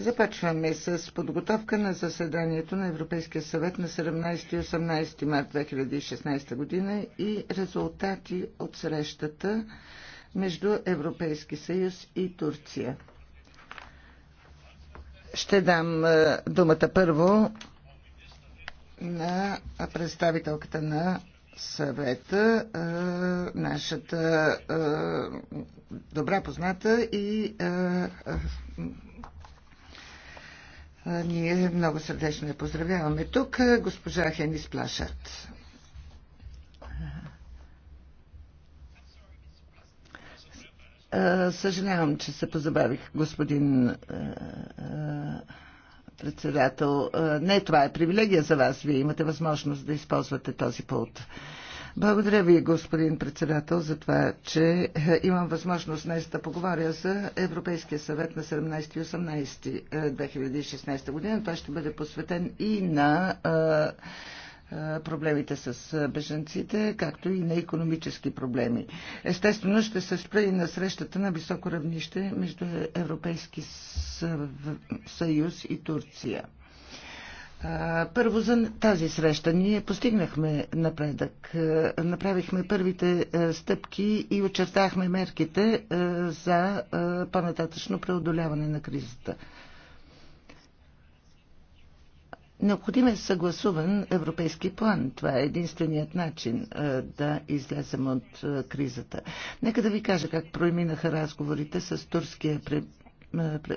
Започваме с подготовка на заседанието на Европейския съвет на 17 и 18 март 2016 година и резултати от срещата между Европейски съюз и Турция. Ще дам е, думата първо на представителката на съвета, е, нашата е, добра позната и ние много сърдечно я поздравяваме тук, госпожа Хенис Плашарт. Съжалявам, че се позабавих, господин председател. Не, това е привилегия за вас. Вие имате възможност да използвате този пулт. Благодаря ви, господин председател, за това, че е, имам възможност днес да поговоря за Европейския съвет на 17 и 18 2016 е, година. Той ще бъде посветен и на е, проблемите с беженците, както и на економически проблеми. Естествено ще се спра и на срещата на високо равнище между Европейски съюз и Турция. Първо за тази среща ние постигнахме напредък. Направихме първите стъпки и очертахме мерките за по-нататъчно преодоляване на кризата. Необходим е съгласуван европейски план. Това е единственият начин да излезем от кризата. Нека да ви кажа как проминаха разговорите с турския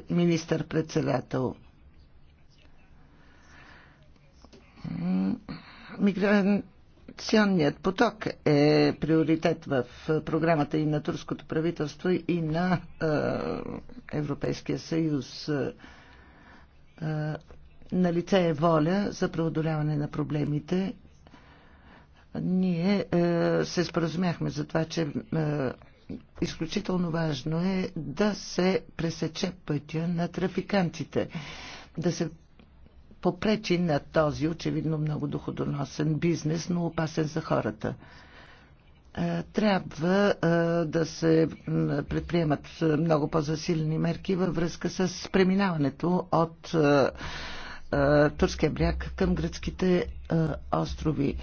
министър-председател. Миграционният поток е приоритет в програмата и на турското правителство, и на Европейския съюз. На лице е воля за преодоляване на проблемите. Ние се споразумяхме за това, че изключително важно е да се пресече пътя на трафикантите, да се попречи на този очевидно много доходоносен бизнес, но опасен за хората. Е, трябва е, да се предприемат много по-засилени мерки във връзка с преминаването от е, турския бряг към гръцките острови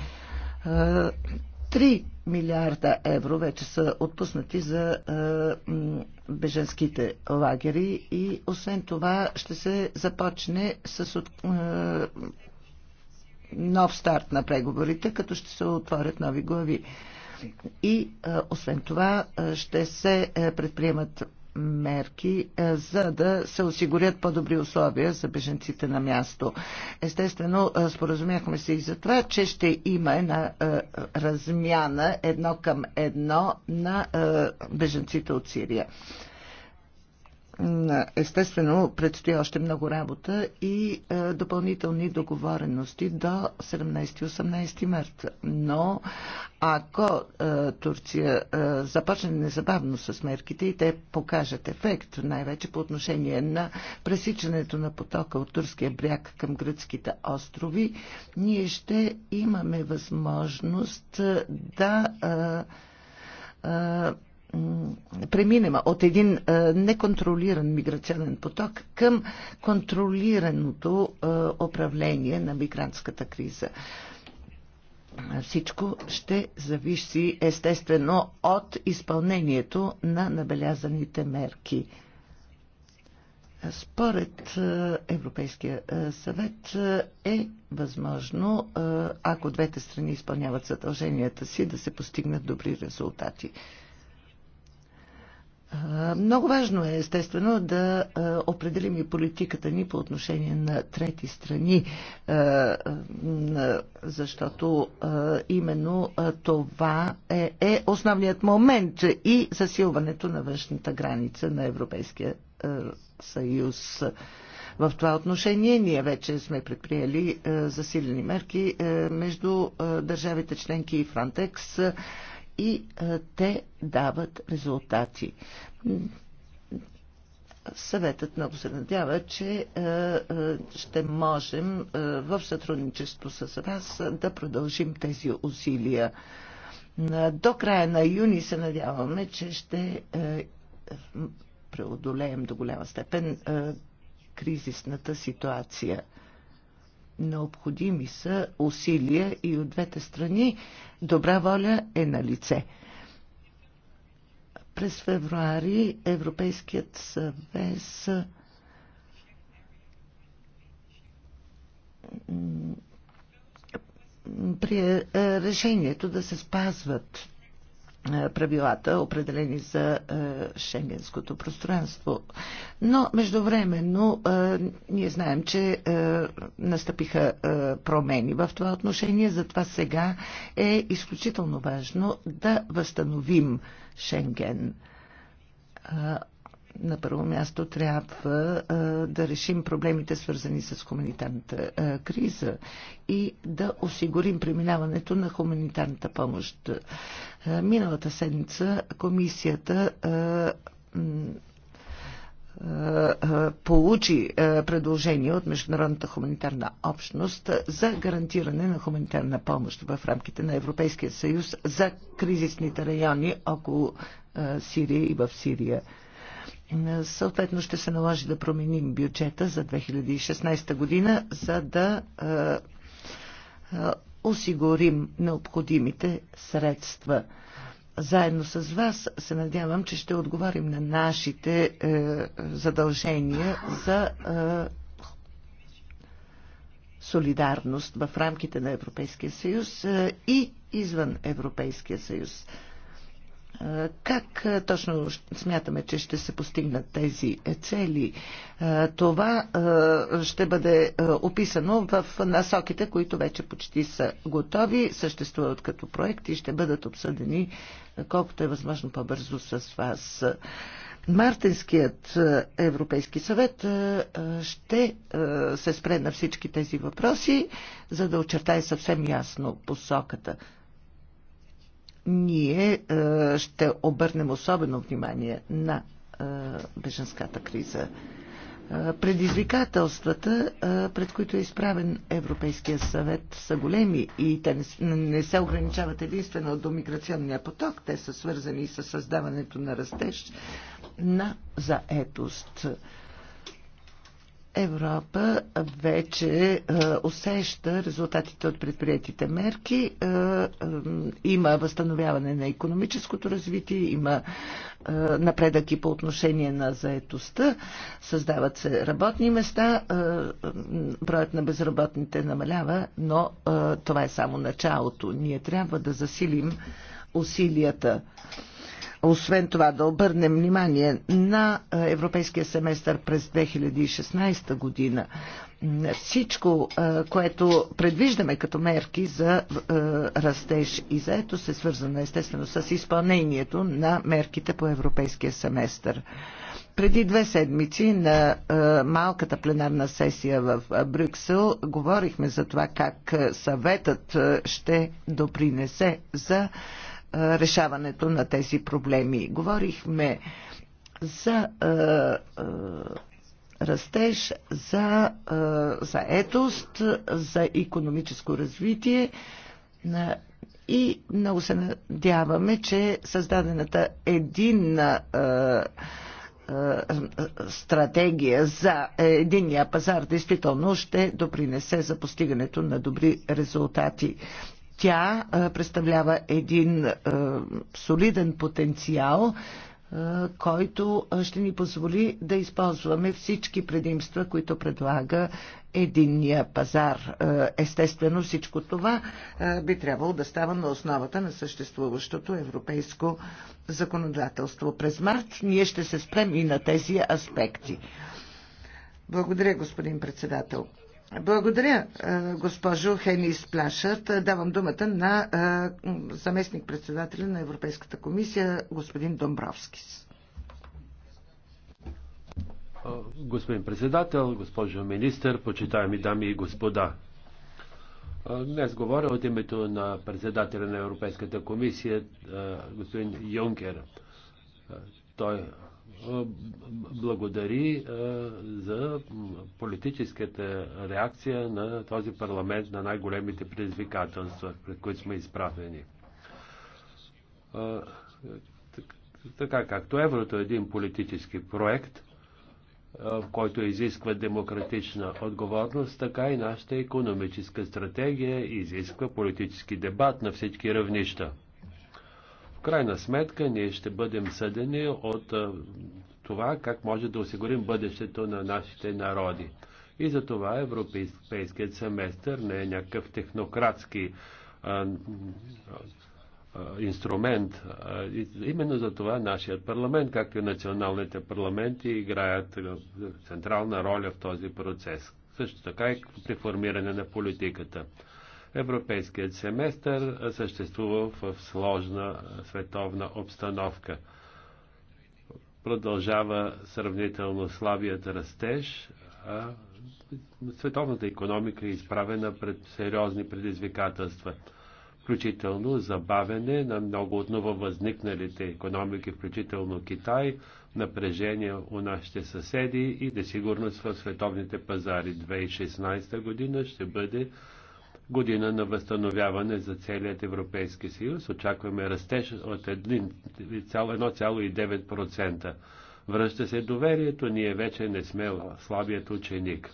3 милиарда евро вече са отпуснати за е, беженските лагери и освен това ще се започне с е, нов старт на преговорите, като ще се отворят нови глави. И е, освен това ще се предприемат мерки, е, за да се осигурят по-добри условия за беженците на място. Естествено, е, споразумяхме се и за това, че ще има една е, размяна едно към едно на беженците от Сирия. Естествено, предстои още много работа и е, допълнителни договорености до 17-18 март. Но ако е, Турция е, започне незабавно с мерките и те покажат ефект, най-вече по отношение на пресичането на потока от турския бряг към гръцките острови, ние ще имаме възможност да преминем от един е, неконтролиран миграционен поток към контролираното е, управление на мигрантската криза. Всичко ще зависи естествено от изпълнението на набелязаните мерки. Според е, Европейския съвет е възможно, ако двете страни изпълняват задълженията си, да се постигнат добри резултати. Много важно е, естествено, да определим и политиката ни по отношение на трети страни, защото именно това е, е основният момент и засилването на външната граница на Европейския съюз. В това отношение ние вече сме предприели засилени мерки между държавите членки и Франтекс и те дават резултати. Съветът много се надява, че ще можем в сътрудничество с вас да продължим тези усилия. До края на юни се надяваме, че ще преодолеем до голяма степен кризисната ситуация необходими са усилия и от двете страни. Добра воля е на лице. През февруари Европейският съвет при е, решението да се спазват е, правилата, определени за е, шенгенското пространство. Но междувременно е, ние знаем, че настъпиха промени в това отношение, затова сега е изключително важно да възстановим Шенген на първо място трябва да решим проблемите, свързани с хуманитарната криза и да осигурим преминаването на хуманитарната помощ. Миналата седмица комисията получи предложение от Международната хуманитарна общност за гарантиране на хуманитарна помощ в рамките на Европейския съюз за кризисните райони около Сирия и в Сирия. Съответно ще се наложи да променим бюджета за 2016 година, за да осигурим необходимите средства. Заедно с вас се надявам, че ще отговорим на нашите е, задължения за е, солидарност в рамките на Европейския съюз е, и извън Европейския съюз. Как точно смятаме, че ще се постигнат тези е, цели? Това ще бъде описано в насоките, които вече почти са готови, съществуват като проекти и ще бъдат обсъдени колкото е възможно по-бързо с вас. Мартинският Европейски съвет ще се спре на всички тези въпроси, за да очертае съвсем ясно посоката ние е, ще обърнем особено внимание на е, беженската криза. Е, предизвикателствата, пред които е изправен Европейския съвет, са големи и те не се ограничават единствено до миграционния поток. Те са свързани и с създаването на растеж на заетост. Европа вече е, усеща резултатите от предприятите мерки. Е, е, има възстановяване на економическото развитие, има напредък и по отношение на заетостта, създават се работни места, броят на безработните намалява, но това е само началото. Ние трябва да засилим усилията. Освен това да обърнем внимание на европейския семестър през 2016 година. Всичко, което предвиждаме като мерки за растеж и заето се свързано естествено с изпълнението на мерките по европейския семестър преди две седмици на малката пленарна сесия в Брюксел говорихме за това как съветът ще допринесе за решаването на тези проблеми. Говорихме за растеж, за заетост, за економическо развитие и много се надяваме, че създадената един стратегия за единния пазар действително ще допринесе за постигането на добри резултати. Тя представлява един солиден потенциал, който ще ни позволи да използваме всички предимства, които предлага единния пазар. Естествено, всичко това би трябвало да става на основата на съществуващото европейско законодателство. През март ние ще се спрем и на тези аспекти. Благодаря, господин председател. Благодаря, е, госпожо Хенис Плашът. Давам думата на е, заместник-председателя на Европейската комисия, господин Домбровскис. Е, господин председател, госпожо министър, почитаеми дами и господа. Днес говоря от името на председателя на Европейската комисия, господин Юнкер. Той благодари за политическата реакция на този парламент на най-големите предизвикателства, пред които сме изправени. Така както еврото е един политически проект, който изисква демократична отговорност, така и нашата економическа стратегия изисква политически дебат на всички равнища. В крайна сметка ние ще бъдем съдени от това как може да осигурим бъдещето на нашите народи. И за това европейският семестър не е някакъв технократски а, а, инструмент. И именно за това нашият парламент, както и националните парламенти, играят централна роля в този процес. Също така и при формиране на политиката. Европейският семестър съществува в сложна световна обстановка. Продължава сравнително слабият растеж, а световната економика е изправена пред сериозни предизвикателства, включително забавене на много от нововъзникналите економики, включително Китай, напрежение у нашите съседи и несигурност в световните пазари. 2016 година ще бъде година на възстановяване за целият Европейски съюз. Очакваме растеж от 1,9%. Връща се доверието, ние вече не сме слабият ученик.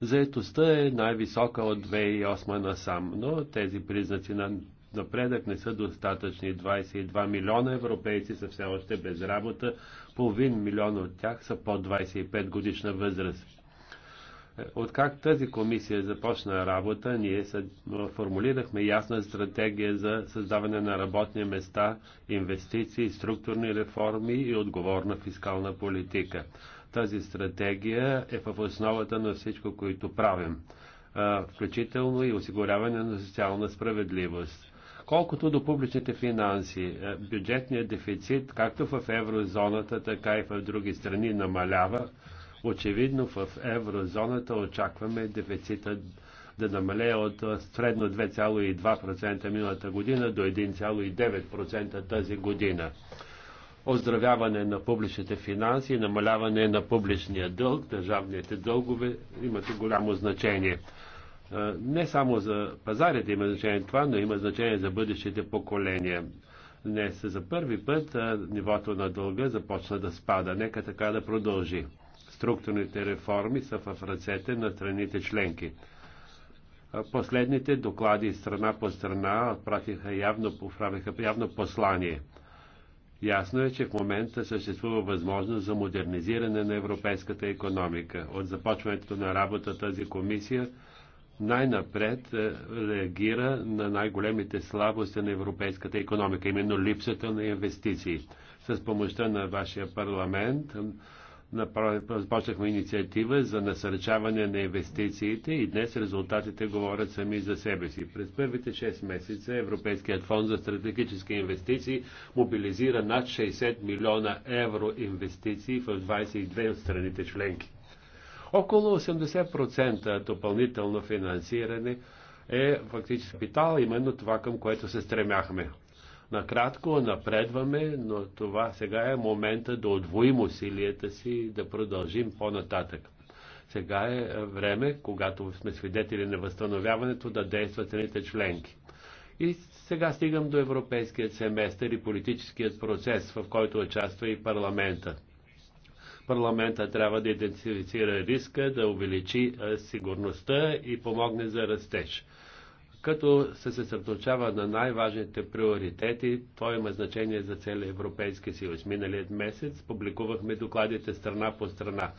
Заетостта е най-висока от 2008 насам, но тези признаци на напредък не са достатъчни. 22 милиона европейци са все още без работа, половин милион от тях са под 25 годишна възраст. Откак тази комисия започна работа, ние формулирахме ясна стратегия за създаване на работни места, инвестиции, структурни реформи и отговорна фискална политика. Тази стратегия е в основата на всичко, което правим, включително и осигуряване на социална справедливост. Колкото до публичните финанси, бюджетният дефицит, както в еврозоната, така и в други страни, намалява Очевидно в еврозоната очакваме дефицита да намалее от средно 2,2% миналата година до 1,9% тази година. Оздравяване на публичните финанси, намаляване на публичния дълг, държавните дългове имат голямо значение. Не само за пазарите има значение това, но има значение за бъдещите поколения. Днес за първи път нивото на дълга започна да спада. Нека така да продължи структурните реформи са в ръцете на страните членки. Последните доклади страна по страна отправиха явно, явно послание. Ясно е, че в момента съществува възможност за модернизиране на европейската економика. От започването на работа тази комисия най-напред е, реагира на най-големите слабости на европейската економика, именно липсата на инвестиции. С помощта на вашия парламент започнахме инициатива за насърчаване на инвестициите и днес резултатите говорят сами за себе си. През първите 6 месеца Европейският фонд за стратегически инвестиции мобилизира над 60 милиона евро инвестиции в 22 от страните членки. Около 80% допълнително финансиране е фактически капитал, именно това към което се стремяхме. Накратко напредваме, но това сега е момента да отвоим усилията си и да продължим по-нататък. Сега е време, когато сме свидетели на възстановяването, да действат страните членки. И сега стигам до европейският семестър и политическият процес, в който участва и парламента. Парламента трябва да идентифицира риска, да увеличи сигурността и помогне за растеж като се съсредоточава на най-важните приоритети. То има значение за целия Европейски съюз. Миналият месец публикувахме докладите страна по страна.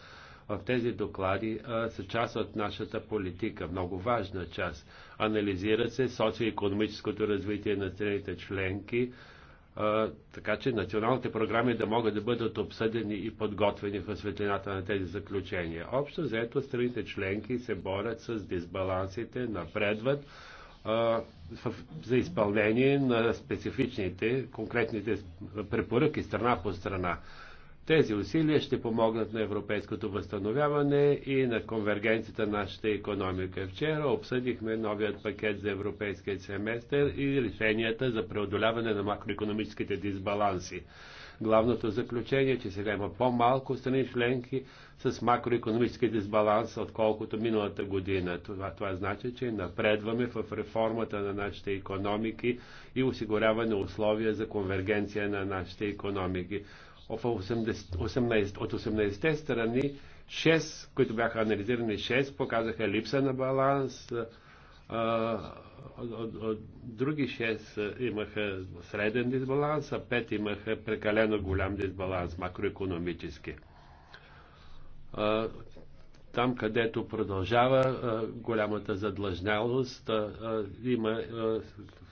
В тези доклади а, са част от нашата политика, много важна част. Анализира се социо-економическото развитие на страните членки, а, така че националните програми да могат да бъдат обсъдени и подготвени в светлината на тези заключения. Общо заето страните членки се борят с дисбалансите, напредват, за изпълнение на специфичните, конкретните препоръки страна по страна. Тези усилия ще помогнат на европейското възстановяване и на конвергенцията на нашата економика. Вчера обсъдихме новият пакет за европейския семестър и решенията за преодоляване на макроекономическите дисбаланси. Главното заключение е, че сега има по-малко страни членки с макроекономически дисбаланс, отколкото миналата година. Това, това значи, че напредваме в реформата на нашите економики и осигуряване условия за конвергенция на нашите економики. От 18-те страни, 6, които бяха анализирани, 6 показаха липса на баланс, други 6 имаха среден дисбаланс, а 5 имаха прекалено голям дисбаланс макроекономически. Там, където продължава голямата задлъжнялост, има,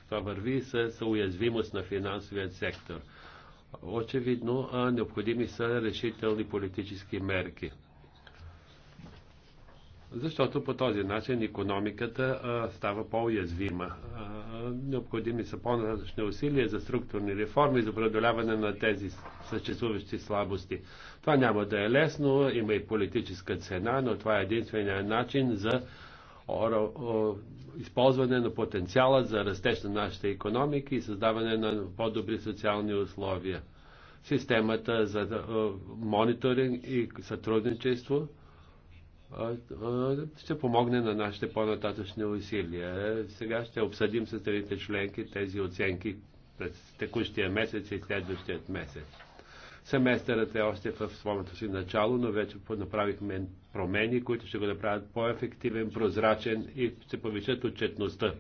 това върви с уязвимост на финансовия сектор. Очевидно, необходими са решителни политически мерки защото по този начин економиката а, става по-уязвима. Необходими са по-нататъчни усилия за структурни реформи, за преодоляване на тези съществуващи слабости. Това няма да е лесно, има и политическа цена, но това е единствения начин за използване на потенциала за растеж на нашите економики и създаване на по-добри социални условия. Системата за мониторинг и сътрудничество – ще помогне на нашите по-нататъчни усилия. Сега ще обсъдим с трите членки тези оценки през текущия месец и следващият месец. Семестърът е още в своето си начало, но вече направихме промени, които ще го направят по-ефективен, прозрачен и ще повишат отчетността.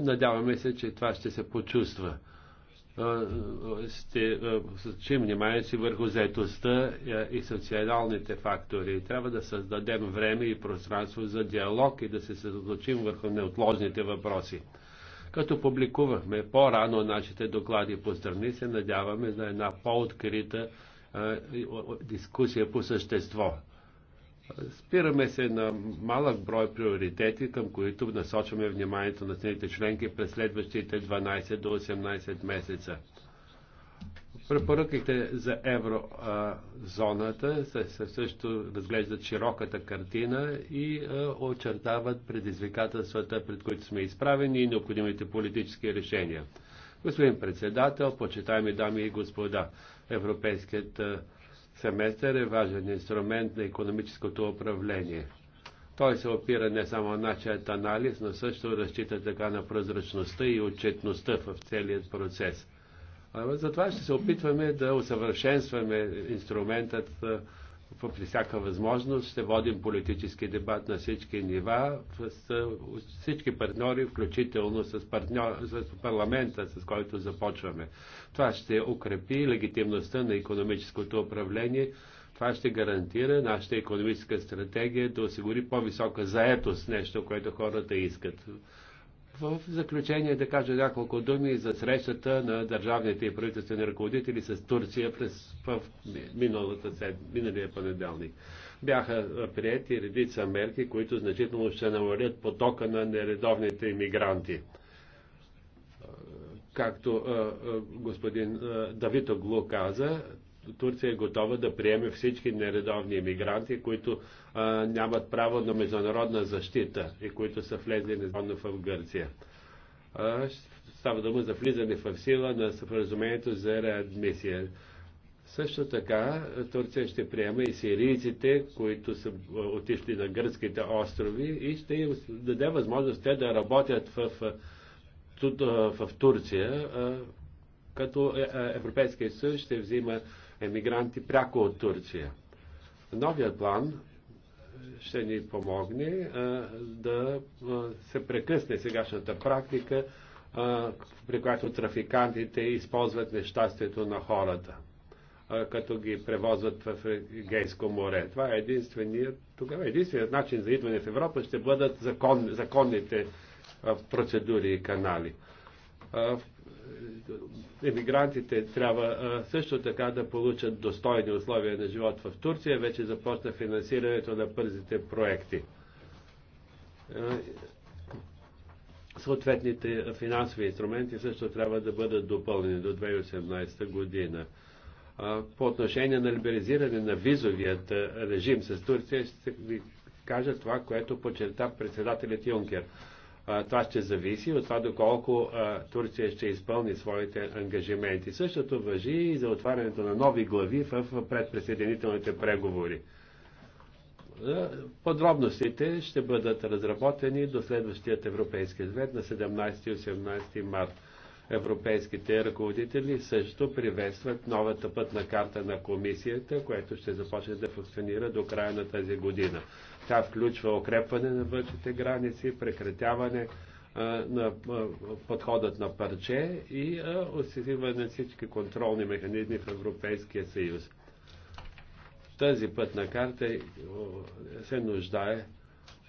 Надяваме се, че това ще се почувства ще съсредоточим внимание си върху заетостта и социалните фактори. Трябва да създадем време и пространство за диалог и да се съсредоточим върху неотложните въпроси. Като публикувахме по-рано нашите доклади по страни, се надяваме за една по-открита дискусия по същество. Спираме се на малък брой приоритети, към които насочваме вниманието на страните членки през следващите 12 до 18 месеца. Препоръките за еврозоната се също разглеждат широката картина и очертават предизвикателствата, пред които сме изправени и необходимите политически решения. Господин председател, почитаеми дами и господа, Европейският семестър е важен инструмент на економическото управление. Той се опира не само на нашият анализ, но също разчита така на прозрачността и отчетността в целият процес. Затова ще се опитваме да усъвършенстваме инструментът при всяка възможност ще водим политически дебат на всички нива, с всички партньори, включително с, партньор, с парламента, с който започваме. Това ще укрепи легитимността на економическото управление. Това ще гарантира нашата економическа стратегия да осигури по-висока заетост, нещо, което хората искат. В заключение да кажа няколко думи за срещата на държавните и правителствени ръководители с Турция през в миналата сед, миналия понеделник. Бяха приети редица мерки, които значително ще намалят потока на нередовните иммигранти. Както господин Давид Оглу каза, Турция е готова да приеме всички нередовни иммигранти, които а, нямат право на международна защита и които са влезли незаконно в Гърция. А, става дума за влизане в сила на споразумението за реадмисия. Също така Турция ще приема и сирийците, които са отишли на гръцките острови и ще им даде възможност те да работят в, в, в Турция, като е, Европейския съюз ще взима емигранти пряко от Турция. Новият план ще ни помогне да се прекъсне сегашната практика, при която трафикантите използват нещастието на хората, като ги превозват в Егейско море. Това е единственият, тогава единственият начин за идване в Европа ще бъдат закон, законните процедури и канали емигрантите трябва също така да получат достойни условия на живот в Турция. Вече започна финансирането на пързите проекти. Съответните финансови инструменти също трябва да бъдат допълнени до 2018 година. По отношение на либеризиране на визовият режим с Турция, ще ви кажа това, което подчерта председателят Юнкер – това ще зависи от това доколко Турция ще изпълни своите ангажименти. Същото въжи и за отварянето на нови глави в предприсъединителните преговори. Подробностите ще бъдат разработени до следващият Европейски съвет на 17 и 18 март. Европейските ръководители също приветстват новата пътна карта на комисията, която ще започне да функционира до края на тази година. Тя включва укрепване на външните граници, прекратяване на подходът на парче и усиливане на всички контролни механизми в Европейския съюз. Тази пътна карта се нуждае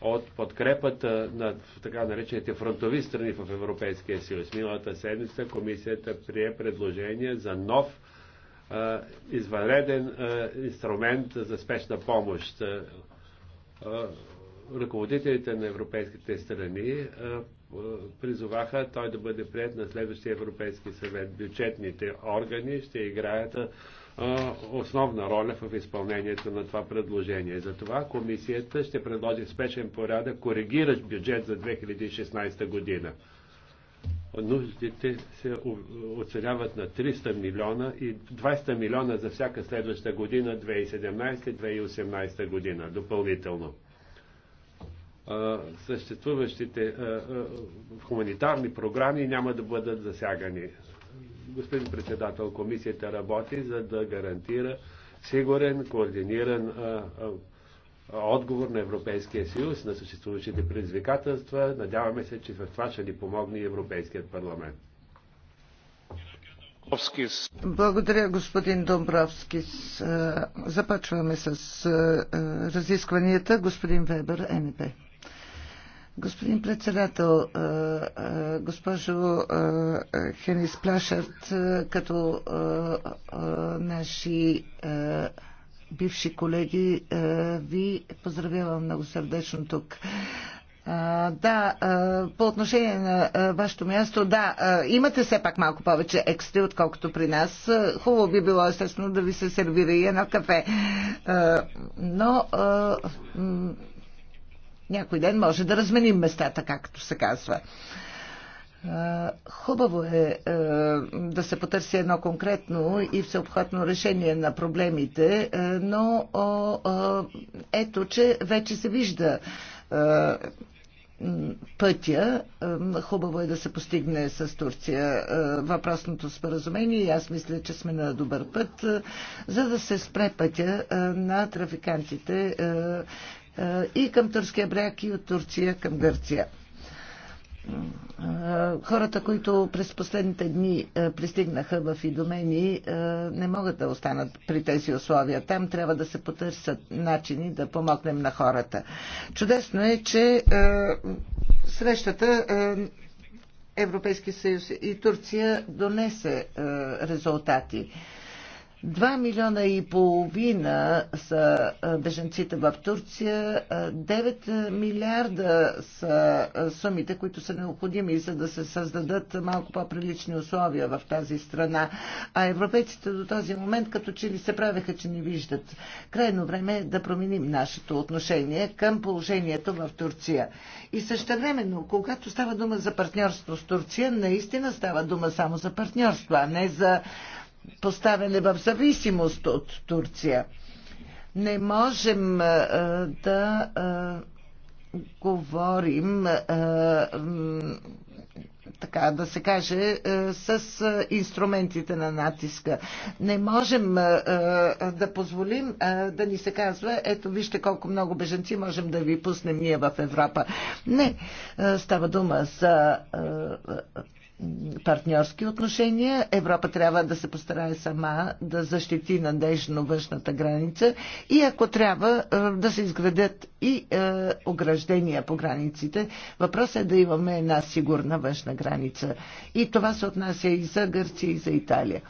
от подкрепата на така наречените фронтови страни в Европейския съюз. Миналата седмица комисията прие предложение за нов извънреден инструмент за спешна помощ ръководителите на европейските страни призоваха той да бъде прият на следващия Европейски съвет. Бюджетните органи ще играят основна роля в изпълнението на това предложение. Затова комисията ще предложи в спешен порядък коригиращ бюджет за 2016 година нуждите се оцеляват на 300 милиона и 200 милиона за всяка следваща година, 2017-2018 година, допълнително. Съществуващите хуманитарни програми няма да бъдат засягани. Господин председател, комисията работи за да гарантира сигурен, координиран отговор на Европейския съюз на съществуващите предизвикателства. Надяваме се, че в това ще ни помогне и Европейският парламент. Благодаря, господин Домбровски. Е, започваме с е, разискванията. Господин Вебер, НП. Господин председател, е, госпожо Хенис Плашарт, като наши бивши колеги, е, ви поздравявам много сърдечно тук. Е, да, е, по отношение на вашето място, да, имате все пак малко повече екстри, отколкото при нас. Хубаво би било, естествено, да ви се сервира и едно кафе. Но някой ден може да разменим местата, както се казва. Хубаво е да се потърси едно конкретно и всеобхватно решение на проблемите, но ето, че вече се вижда пътя. Хубаво е да се постигне с Турция въпросното споразумение и аз мисля, че сме на добър път, за да се спре пътя на трафикантите и към турския бряг, и от Турция към Гърция. Е, хората, които през последните дни е, пристигнаха в Идомени, е, не могат да останат при тези условия. Там трябва да се потърсят начини да помогнем на хората. Чудесно е, че срещата Европейски съюз и Турция донесе резултати. Два милиона и половина са беженците в Турция, 9 милиарда са сумите, които са необходими, за да се създадат малко по-прилични условия в тази страна. А европейците до този момент като че ли се правеха, че не виждат. Крайно време е да променим нашето отношение към положението в Турция. И същевременно, когато става дума за партньорство с Турция, наистина става дума само за партньорство, а не за поставени в зависимост от Турция. Не можем да говорим така да се каже, с инструментите на натиска. Не можем да позволим да ни се казва, ето вижте колко много беженци можем да ви пуснем ние в Европа. Не, става дума за партньорски отношения. Европа трябва да се постарае сама да защити надежно външната граница и ако трябва е, да се изградят и е, ограждения по границите, въпросът е да имаме една сигурна външна граница. И това се отнася и за Гърция, и за Италия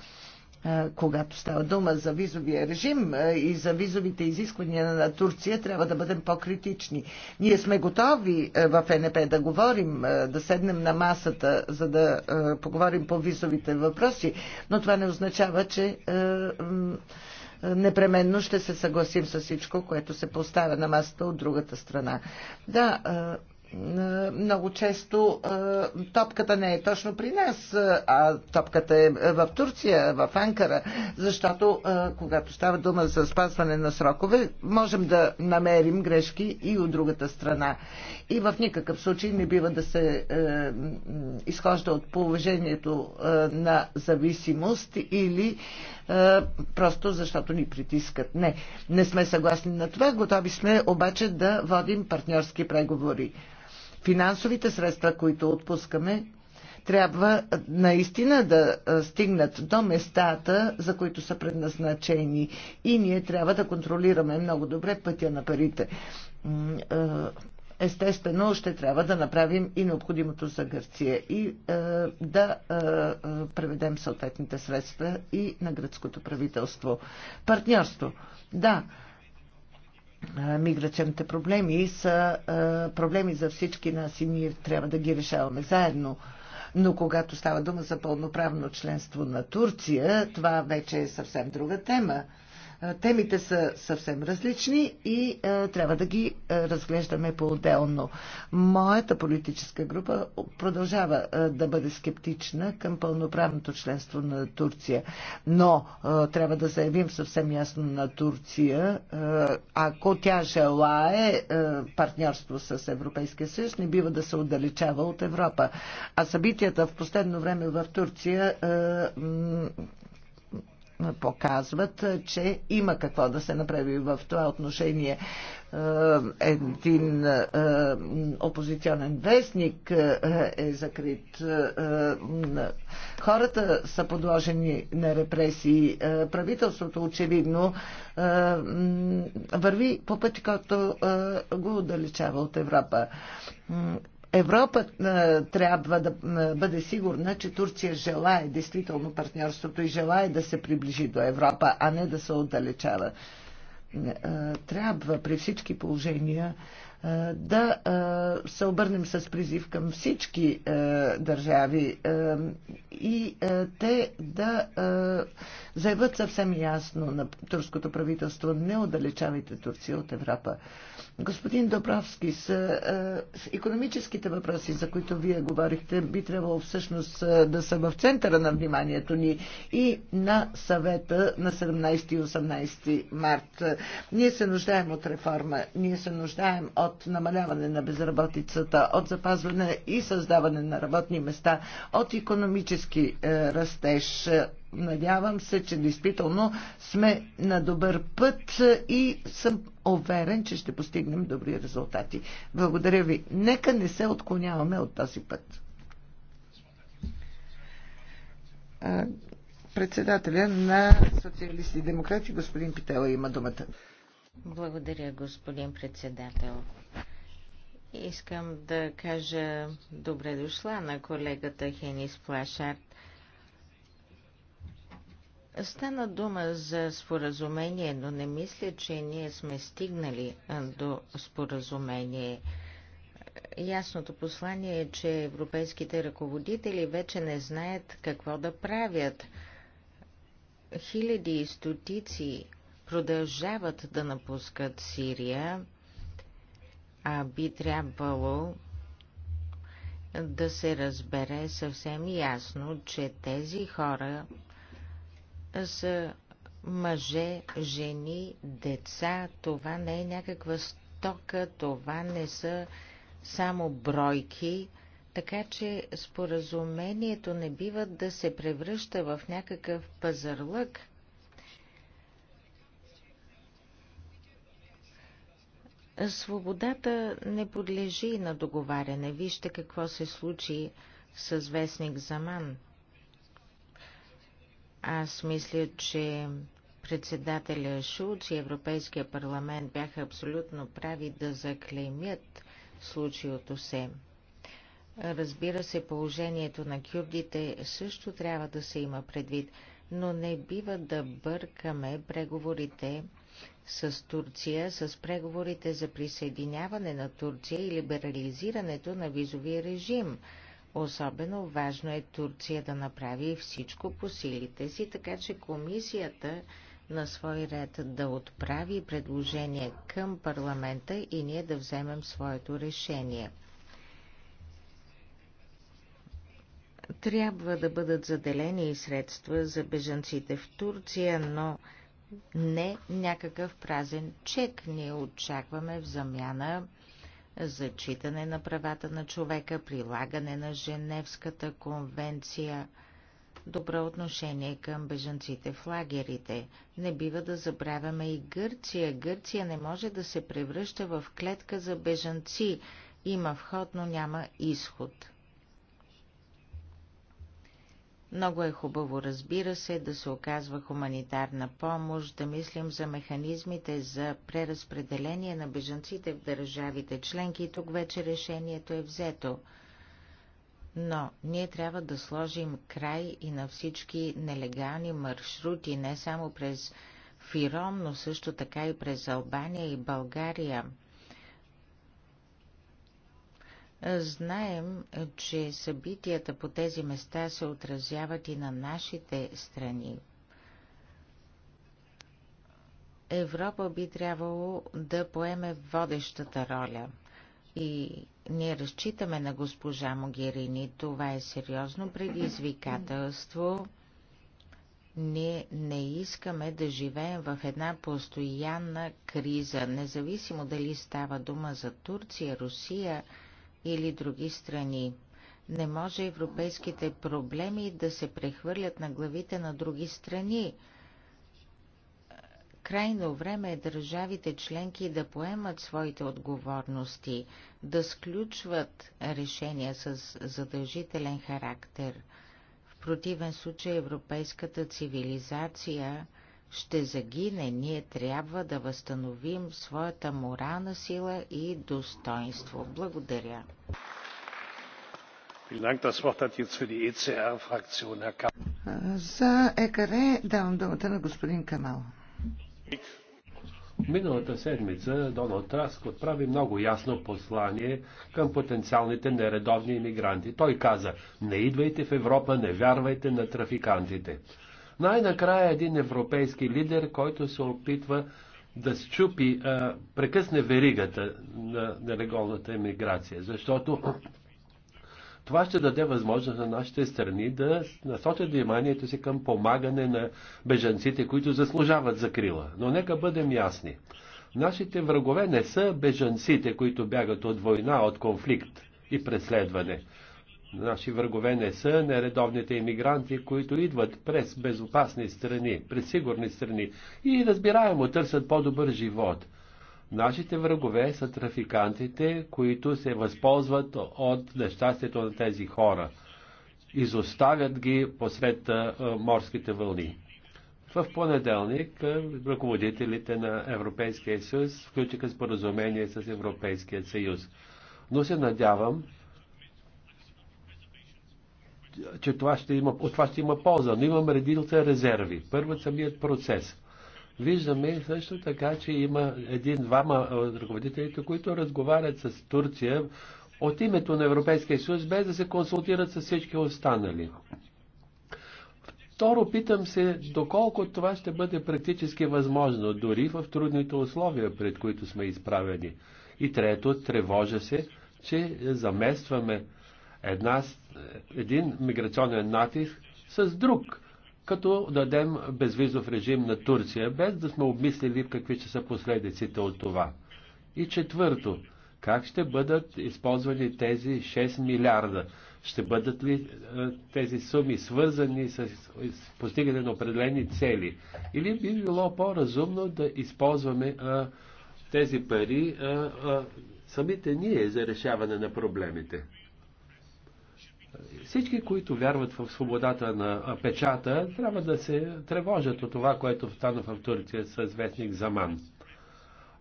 когато става дума за визовия режим и за визовите изисквания на Турция, трябва да бъдем по-критични. Ние сме готови в НП да говорим, да седнем на масата, за да поговорим по визовите въпроси, но това не означава, че непременно ще се съгласим с всичко, което се поставя на масата от другата страна. Да, много често топката не е точно при нас, а топката е в Турция, в Анкара, защото когато става дума за спазване на срокове, можем да намерим грешки и от другата страна. И в никакъв случай не бива да се е, изхожда от положението е, на зависимост или е, просто защото ни притискат. Не, не сме съгласни на това, готови сме обаче да водим партньорски преговори. Финансовите средства, които отпускаме, трябва наистина да е, стигнат до местата, за които са предназначени. И ние трябва да контролираме много добре пътя на парите е, естествено ще трябва да направим и необходимото за Гърция и е, да е, е преведем съответните средства и на гръцкото правителство. Партньорство. Да, е, миграционните проблеми са е, проблеми за всички нас и ние трябва да ги решаваме заедно. Но когато става дума за пълноправно членство на Турция, това вече е съвсем друга тема. Темите са съвсем различни и трябва да ги разглеждаме по-отделно. Моята политическа група продължава да бъде скептична към пълноправното членство на Турция. Но трябва да заявим съвсем ясно на Турция, ако тя желае партньорство с Европейския съюз, не бива да се отдалечава от Европа. А събитията в последно време в Турция показват, че има какво да се направи в това отношение. Е, един е, опозиционен вестник е, е закрит. Хората са подложени на репресии. Правителството очевидно върви по пъти, който го отдалечава от Европа. Европа е, трябва да е, бъде сигурна, че Турция желае действително партньорството и желае да се приближи до Европа, а не да се отдалечава. Е, трябва при всички положения да се обърнем с призив към всички държави и те да заявят съвсем ясно на турското правителство не отдалечавайте Турция от Европа. Господин Добравски, с, с економическите въпроси, за които вие говорихте, би трябвало всъщност да са в центъра на вниманието ни и на съвета на 17 и 18 март. Ние се нуждаем от реформа, ние се нуждаем от намаляване на безработицата, от запазване и създаване на работни места, от економически растеж Надявам се, че действително сме на добър път и съм уверен, че ще постигнем добри резултати. Благодаря ви. Нека не се отклоняваме от този път. Председателя на социалисти и демократи, господин Питела, има думата. Благодаря, господин председател. Искам да кажа добре дошла на колегата Хенис Плашарт. Стана дума за споразумение, но не мисля, че ние сме стигнали до споразумение. Ясното послание е, че европейските ръководители вече не знаят какво да правят. Хиляди и стотици продължават да напускат Сирия, а би трябвало да се разбере съвсем ясно, че тези хора за мъже, жени, деца. Това не е някаква стока, това не са само бройки. Така че споразумението не бива да се превръща в някакъв пазарлък. Свободата не подлежи на договаряне. Вижте какво се случи с вестник Заман. Аз мисля, че председателя Шулц и Европейския парламент бяха абсолютно прави да заклеймят случилото се. Разбира се, положението на кюрдите също трябва да се има предвид, но не бива да бъркаме преговорите с Турция, с преговорите за присъединяване на Турция и либерализирането на визовия режим – Особено важно е Турция да направи всичко по силите си, така че комисията на свой ред да отправи предложение към парламента и ние да вземем своето решение. Трябва да бъдат заделени и средства за бежанците в Турция, но не някакъв празен чек. Ние очакваме в замяна зачитане на правата на човека, прилагане на Женевската конвенция, добро отношение към бежанците в лагерите. Не бива да забравяме и Гърция. Гърция не може да се превръща в клетка за бежанци. Има вход, но няма изход. Много е хубаво, разбира се, да се оказва хуманитарна помощ, да мислим за механизмите за преразпределение на бежанците в държавите членки и тук вече решението е взето. Но ние трябва да сложим край и на всички нелегални маршрути, не само през Фиром, но също така и през Албания и България. Знаем, че събитията по тези места се отразяват и на нашите страни. Европа би трябвало да поеме водещата роля. И ние разчитаме на госпожа Могерини. Това е сериозно предизвикателство. Ние не искаме да живеем в една постоянна криза, независимо дали става дума за Турция, Русия, или други страни. Не може европейските проблеми да се прехвърлят на главите на други страни. Крайно време е държавите членки да поемат своите отговорности, да сключват решения с задължителен характер. В противен случай европейската цивилизация ще загине. Ние трябва да възстановим своята морална сила и достоинство. Благодаря. E за ЕКР давам думата на господин Камал. Миналата седмица Доналд Траск отправи много ясно послание към потенциалните нередовни иммигранти. Той каза, не идвайте в Европа, не вярвайте на трафикантите. Най-накрая един европейски лидер, който се опитва да счупи, а, прекъсне веригата на нелегалната емиграция, защото това ще даде възможност на нашите страни да насочат вниманието си към помагане на бежанците, които заслужават закрила. Но нека бъдем ясни. Нашите врагове не са бежанците, които бягат от война, от конфликт и преследване. Наши врагове не са нередовните иммигранти, които идват през безопасни страни, през сигурни страни и разбираемо търсят по-добър живот. Нашите врагове са трафикантите, които се възползват от нещастието на тези хора. Изоставят ги посред морските вълни. В понеделник ръководителите на Европейския съюз включиха споразумение с Европейския съюз. Но се надявам, че това ще има, от това ще има полза, но имам редилта резерви. Първо самият процес. Виждаме също така, че има един-двама ръководителите, които разговарят с Турция от името на Европейския съюз, без да се консултират с всички останали. Второ, питам се, доколко това ще бъде практически възможно, дори в трудните условия, пред които сме изправени. И трето, тревожа се, че заместваме една, един миграционен натиск с друг, като дадем безвизов режим на Турция, без да сме обмислили какви ще са последиците от това. И четвърто, как ще бъдат използвани тези 6 милиарда? Ще бъдат ли е, тези суми свързани с постигане на определени цели? Или би било по-разумно да използваме а, е, тези пари а, е, а, самите ние за решаване на проблемите? Всички, които вярват в свободата на печата, трябва да се тревожат от това, което стана в Турция с вестник Заман.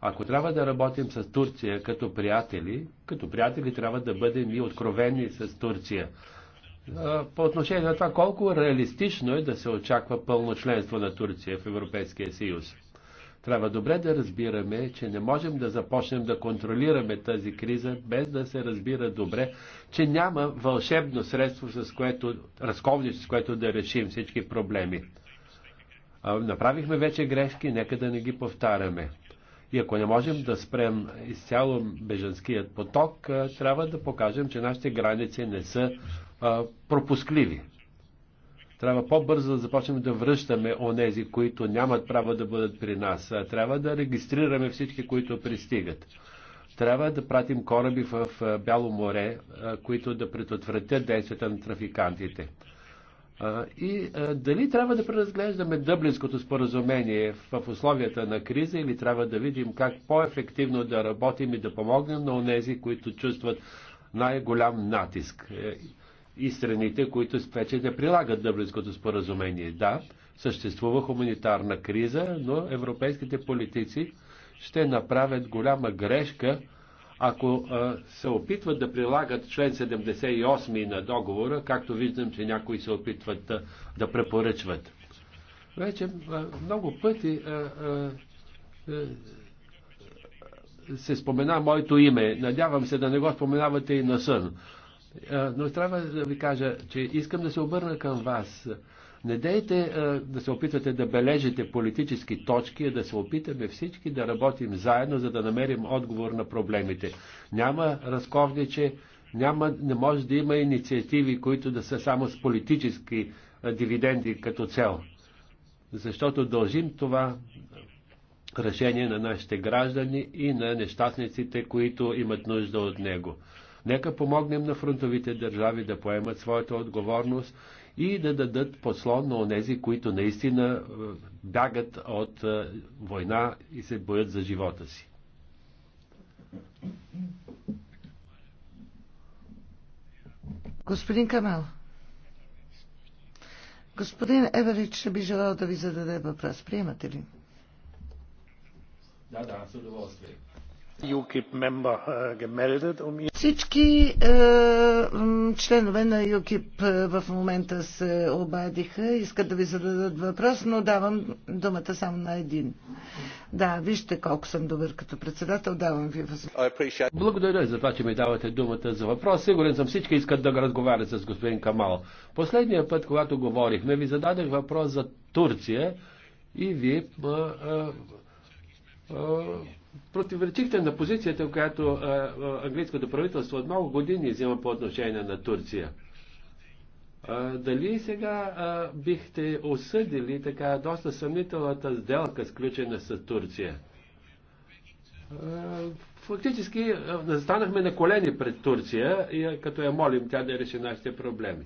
Ако трябва да работим с Турция като приятели, като приятели трябва да бъдем и откровени с Турция. По отношение на това колко реалистично е да се очаква пълно членство на Турция в Европейския съюз. Трябва добре да разбираме, че не можем да започнем да контролираме тази криза, без да се разбира добре, че няма вълшебно средство, с което, разковниче, с което да решим всички проблеми. Направихме вече грешки, нека да не ги повтаряме. И ако не можем да спрем изцяло бежанският поток, трябва да покажем, че нашите граници не са пропускливи. Трябва по-бързо да започнем да връщаме онези, които нямат право да бъдат при нас. Трябва да регистрираме всички, които пристигат. Трябва да пратим кораби в Бяло море, които да предотвратят действията на трафикантите. И дали трябва да преразглеждаме Дъблинското споразумение в условията на криза или трябва да видим как по-ефективно да работим и да помогнем на онези, които чувстват най-голям натиск. Е, и страните, които вече не прилагат Дъблинското споразумение. Да, съществува хуманитарна криза, но европейските политици ще направят голяма грешка, ако а, се опитват да прилагат член 78 на договора, както виждам, че някои се опитват а, да препоръчват. Вече а, много пъти а, а, се спомена моето име. Надявам се да не го споменавате и на сън. Но трябва да ви кажа, че искам да се обърна към вас. Не дейте да се опитвате да бележите политически точки, а да се опитаме всички да работим заедно, за да намерим отговор на проблемите. Няма разковниче, няма, не може да има инициативи, които да са само с политически дивиденди като цел. Защото дължим това решение на нашите граждани и на нещастниците, които имат нужда от него. Нека помогнем на фронтовите държави да поемат своята отговорност и да дадат послон на онези, които наистина е, бягат от е, война и се боят за живота си. Господин Камал, господин Еверич би желал да ви зададе въпрос. Приемате ли? Да, да, с удоволствие. Uh, um всички е, членове на ЮКИП е, в момента се обадиха, искат да ви зададат въпрос, но давам думата само на един. Да, вижте колко съм добър като председател, давам ви възможност. Благодаря за това, че ми давате думата за въпрос. Сигурен съм, всички искат да разговарят с господин Камал. Последния път, когато говорихме, ви зададах въпрос за Турция и вие а, е, а, е, а, противоречихте на позицията, която а, английското правителство от много години взима по отношение на Турция. А, дали сега а, бихте осъдили така доста съмнителната сделка, сключена с Турция? А, фактически застанахме на колени пред Турция, и, като я молим тя да реши нашите проблеми.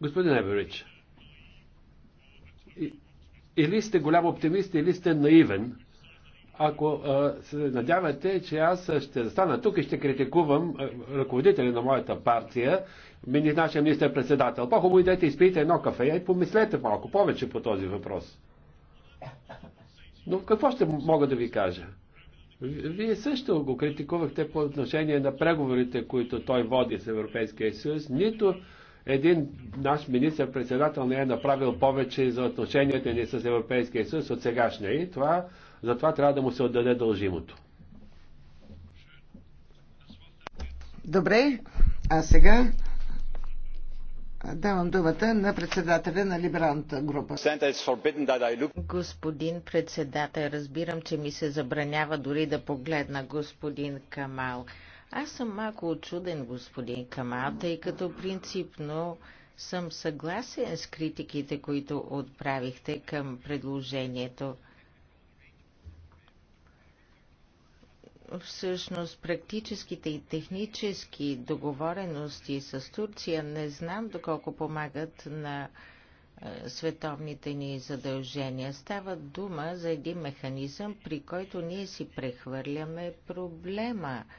Господин Еберич, или сте голям оптимист, или сте наивен, ако а, се надявате, че аз ще стана тук и ще критикувам ръководителя на моята партия, мини нашия министър-председател. По-хубаво идете, изпийте едно кафе и помислете малко повече по този въпрос. Но какво ще мога да ви кажа? Вие също го критикувахте по отношение на преговорите, които той води с Европейския съюз. Нито един наш министр-председател не е направил повече за отношенията ни с Европейския съюз от сегашния и това, затова трябва да му се отдаде дължимото. Добре, а сега Давам думата на председателя на либералната група. Господин председател, разбирам, че ми се забранява дори да погледна господин Камал. Аз съм малко очуден, господин Камал, тъй като принципно съм съгласен с критиките, които отправихте към предложението. Всъщност, практическите и технически договорености с Турция не знам доколко помагат на е, световните ни задължения. Става дума за един механизъм, при който ние си прехвърляме проблема –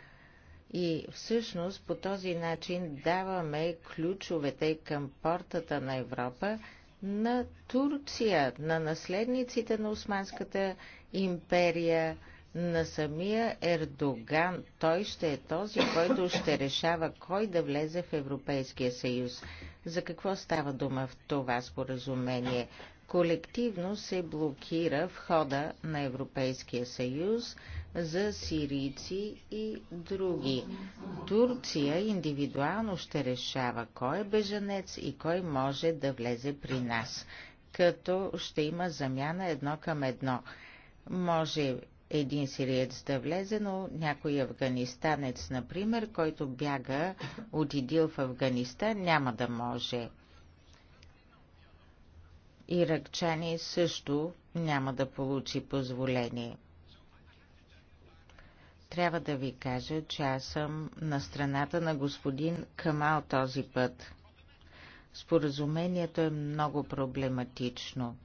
и всъщност по този начин даваме ключовете към портата на Европа на Турция, на наследниците на Османската империя, на самия Ердоган. Той ще е този, който ще решава кой да влезе в Европейския съюз. За какво става дума в това споразумение? колективно се блокира входа на Европейския съюз за сирийци и други. Турция индивидуално ще решава кой е бежанец и кой може да влезе при нас, като ще има замяна едно към едно. Може един сириец да влезе, но някой афганистанец, например, който бяга от Идил в Афганистан, няма да може иракчани също няма да получи позволение. Трябва да ви кажа, че аз съм на страната на господин Камал този път. Споразумението е много проблематично,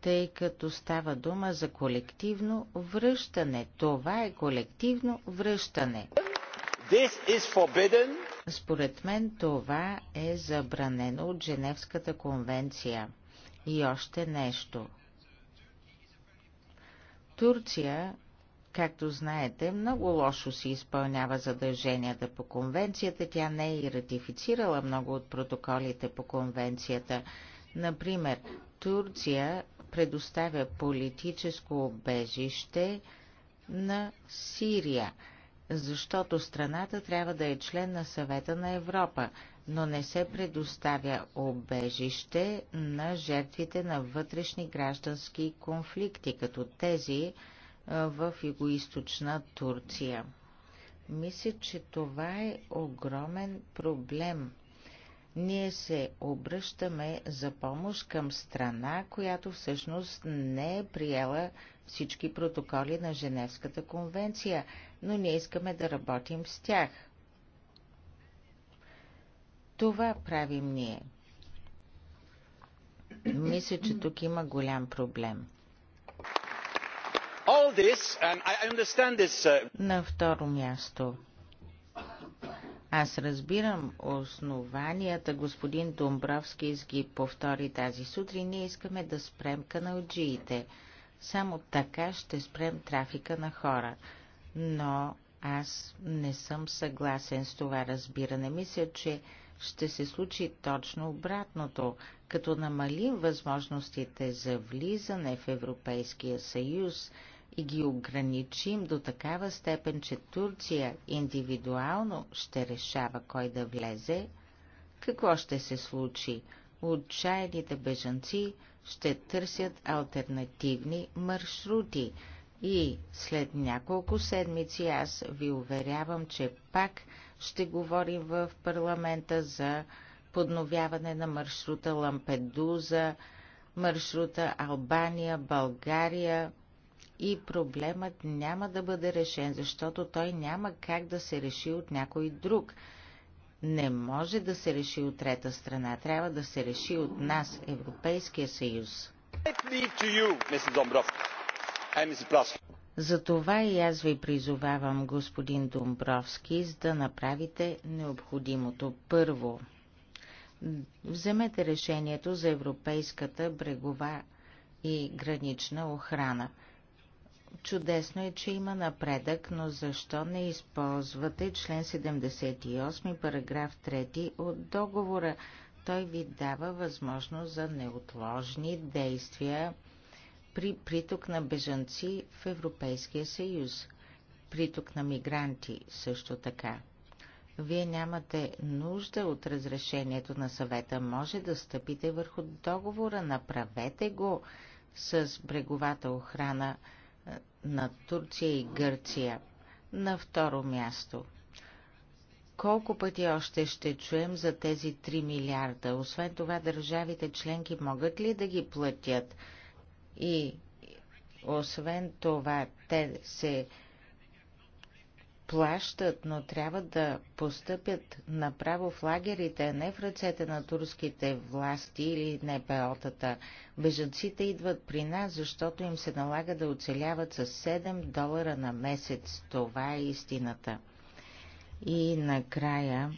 тъй като става дума за колективно връщане. Това е колективно връщане. Според мен това е забранено от Женевската конвенция. И още нещо. Турция, както знаете, много лошо си изпълнява задълженията по конвенцията. Тя не е и ратифицирала много от протоколите по конвенцията. Например, Турция предоставя политическо обежище на Сирия, защото страната трябва да е член на съвета на Европа но не се предоставя обежище на жертвите на вътрешни граждански конфликти, като тези в югоизточна Турция. Мисля, че това е огромен проблем. Ние се обръщаме за помощ към страна, която всъщност не е приела всички протоколи на Женевската конвенция, но ние искаме да работим с тях – това правим ние. Мисля, че тук има голям проблем. This, this... Uh, на второ място. Аз разбирам основанията, господин Домбровски ги повтори тази сутрин. Ние искаме да спрем каналджиите. Само така ще спрем трафика на хора. Но аз не съм съгласен с това разбиране. Мисля, че ще се случи точно обратното, като намалим възможностите за влизане в Европейския съюз и ги ограничим до такава степен, че Турция индивидуално ще решава кой да влезе, какво ще се случи? Отчаяните бежанци ще търсят альтернативни маршрути и след няколко седмици аз ви уверявам, че пак ще говори в парламента за подновяване на маршрута Лампедуза, маршрута Албания, България и проблемът няма да бъде решен, защото той няма как да се реши от някой друг. Не може да се реши от трета страна, трябва да се реши от нас, Европейския съюз. Mrs. Затова и аз ви призовавам, господин Домбровски, да направите необходимото. Първо, вземете решението за европейската брегова и гранична охрана. Чудесно е, че има напредък, но защо не използвате член 78, параграф 3 от договора? Той ви дава възможност за неотложни действия при приток на бежанци в Европейския съюз, приток на мигранти също така. Вие нямате нужда от разрешението на съвета, може да стъпите върху договора, направете го с бреговата охрана е, на Турция и Гърция. На второ място. Колко пъти още ще чуем за тези 3 милиарда? Освен това, държавите членки могат ли да ги платят? И освен това, те се плащат, но трябва да постъпят направо в лагерите, а не в ръцете на турските власти или НПО-тата. Бежанците идват при нас, защото им се налага да оцеляват с 7 долара на месец. Това е истината. И накрая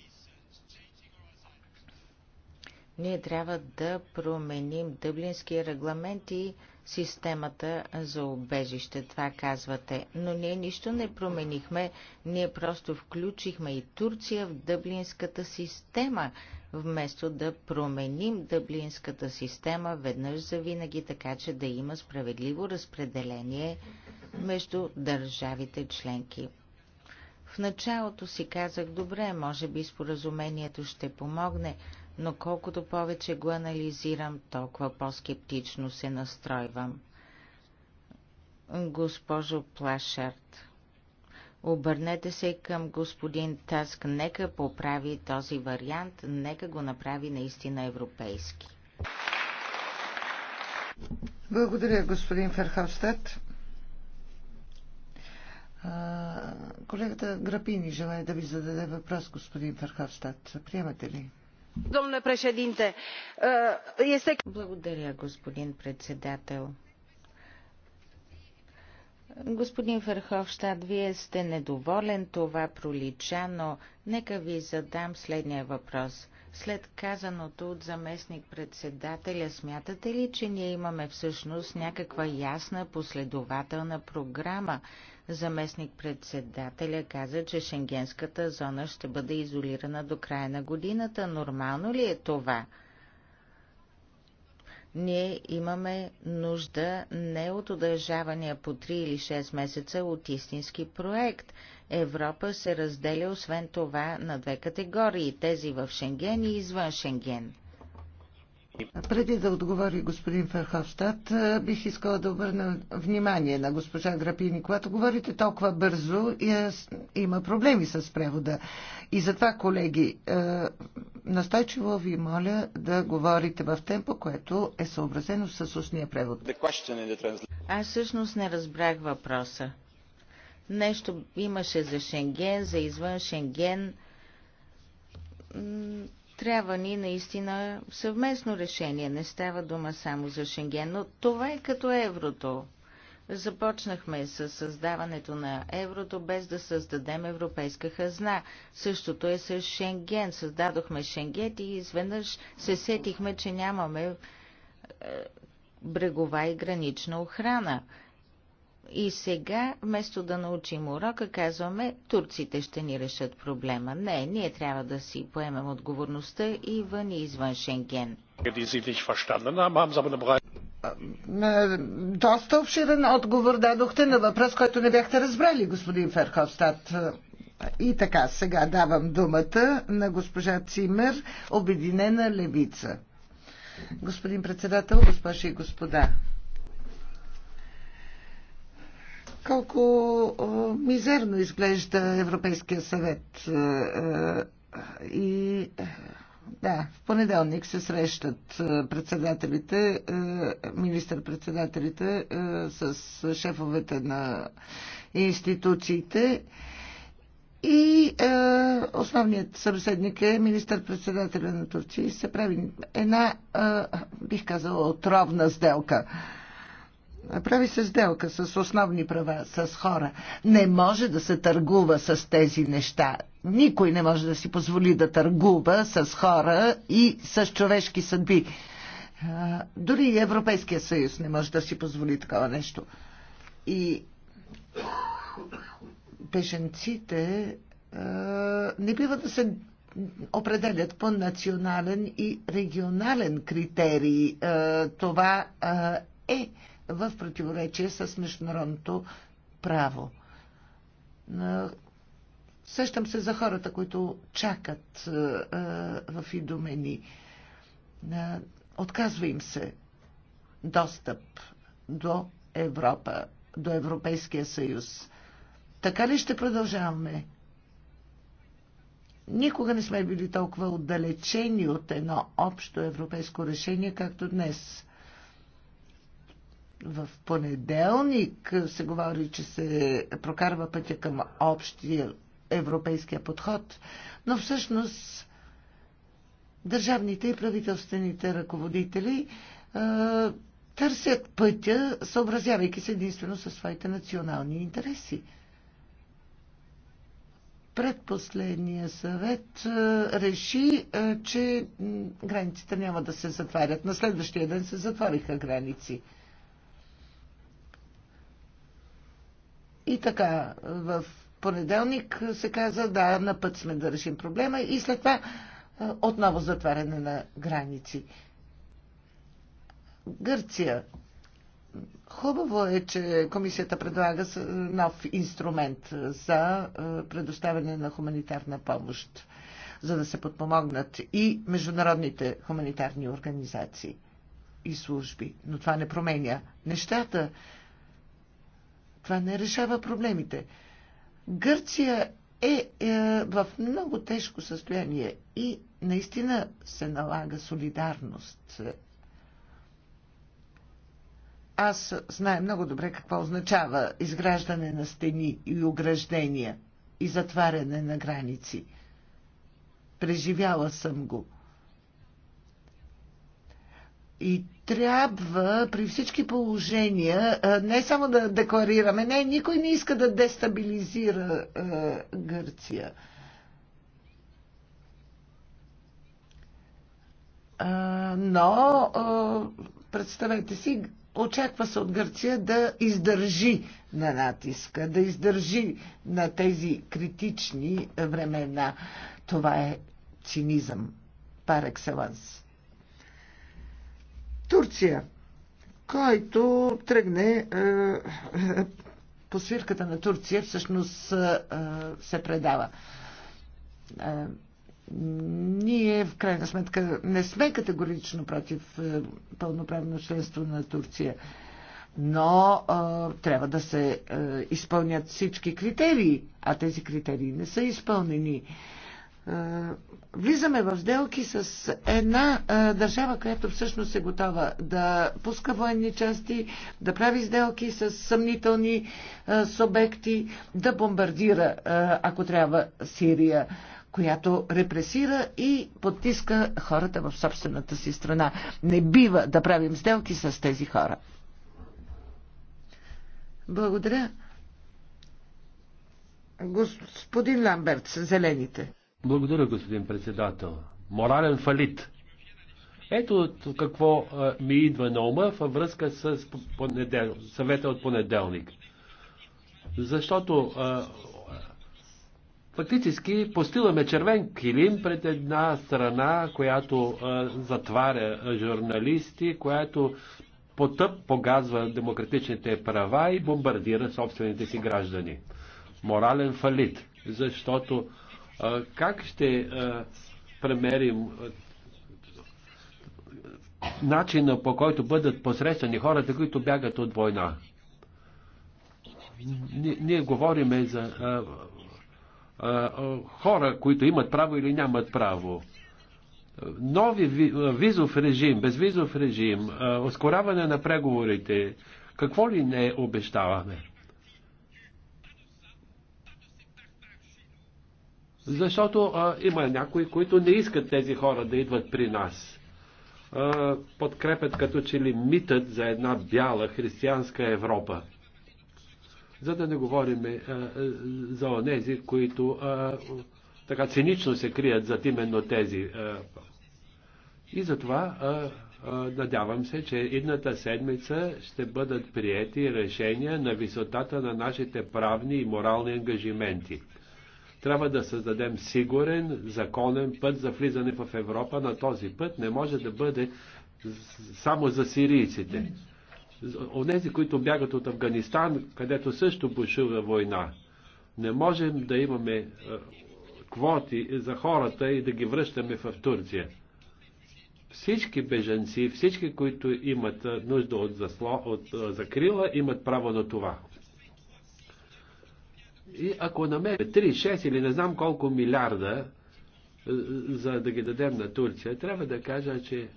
ние трябва да променим дъблински регламент и системата за обежище, това казвате. Но ние нищо не променихме, ние просто включихме и Турция в дъблинската система, вместо да променим дъблинската система веднъж за винаги, така че да има справедливо разпределение между държавите членки. В началото си казах, добре, може би споразумението ще помогне, но колкото повече го анализирам, толкова по-скептично се настройвам. Госпожо Плашарт, обърнете се към господин Таск, нека поправи този вариант, нека го направи наистина европейски. Благодаря, господин Ферховстед. Колегата Грапини желая да ви зададе въпрос, господин Ферховстед. Приемате ли? Domnule președinte, uh, este... Благодаря, господин председател. Господин Ферховщад, вие сте недоволен, това пролича, но нека ви задам следния въпрос. След казаното от заместник председателя, смятате ли, че ние имаме всъщност някаква ясна последователна програма? Заместник-председателя каза, че шенгенската зона ще бъде изолирана до края на годината. Нормално ли е това? Ние имаме нужда не от удържавания по 3 или 6 месеца от истински проект. Европа се разделя освен това на две категории – тези в Шенген и извън Шенген. Преди да отговори господин Ферховстат, бих искала да обърна внимание на госпожа Грапини. Когато говорите толкова бързо, има проблеми с превода. И затова, колеги, настойчиво ви моля да говорите в темпо, което е съобразено с устния превод. Аз всъщност не разбрах въпроса. Нещо имаше за Шенген, за извън Шенген трябва ни наистина съвместно решение. Не става дума само за Шенген, но това е като еврото. Започнахме с създаването на еврото, без да създадем европейска хазна. Същото е с Шенген. Създадохме Шенгет и изведнъж се сетихме, че нямаме е, брегова и гранична охрана. И сега, вместо да научим урока, казваме, турците ще ни решат проблема. Не, ние трябва да си поемем отговорността и вън и извън Шенген. Доста обширен отговор дадохте на въпрос, който не бяхте разбрали, господин Ферховстат. И така, сега давам думата на госпожа Цимер, Обединена левица. Господин председател, госпожи и господа, колко мизерно изглежда Европейския съвет. И да, в понеделник се срещат председателите, министър-председателите с шефовете на институциите. И е, основният събеседник е министър-председателя на Турция и се прави една, е, бих казала, отровна сделка. Прави се сделка с основни права, с хора. Не може да се търгува с тези неща. Никой не може да си позволи да търгува с хора и с човешки съдби. Дори и Европейския съюз не може да си позволи такова нещо. И беженците не бива да се определят по национален и регионален критерий. Това е в противоречие с международното право. Сещам се за хората, които чакат в идомени. Отказва им се достъп до Европа, до Европейския съюз. Така ли ще продължаваме? Никога не сме били толкова отдалечени от едно общо европейско решение, както днес в понеделник се говори, че се прокарва пътя към общия европейския подход, но всъщност държавните и правителствените ръководители е, търсят пътя, съобразявайки се единствено със своите национални интереси. Предпоследния съвет е, реши, е, че границите няма да се затварят. На следващия ден се затвориха граници. И така, в понеделник се каза, да, на път сме да решим проблема и след това отново затваряне на граници. Гърция. Хубаво е, че комисията предлага нов инструмент за предоставяне на хуманитарна помощ, за да се подпомогнат и международните хуманитарни организации и служби. Но това не променя нещата. Това не решава проблемите. Гърция е, е в много тежко състояние и наистина се налага солидарност. Аз знае много добре какво означава изграждане на стени и ограждения и затваряне на граници. Преживяла съм го. И трябва при всички положения не само да декларираме, не, никой не иска да дестабилизира Гърция. но представете си, очаква се от Гърция да издържи на натиска, да издържи на тези критични времена. Това е цинизъм, пар екселанс. Турция, който тръгне е, е, по свирката на Турция, всъщност е, се предава ние в крайна сметка не сме категорично против пълноправно членство на Турция, но е, трябва да се е, изпълнят всички критерии, а тези критерии не са изпълнени влизаме в сделки с една а, държава, която всъщност е готова да пуска военни части, да прави сделки с съмнителни а, субекти, да бомбардира, а, ако трябва, Сирия, която репресира и потиска хората в собствената си страна. Не бива да правим сделки с тези хора. Благодаря. Господин Ламберт, зелените. Благодаря, господин председател. Морален фалит. Ето какво а, ми идва на ума във връзка с понедел... съвета от понеделник. Защото а, фактически постиламе червен килим пред една страна, която а, затваря журналисти, която потъп погазва демократичните права и бомбардира собствените си граждани. Морален фалит, защото как ще премерим начина по който бъдат посрещани хората, които бягат от война? Ние, ние говориме за а, а, хора, които имат право или нямат право нови визов режим, безвизов режим, ускоряване на преговорите, какво ли не обещаваме? Защото а, има някои, които не искат тези хора да идват при нас. А, подкрепят като че ли митът за една бяла християнска Европа. За да не говорим а, за онези, които а, така цинично се крият зад именно тези. А, и затова а, Надявам се, че едната седмица ще бъдат приети решения на висотата на нашите правни и морални ангажименти. Трябва да създадем сигурен, законен път за влизане в Европа, на този път не може да бъде само за сирийците. Онези, които бягат от Афганистан, където също бушува война. Не можем да имаме е, квоти за хората и да ги връщаме в Турция. Всички беженци, всички, които имат е, нужда от, засло, от е, закрила, имат право на това. И ако намерим 3, 6 или не знам колко милиарда, е, за да ги дадем на Турция, трябва да кажа, че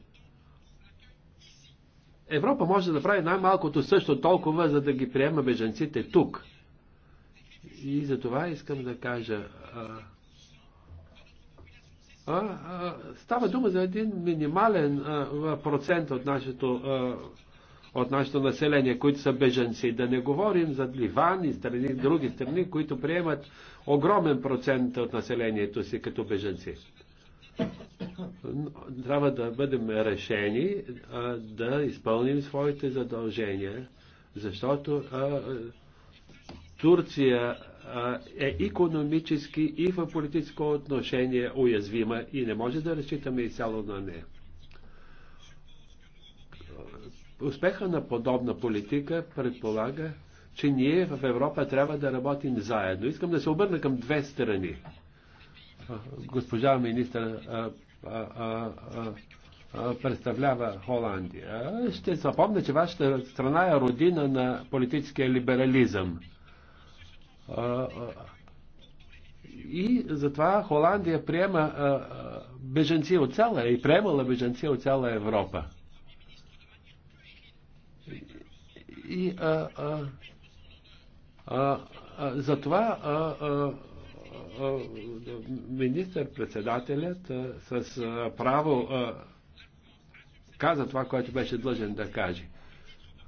Европа може да прави най-малкото също толкова, за да ги приема бежанците тук. И за това искам да кажа. А, а, а, става дума за един минимален а, процент от нашето а, от нашето население, които са беженци. Да не говорим за Ливан и страни, други страни, които приемат огромен процент от населението си като беженци. Трябва да бъдем решени а, да изпълним своите задължения, защото а, Турция а, е економически и в политическо отношение уязвима и не може да разчитаме изцяло на нея. Успеха на подобна политика предполага, че ние в Европа трябва да работим заедно. Искам да се обърна към две страни. Госпожа министър представлява Холандия. Ще запомня, че вашата страна е родина на политическия либерализъм. И затова Холандия приема беженци от цяла и приемала беженци от цяла Европа. И а, а, а, а, затова а, а, а, министър-председателят а, с а, право а, каза това, което беше длъжен да каже.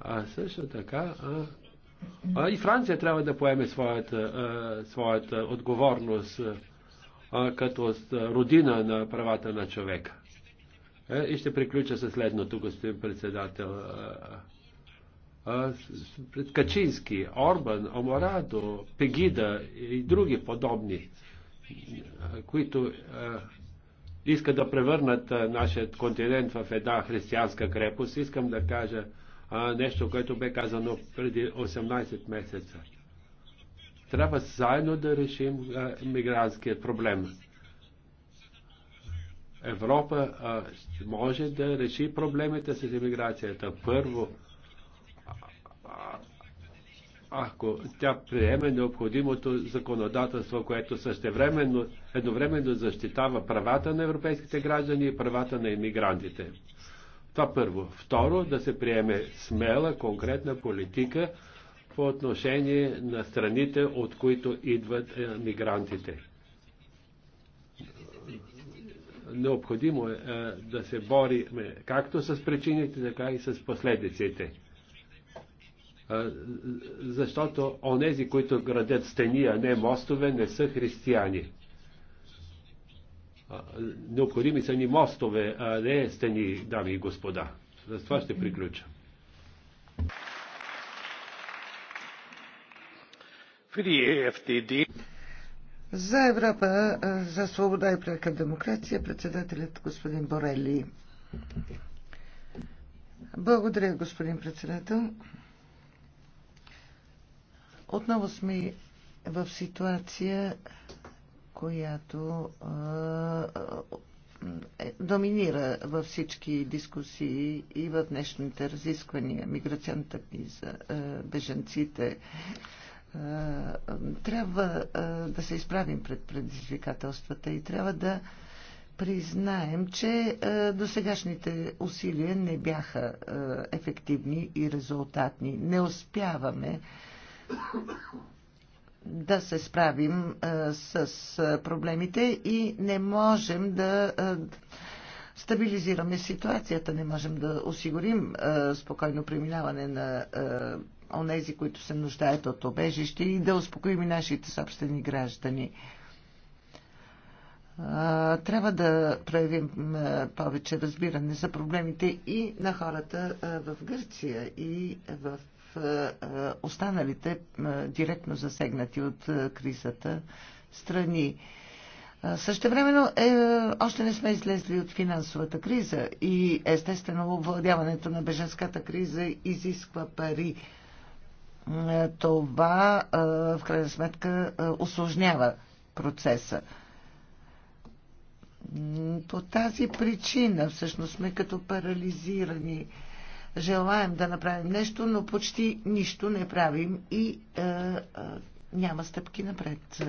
А също така а, а и Франция трябва да поеме своята, а, своята отговорност а, като родина на правата на човека. Е, и ще приключа със следното, господин председател. А, Качински, Орбан, Оморадо, Пегида и други подобни, които искат да превърнат нашия континент в една християнска крепост, искам да кажа нещо, което бе казано преди 18 месеца. Трябва заедно да решим мигрантския проблем. Европа а, може да реши проблемите с иммиграцията. Първо, ако тя приеме необходимото законодателство, което същевременно, едновременно защитава правата на европейските граждани и правата на иммигрантите. Това първо. Второ, да се приеме смела, конкретна политика по отношение на страните, от които идват е, мигрантите. Необходимо е, е да се бориме както с причините, така и с последиците защото онези, които градят стени, а не мостове, не са християни. Необходими са ни мостове, а не стени, дами и господа. За това ще приключа. E за Европа, за свобода и пряка демокрация, председателят господин Борели. Благодаря, господин председател. Отново сме в ситуация, която е, доминира във всички дискусии и в днешните разисквания. Миграционната криза, е, беженците. Е, трябва е, да се изправим пред предизвикателствата и трябва да признаем, че е, досегашните усилия не бяха е, ефективни и резултатни. Не успяваме да се справим с проблемите и не можем да стабилизираме ситуацията, не можем да осигурим спокойно преминаване на онези, които се нуждаят от обежище и да успокоим и нашите собствени граждани. Трябва да проявим повече разбиране за проблемите и на хората в Гърция, и в е, е, останалите е, директно засегнати от кризата страни. времено е, още не сме излезли от финансовата криза и естествено овладяването на беженската криза изисква пари. Това в крайна сметка осложнява процеса. По тази причина всъщност сме като парализирани желаем да направим нещо, но почти нищо не правим и е, е, няма стъпки напред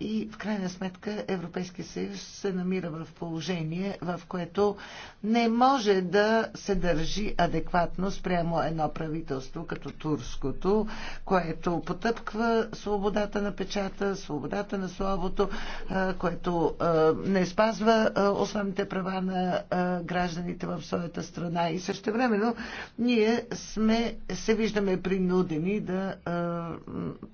и в крайна сметка Европейския съюз се намира в положение, в което не може да се държи адекватно спрямо едно правителство като турското, което потъпква свободата на печата, свободата на словото, което не спазва основните права на гражданите в своята страна и също времено ние сме, се виждаме принудени да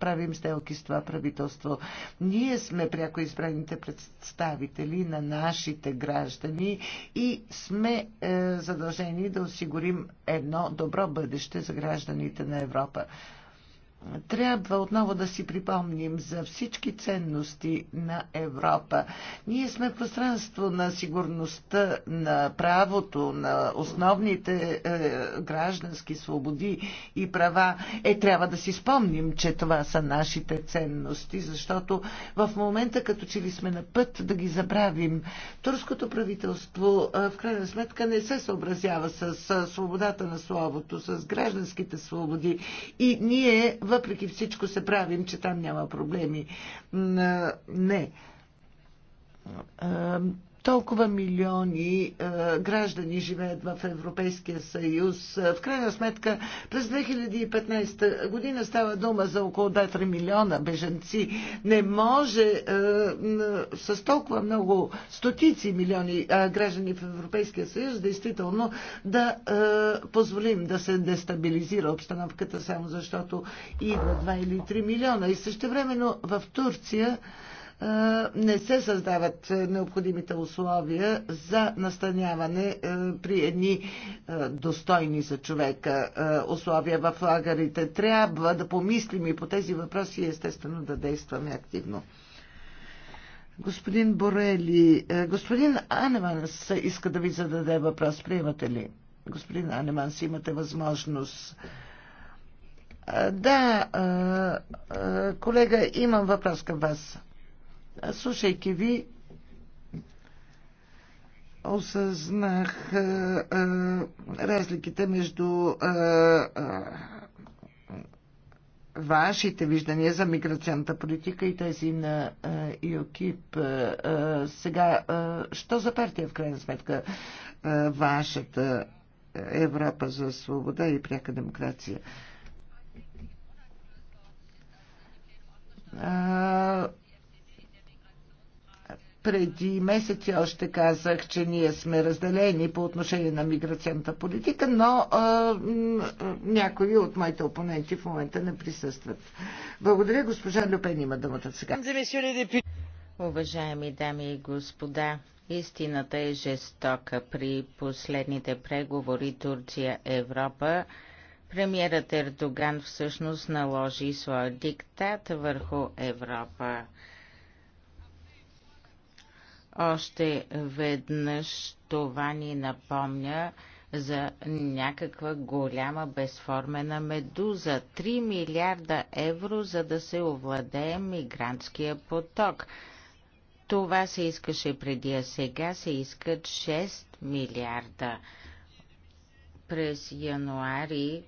правим сделки с това правителство. Ние ние сме пряко избраните представители на нашите граждани и сме е, задължени да осигурим едно добро бъдеще за гражданите на Европа трябва отново да си припомним за всички ценности на Европа. Ние сме в пространство на сигурността, на правото, на основните е, граждански свободи и права. Е, трябва да си спомним, че това са нашите ценности, защото в момента като че ли сме на път да ги забравим. Турското правителство е, в крайна сметка не се съобразява с, с е, свободата на словото, с гражданските свободи и ние въпреки всичко се правим, че там няма проблеми. Не толкова милиони е, граждани живеят в Европейския съюз. Е, в крайна сметка, през 2015 година става дума за около 2-3 милиона беженци. Не може е, с толкова много стотици милиони е, граждани в Европейския съюз действително да е, позволим да се дестабилизира обстановката, само защото идва 2 или 3 милиона. И също времено в Турция не се създават необходимите условия за настаняване при едни достойни за човека условия в лагерите. Трябва да помислим и по тези въпроси и естествено да действаме активно. Господин Борели, господин Анеманс иска да ви зададе въпрос. Приемате ли? Господин Анеманс, имате възможност. Да, колега, имам въпрос към вас. Слушайки ви, осъзнах а, а, разликите между а, а, вашите виждания за миграционната политика и тези на ЮКИП. сега, а, що за партия в крайна сметка а, вашата Европа за свобода и пряка демокрация? А, преди месеци още казах, че ние сме разделени по отношение на миграционната политика, но а, някои от моите опоненти в момента не присъстват. Благодаря, госпожа Люпен има думата сега. Уважаеми дами и господа, истината е жестока. При последните преговори Турция-Европа премьерът Ердоган всъщност наложи своя диктат върху Европа. Още веднъж това ни напомня за някаква голяма безформена медуза. 3 милиарда евро, за да се овладее мигрантския поток. Това се искаше преди, а сега се искат 6 милиарда. През януари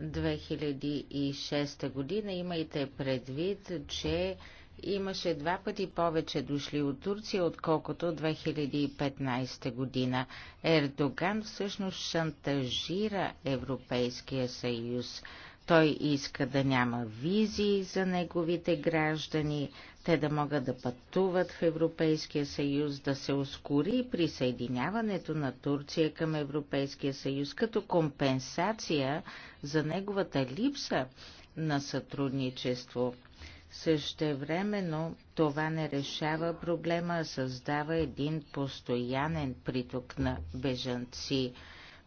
2006 година имайте предвид, че имаше два пъти повече дошли от Турция, отколкото 2015 година. Ердоган всъщност шантажира Европейския съюз. Той иска да няма визии за неговите граждани, те да могат да пътуват в Европейския съюз, да се ускори присъединяването на Турция към Европейския съюз като компенсация за неговата липса на сътрудничество. Същевременно това не решава проблема, а създава един постоянен приток на бежанци.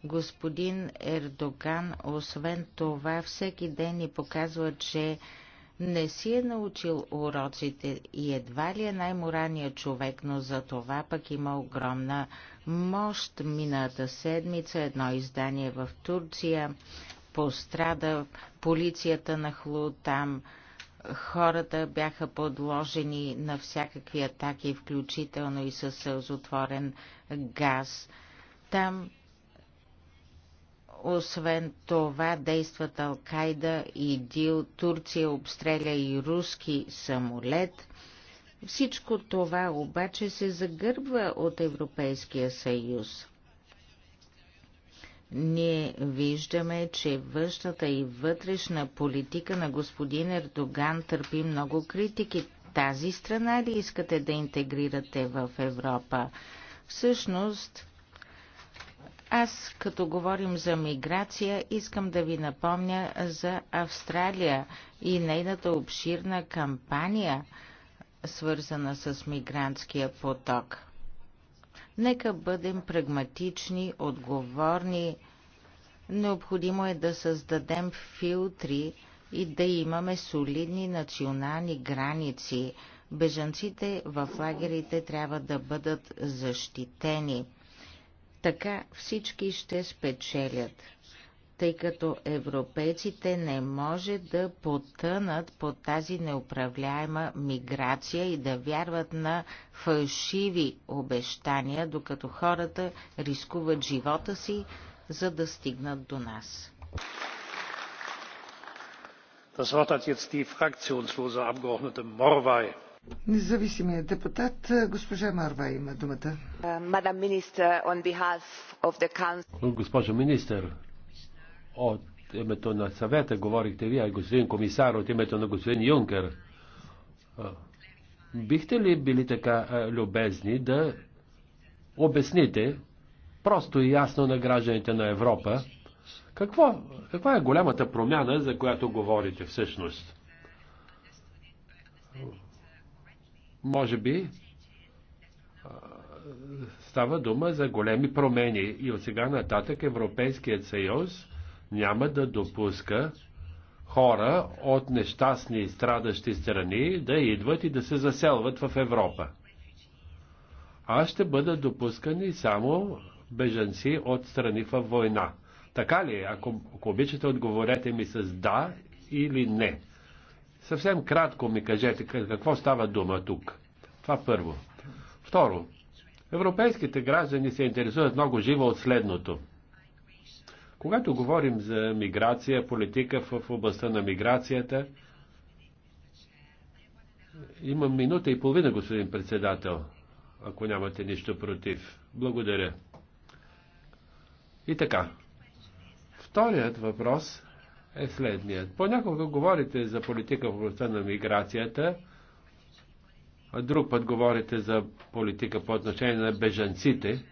Господин Ердоган, освен това, всеки ден ни показва, че не си е научил уроците и едва ли е най-моралният човек, но за това пък има огромна мощ. Мината седмица едно издание в Турция пострада полицията на Хлу там хората бяха подложени на всякакви атаки, включително и със сълзотворен газ. Там, освен това, действат Алкайда и Дил, Турция обстреля и руски самолет. Всичко това обаче се загърбва от Европейския съюз ние виждаме, че външната и вътрешна политика на господин Ердоган търпи много критики. Тази страна ли искате да интегрирате в Европа? Всъщност, аз, като говорим за миграция, искам да ви напомня за Австралия и нейната обширна кампания, свързана с мигрантския поток. Нека бъдем прагматични, отговорни. Необходимо е да създадем филтри и да имаме солидни национални граници. Бежанците в лагерите трябва да бъдат защитени. Така всички ще спечелят тъй като европейците не може да потънат по тази неуправляема миграция и да вярват на фалшиви обещания, докато хората рискуват живота си, за да стигнат до нас. Das Wort hat jetzt die fraktionslose Abgeordnete Независимият депутат е, госпожа Марва има думата. Е, госпожа министър, от името на съвета говорихте вие, господин комисар, от името на господин Юнкер. Бихте ли били така любезни да обясните просто и ясно на гражданите на Европа какво, каква е голямата промяна, за която говорите всъщност? Може би става дума за големи промени и от сега нататък Европейският съюз няма да допуска хора от нещастни и страдащи страни да идват и да се заселват в Европа. А ще бъдат допускани само бежанци от страни в война. Така ли? Е? Ако, ако обичате, отговорете ми с да или не. Съвсем кратко ми кажете какво става дума тук. Това първо. Второ, европейските граждани се интересуват много живо от следното – когато говорим за миграция, политика в областта на миграцията, имам минута и половина, господин председател, ако нямате нищо против. Благодаря. И така. Вторият въпрос е следният. Понякога говорите за политика в областта на миграцията, а друг път говорите за политика по отношение на бежанците.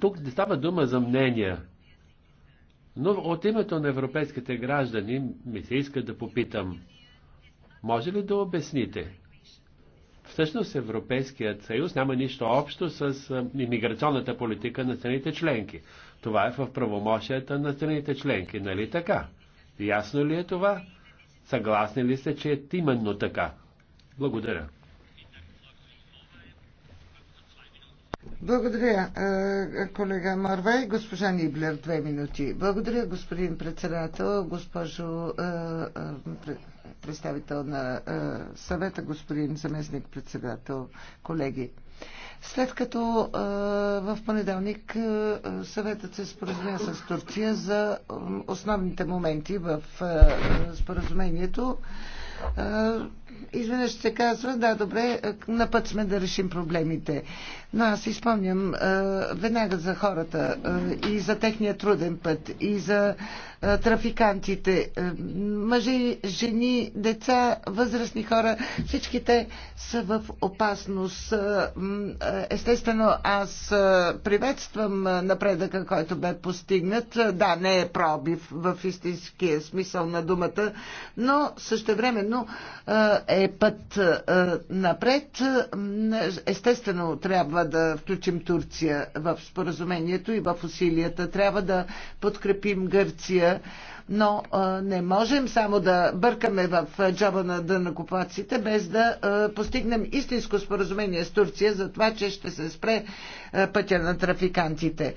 Тук не става дума за мнения. Но от името на европейските граждани ми се иска да попитам. Може ли да обясните? Всъщност Европейският съюз няма нищо общо с иммиграционната политика на страните членки. Това е в правомощията на страните членки, нали така? Ясно ли е това? Съгласни ли сте, че е именно така? Благодаря. Благодаря, колега Марвай. Госпожа Ниблер, две минути. Благодаря, господин председател, госпожо представител на съвета, господин заместник председател, колеги. След като в понеделник съветът се споразумя с Турция за основните моменти в споразумението, изведнъж се казва, да, добре, на път сме да решим проблемите. Но аз изпомням веднага за хората и за техния труден път, и за трафикантите, мъжи, жени, деца, възрастни хора, всички те са в опасност. Естествено, аз приветствам напредъка, който бе постигнат. Да, не е пробив в истинския смисъл на думата, но същевременно е път е, напред. Естествено, трябва да включим Турция в споразумението и в усилията. Трябва да подкрепим Гърция, но е, не можем само да бъркаме в джоба на дънакопаците, без да е, постигнем истинско споразумение с Турция за това, че ще се спре пътя на трафикантите.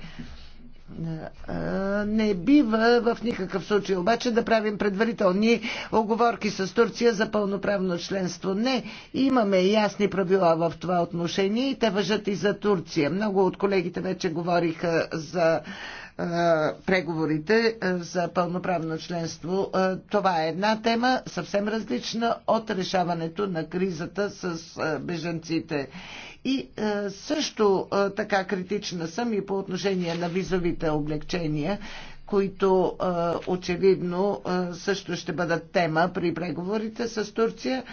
Не бива в никакъв случай обаче да правим предварителни оговорки с Турция за пълноправно членство. Не, имаме ясни правила в това отношение и те въжат и за Турция. Много от колегите вече говориха за преговорите за пълноправно членство. Това е една тема съвсем различна от решаването на кризата с беженците. И е, също е, така критична съм и по отношение на визовите облегчения, които е, очевидно също ще бъдат тема при преговорите с Турция.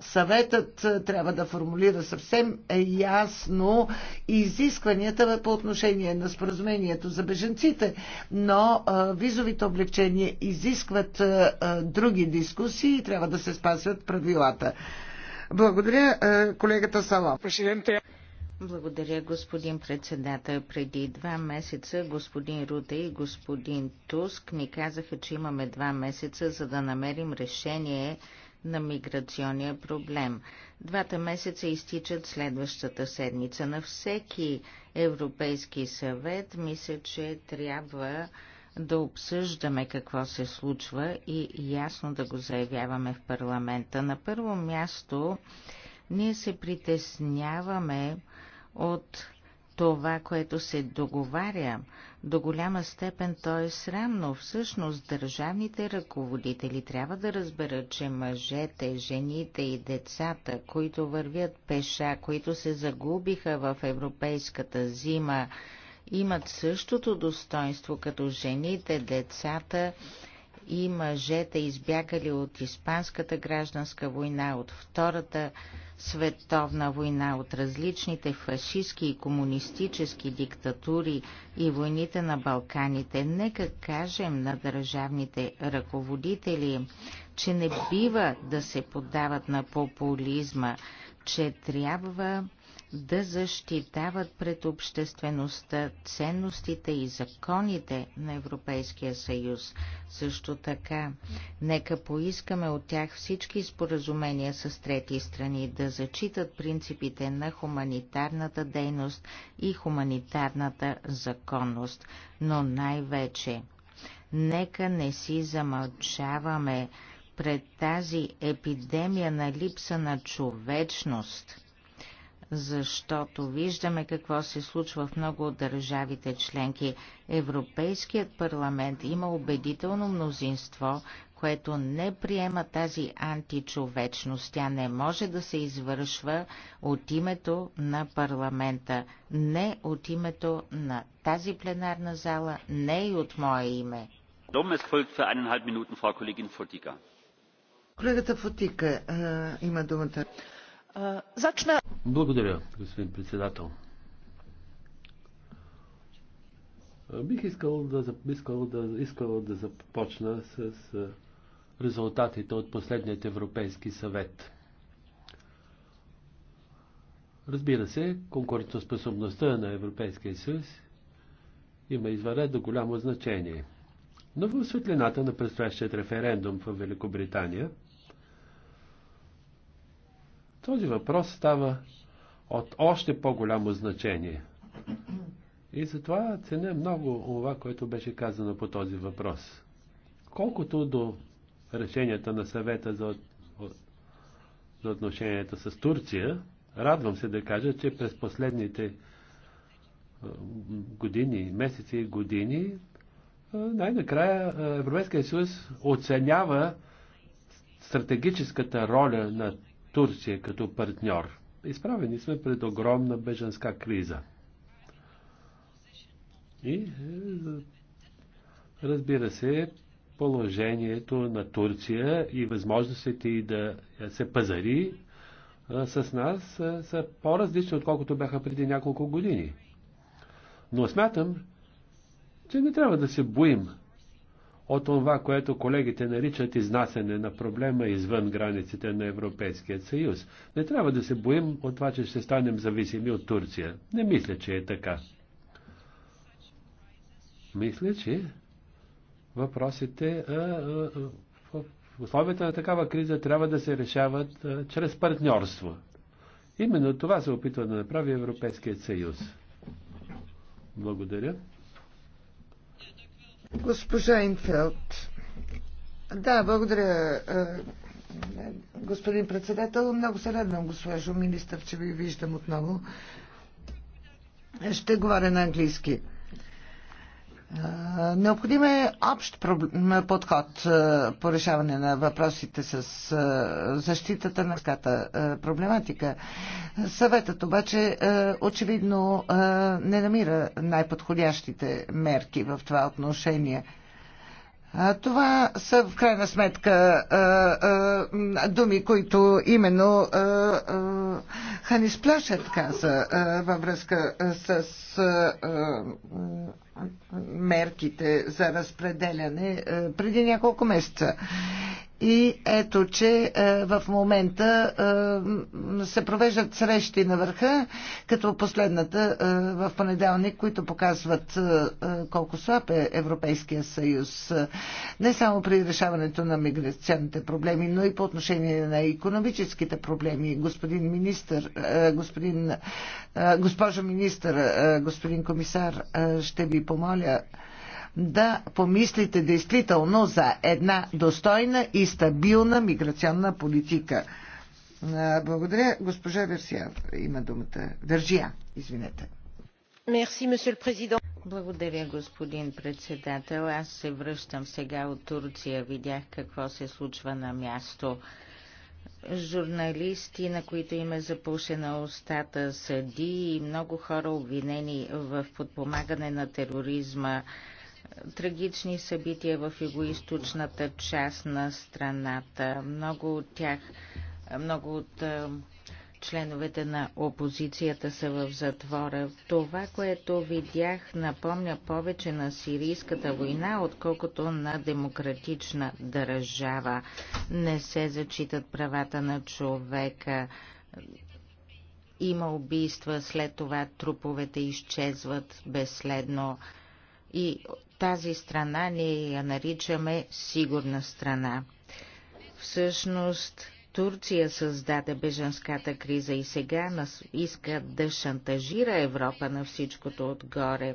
Съветът трябва да формулира съвсем ясно изискванията по отношение на споразумението за беженците, но визовите облегчения изискват други дискусии и трябва да се спазват правилата. Благодаря, е, колегата Сала. Благодаря, господин председател. Преди два месеца господин Руте и господин Туск ни казаха, че имаме два месеца, за да намерим решение на миграционния проблем. Двата месеца изтичат следващата седмица. На всеки Европейски съвет мисля, че трябва да обсъждаме какво се случва и ясно да го заявяваме в парламента. На първо място ние се притесняваме от това, което се договаря. До голяма степен то е срамно. Всъщност държавните ръководители трябва да разберат, че мъжете, жените и децата, които вървят пеша, които се загубиха в европейската зима, имат същото достоинство като жените, децата и мъжете, избягали от Испанската гражданска война, от Втората световна война, от различните фашистски и комунистически диктатури и войните на Балканите. Нека кажем на държавните ръководители, че не бива да се поддават на популизма, че трябва да защитават пред обществеността ценностите и законите на Европейския съюз. Също така, нека поискаме от тях всички споразумения с трети страни да зачитат принципите на хуманитарната дейност и хуманитарната законност, но най-вече нека не си замълчаваме пред тази епидемия на липса на човечност – защото виждаме какво се случва в много от държавите членки. Европейският парламент има убедително мнозинство, което не приема тази античовечност. Тя не може да се извършва от името на парламента, не от името на тази пленарна зала, не и от мое име. Е Колегата Фотика има думата. Зачна. Благодаря, господин председател. Бих искал да, искал да, искал да започна с резултатите от последният Европейски съвет. Разбира се, конкурентоспособността на Европейския съюз има извънредно голямо значение. Но в светлината на предстоящият референдум в Великобритания – този въпрос става от още по-голямо значение. И затова ценя много това, което беше казано по този въпрос. Колкото до решенията на съвета за, за отношенията с Турция, радвам се да кажа, че през последните години, месеци и години, най-накрая Европейския съюз оценява стратегическата роля на Турция като партньор. Изправени сме пред огромна беженска криза. И е, разбира се, положението на Турция и възможностите и да се пазари е, с нас е, са по-различни, отколкото бяха преди няколко години. Но смятам, че не трябва да се боим от това, което колегите наричат изнасяне на проблема извън границите на Европейския съюз. Не трябва да се боим от това, че ще станем зависими от Турция. Не мисля, че е така. Мисля, че въпросите а, а, в условията на такава криза трябва да се решават а, чрез партньорство. Именно това се опитва да направи Европейският съюз. Благодаря. Госпожа Инфелд. Да, благодаря, господин председател. Много се радвам, госпожо министър, че ви виждам отново. Ще говоря на английски. Е, необходим е общ подход е, по решаване на въпросите с е, защитата на ската проблематика. Съветът обаче очевидно не намира най-подходящите мерки в това отношение. Това са в крайна сметка думи, които именно Ханис Плашет каза във връзка с мерките за разпределяне преди няколко месеца. И ето, че е, в момента е, се провеждат срещи на върха, като последната е, в понеделник, които показват колко слаб е Европейския съюз. Не само при решаването на миграционните проблеми, но и по отношение на економическите проблеми. Господин министър, господин, госпожа министър, господин комисар, ще ви помоля да помислите действително за една достойна и стабилна миграционна политика. Благодаря. Госпожа Версия има думата. Вержия, извинете. Мерси, месье президент. Благодаря, господин председател. Аз се връщам сега от Турция. Видях какво се случва на място. Журналисти, на които има е запушена устата, съди и много хора обвинени в подпомагане на тероризма трагични събития в егоисточната част на страната. Много от тях, много от членовете на опозицията са в затвора. Това, което видях, напомня повече на сирийската война, отколкото на демократична държава. Не се зачитат правата на човека. Има убийства, след това труповете изчезват безследно. И тази страна ние я наричаме сигурна страна. Всъщност, Турция създаде беженската криза и сега иска да шантажира Европа на всичкото отгоре.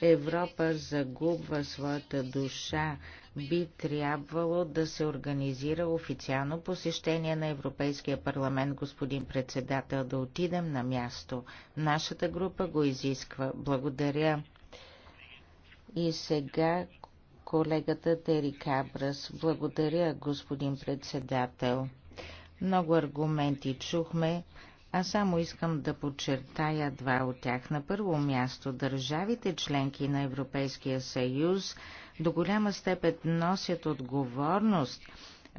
Европа загубва своята душа. Би трябвало да се организира официално посещение на Европейския парламент, господин председател, да отидем на място. Нашата група го изисква. Благодаря. И сега колегата Тери Кабрас. Благодаря, господин председател. Много аргументи чухме, а само искам да подчертая два от тях. На първо място, държавите членки на Европейския съюз до голяма степен носят отговорност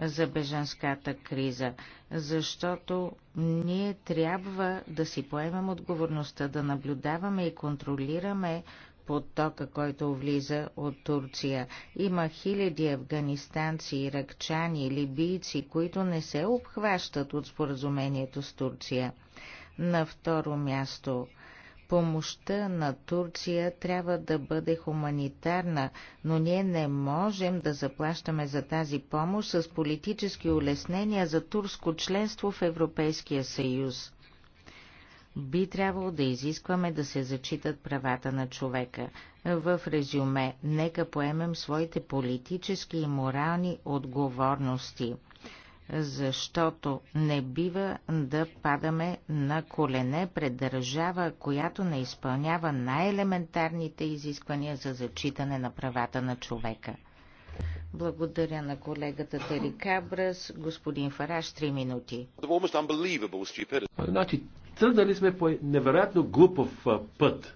за беженската криза, защото ние трябва да си поемем отговорността да наблюдаваме и контролираме потока, който влиза от Турция. Има хиляди афганистанци, иракчани, либийци, които не се обхващат от споразумението с Турция. На второ място Помощта на Турция трябва да бъде хуманитарна, но ние не можем да заплащаме за тази помощ с политически улеснения за турско членство в Европейския съюз би трябвало да изискваме да се зачитат правата на човека. В резюме, нека поемем своите политически и морални отговорности, защото не бива да падаме на колене пред държава, която не изпълнява най-елементарните изисквания за зачитане на правата на човека. Благодаря на колегата Тери Кабрас, Господин Фараш, 3 минути. Значи, Тръгнали сме по невероятно глупов път.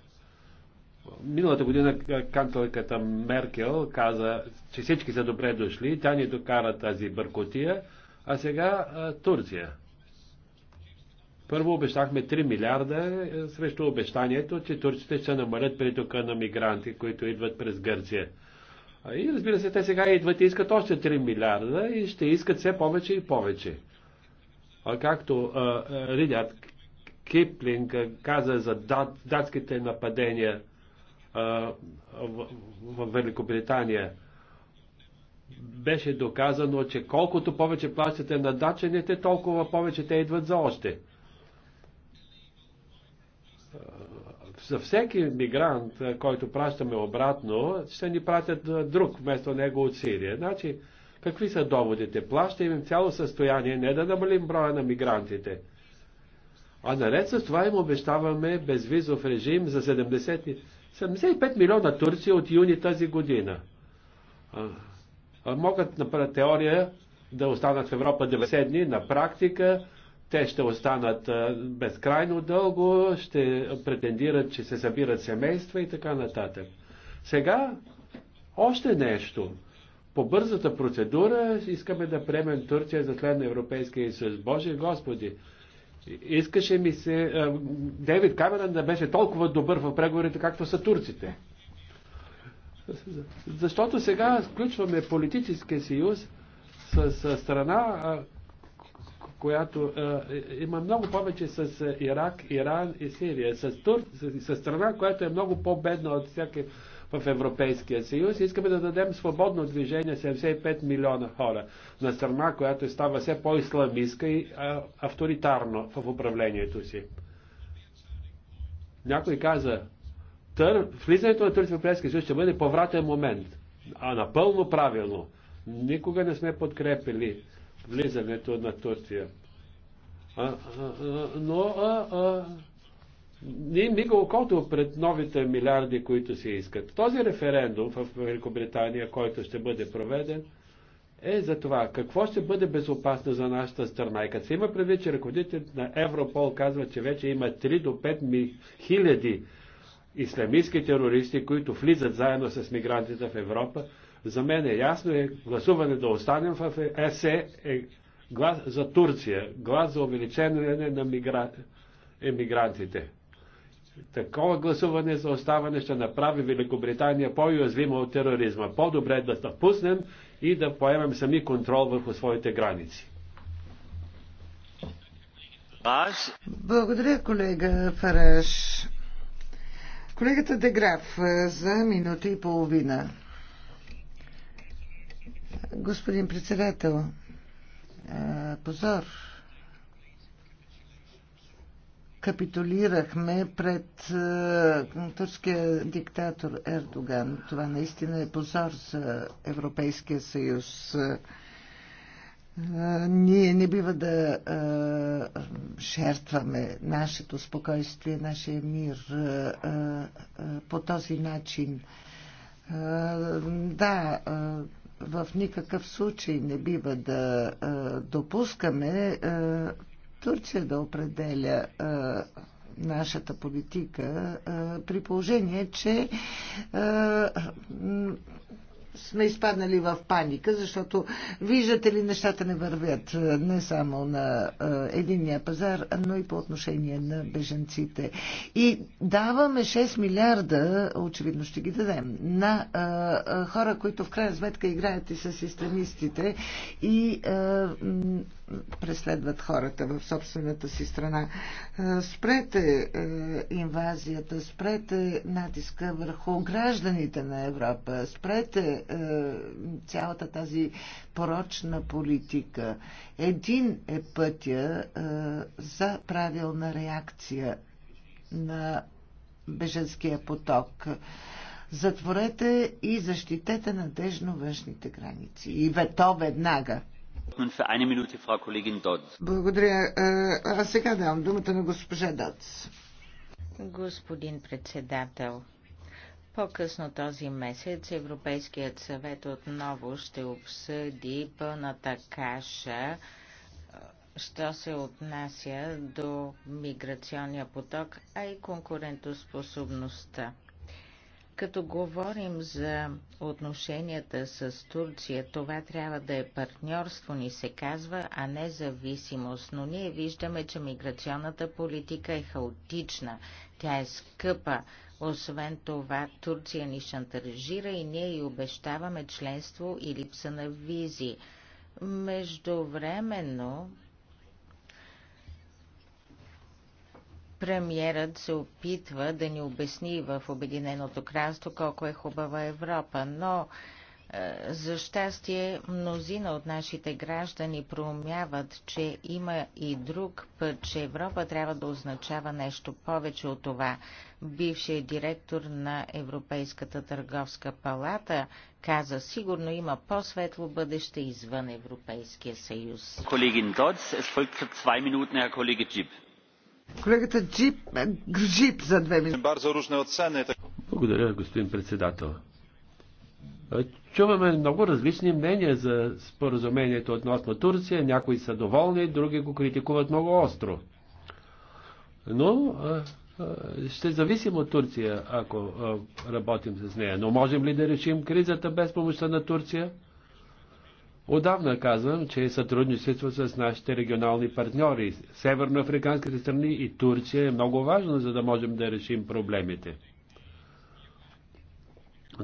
Миналата година канцлерката Меркел каза, че всички са добре дошли, тя ни докара тази бъркотия, а сега Турция. Първо обещахме 3 милиарда е, срещу обещанието, че турците ще намалят притока на мигранти, които идват през Гърция. И разбира се, те сега идват и искат още 3 милиарда и ще искат все повече и повече. А както Ридят Киплинг каза за дат, датските нападения в, в Великобритания. Беше доказано, че колкото повече плащате на дачените, толкова повече те идват за още. За всеки мигрант, който пращаме обратно, ще ни пратят друг вместо него от Сирия. Значи, какви са доводите? Плаща им цяло състояние, не да намалим броя на мигрантите. А наред с това им обещаваме безвизов режим за 70, 75 милиона турци от юни тази година. А, а могат на теория да останат в Европа 90 дни, на практика те ще останат безкрайно дълго, ще претендират, че се събират семейства и така нататък. Сега още нещо. По бързата процедура искаме да приемем Турция за член на Европейския съюз. Боже Господи, Искаше ми се Дейвид Камерън да беше толкова добър в преговорите, както са турците. Защото сега включваме политическия съюз с, с страна, която има много повече с Ирак, Иран и Сирия. С, Тур, с страна, която е много по-бедна от всяка в Европейския съюз. Искаме да дадем свободно движение 75 милиона хора на страна, която става все по-исламистка и авторитарно в управлението си. Някой каза, Тър... влизането на Турция в Европейския съюз ще бъде повратен момент. А напълно правилно. Никога не сме подкрепили влизането на Турция. А, а, а, но а, а, не мига окото пред новите милиарди, които се искат. Този референдум в Великобритания, който ще бъде проведен, е за това какво ще бъде безопасно за нашата страна. И като се има предвид, че ръководителят на Европол казва, че вече има 3 до 5 хиляди исламистски терористи, които влизат заедно с мигрантите в Европа, за мен е ясно е гласуване да останем в ЕСЕ е, е глас за Турция, глас за увеличение на мигра... емигрантите. Такова гласуване за оставане ще направи Великобритания по-уязвима от тероризма. По-добре е да се впуснем и да поемем сами контрол върху своите граници. Благодаря, колега Фараш. Колегата Деграф за минута и половина. Господин председател, позор капитулирахме пред е, турския диктатор Ердоган. Това наистина е позор за Европейския съюз. Е, ние не бива да е, жертваме нашето спокойствие, нашия мир по този начин. Да, в никакъв случай не бива да допускаме Турция да определя нашата политика, при положение, че сме изпаднали в паника, защото виждате ли, нещата не вървят е, не само на е, единния пазар, но и по отношение на беженците. И даваме 6 милиарда, очевидно ще ги дадем, на е, хора, които в крайна сметка играят и с изтремистите и преследват хората в собствената си страна. Спрете инвазията, спрете натиска върху гражданите на Европа, спрете е, цялата тази порочна политика. Един е пътя е, за правилна реакция на беженския поток. Затворете и защитете надежно външните граници. И вето веднага. Благодаря. Е, а сега давам думата на госпожа Дотс. Господин председател, по-късно този месец Европейският съвет отново ще обсъди пълната каша, що се отнася до миграционния поток, а и конкурентоспособността. Като говорим за отношенията с Турция, това трябва да е партньорство, ни се казва, а не зависимост. Но ние виждаме, че миграционната политика е хаотична, тя е скъпа, освен това, Турция ни шантаражира и ние и обещаваме членство и липса на визи. Междувременно, премьерът се опитва да ни обясни в Обединеното кралство колко е хубава Европа, но за щастие, мнозина от нашите граждани проумяват, че има и друг път, че Европа трябва да означава нещо повече от това. Бившият директор на Европейската търговска палата каза, сигурно има по-светло бъдеще извън Европейския съюз. Колегин Додс, е сфолкът 2 минути, Minuten колеги Джип. Колегата Джип, е, Джип за две минути. Благодаря, господин председател. Чуваме много различни мнения за споразумението относно Турция. Някои са доволни, други го критикуват много остро. Но ще зависим от Турция, ако работим с нея. Но можем ли да решим кризата без помощта на Турция? Отдавна казвам, че сътрудничество с нашите регионални партньори, северноафриканските страни и Турция е много важно, за да можем да решим проблемите.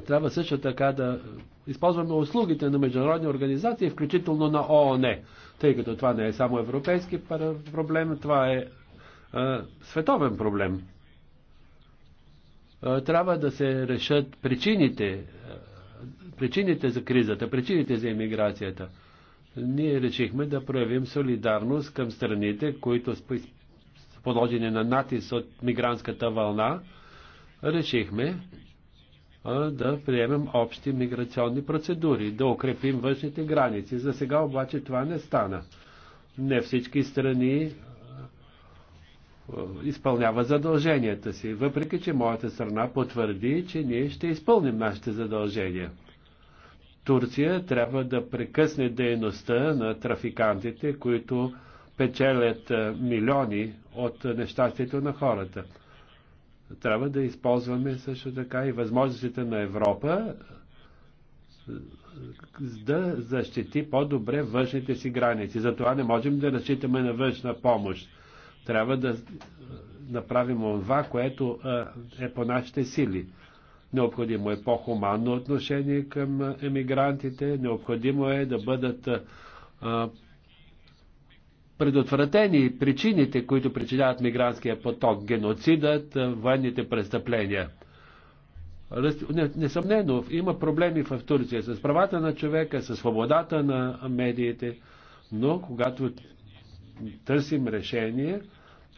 Трябва също така да използваме услугите на международни организации, включително на ООН, тъй като това не е само европейски проблем, това е а, световен проблем. А, трябва да се решат причините, причините за кризата, причините за иммиграцията. Ние решихме да проявим солидарност към страните, които са подложени на натис от мигрантската вълна. Решихме да приемем общи миграционни процедури, да укрепим външните граници. За сега обаче това не стана. Не всички страни изпълнява задълженията си, въпреки че моята страна потвърди, че ние ще изпълним нашите задължения. Турция трябва да прекъсне дейността на трафикантите, които печелят милиони от нещастието на хората. Трябва да използваме също така и възможностите на Европа да защити по-добре външните си граници. Затова не можем да разчитаме на външна помощ. Трябва да направим това, което е по нашите сили. Необходимо е по-хуманно отношение към емигрантите, необходимо е да бъдат предотвратени причините, които причиняват мигрантския поток, геноцидът, е, военните престъпления. Несъмнено, има проблеми в Турция с правата на човека, с свободата на медиите, но когато търсим решение,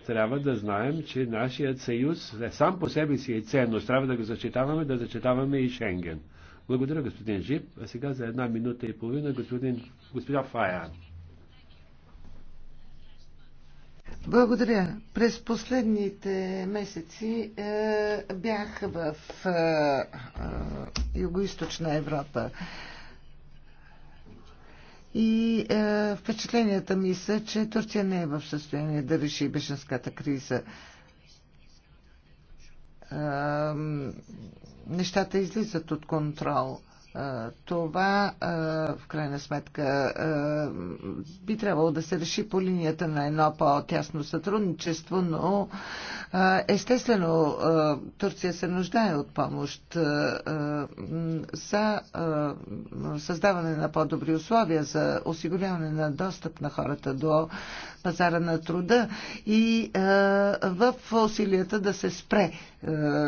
трябва да знаем, че нашият съюз е сам по себе си е ценност. Трябва да го защитаваме, да защитаваме и Шенген. Благодаря, господин Жип. А сега за една минута и половина господин, господин Фаян. Благодаря. През последните месеци е, бях в е, е, Юго-Источна Европа. И е, впечатленията ми са, че Турция не е в състояние да реши бешенската криза. Е, нещата излизат от контрол това в крайна сметка би трябвало да се реши по линията на едно по-тясно сътрудничество, но естествено Турция се нуждае от помощ за създаване на по-добри условия, за осигуряване на достъп на хората до пазара на труда и е, в усилията да се спре е,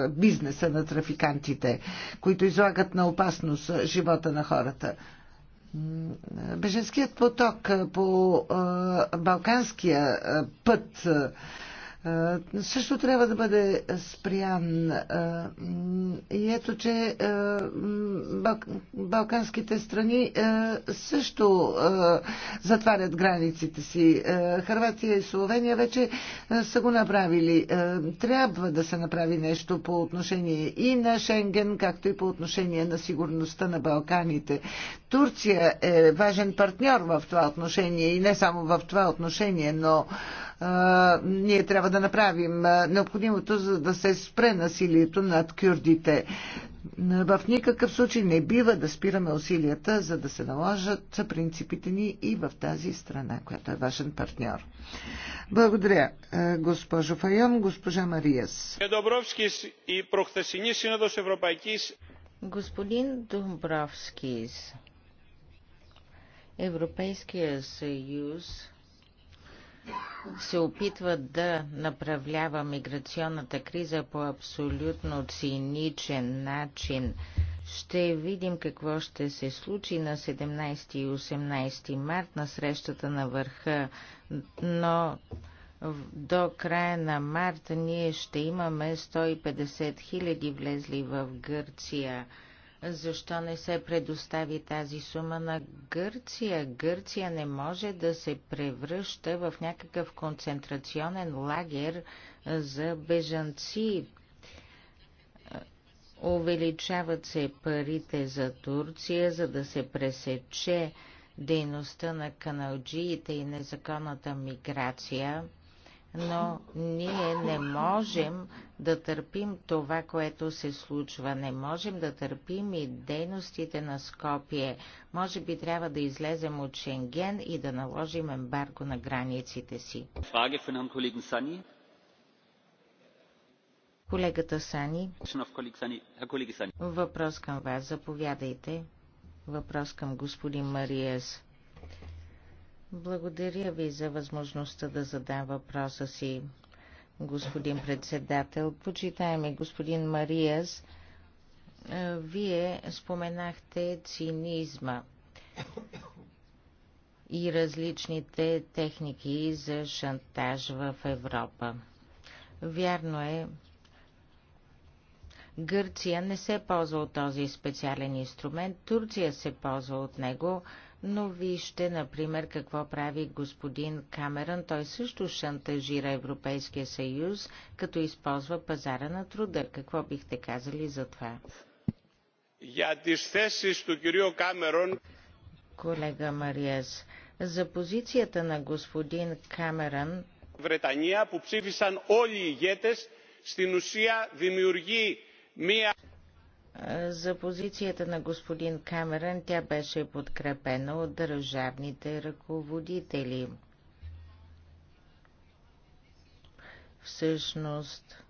бизнеса на трафикантите, които излагат на опасност живота на хората. Беженският поток по е, балканския път е, също трябва да бъде спрян. Е, и ето, че е, балканските страни също затварят границите си. Харватия и Словения вече са го направили. Трябва да се направи нещо по отношение и на Шенген, както и по отношение на сигурността на Балканите. Турция е важен партньор в това отношение и не само в това отношение, но ние трябва да направим необходимото, за да се спре насилието над кюрдите. В никакъв случай не бива да спираме усилията, за да се наложат принципите ни и в тази страна, която е вашен партньор. Благодаря, госпожо Файон, госпожа Мариас. Е, Господин Домбровскис, Европейския съюз се опитва да направлява миграционната криза по абсолютно циничен начин. Ще видим какво ще се случи на 17 и 18 март на срещата на върха, но до края на март ние ще имаме 150 000 влезли в Гърция. Защо не се предостави тази сума на Гърция? Гърция не може да се превръща в някакъв концентрационен лагер за бежанци. Увеличават се парите за Турция, за да се пресече дейността на каналджиите и незаконната миграция но ние не можем да търпим това, което се случва. Не можем да търпим и дейностите на Скопие. Може би трябва да излезем от Шенген и да наложим ембарго на границите си. Колегата Сани. Въпрос към вас. Заповядайте. Въпрос към господин Мариес. Благодаря ви за възможността да задам въпроса си, господин председател. Почитаеми господин Мариас, вие споменахте цинизма и различните техники за шантаж в Европа. Вярно е, Гърция не се ползва от този специален инструмент, Турция се ползва от него, но вижте, например, какво прави господин Камерън. Той също шантажира Европейския съюз, като използва пазара на труда. Какво бихте казали за това? Колега Мариес, за позицията на господин Камерън Вретания, по ψήφισαν όλοι οι ηγέτες στην ουσία δημιουργεί μία за позицията на господин Камерън тя беше подкрепена от държавните ръководители. Всъщност,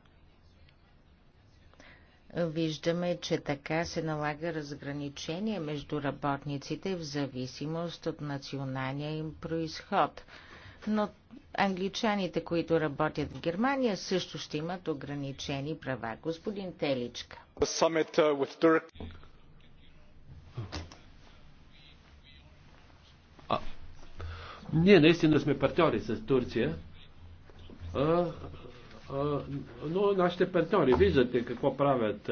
виждаме, че така се налага разграничение между работниците в зависимост от националния им происход – но англичаните, които работят в Германия, също ще имат ограничени права. Господин Теличка. Uh, ние наистина сме партньори с Турция, а, а, но нашите партньори, виждате какво правят,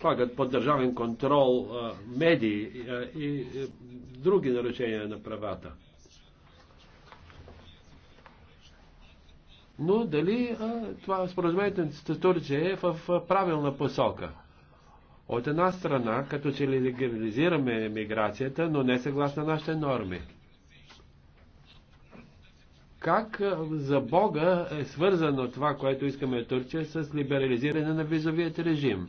слагат под държавен контрол медии и други нарушения на правата. но дали а, това споразумението с Турция е в в правилна посока. От една страна, като че легализираме миграцията, но не съгласно нашите норми. Как за Бога е свързано това, което искаме от Турция, с либерализиране на визовият режим?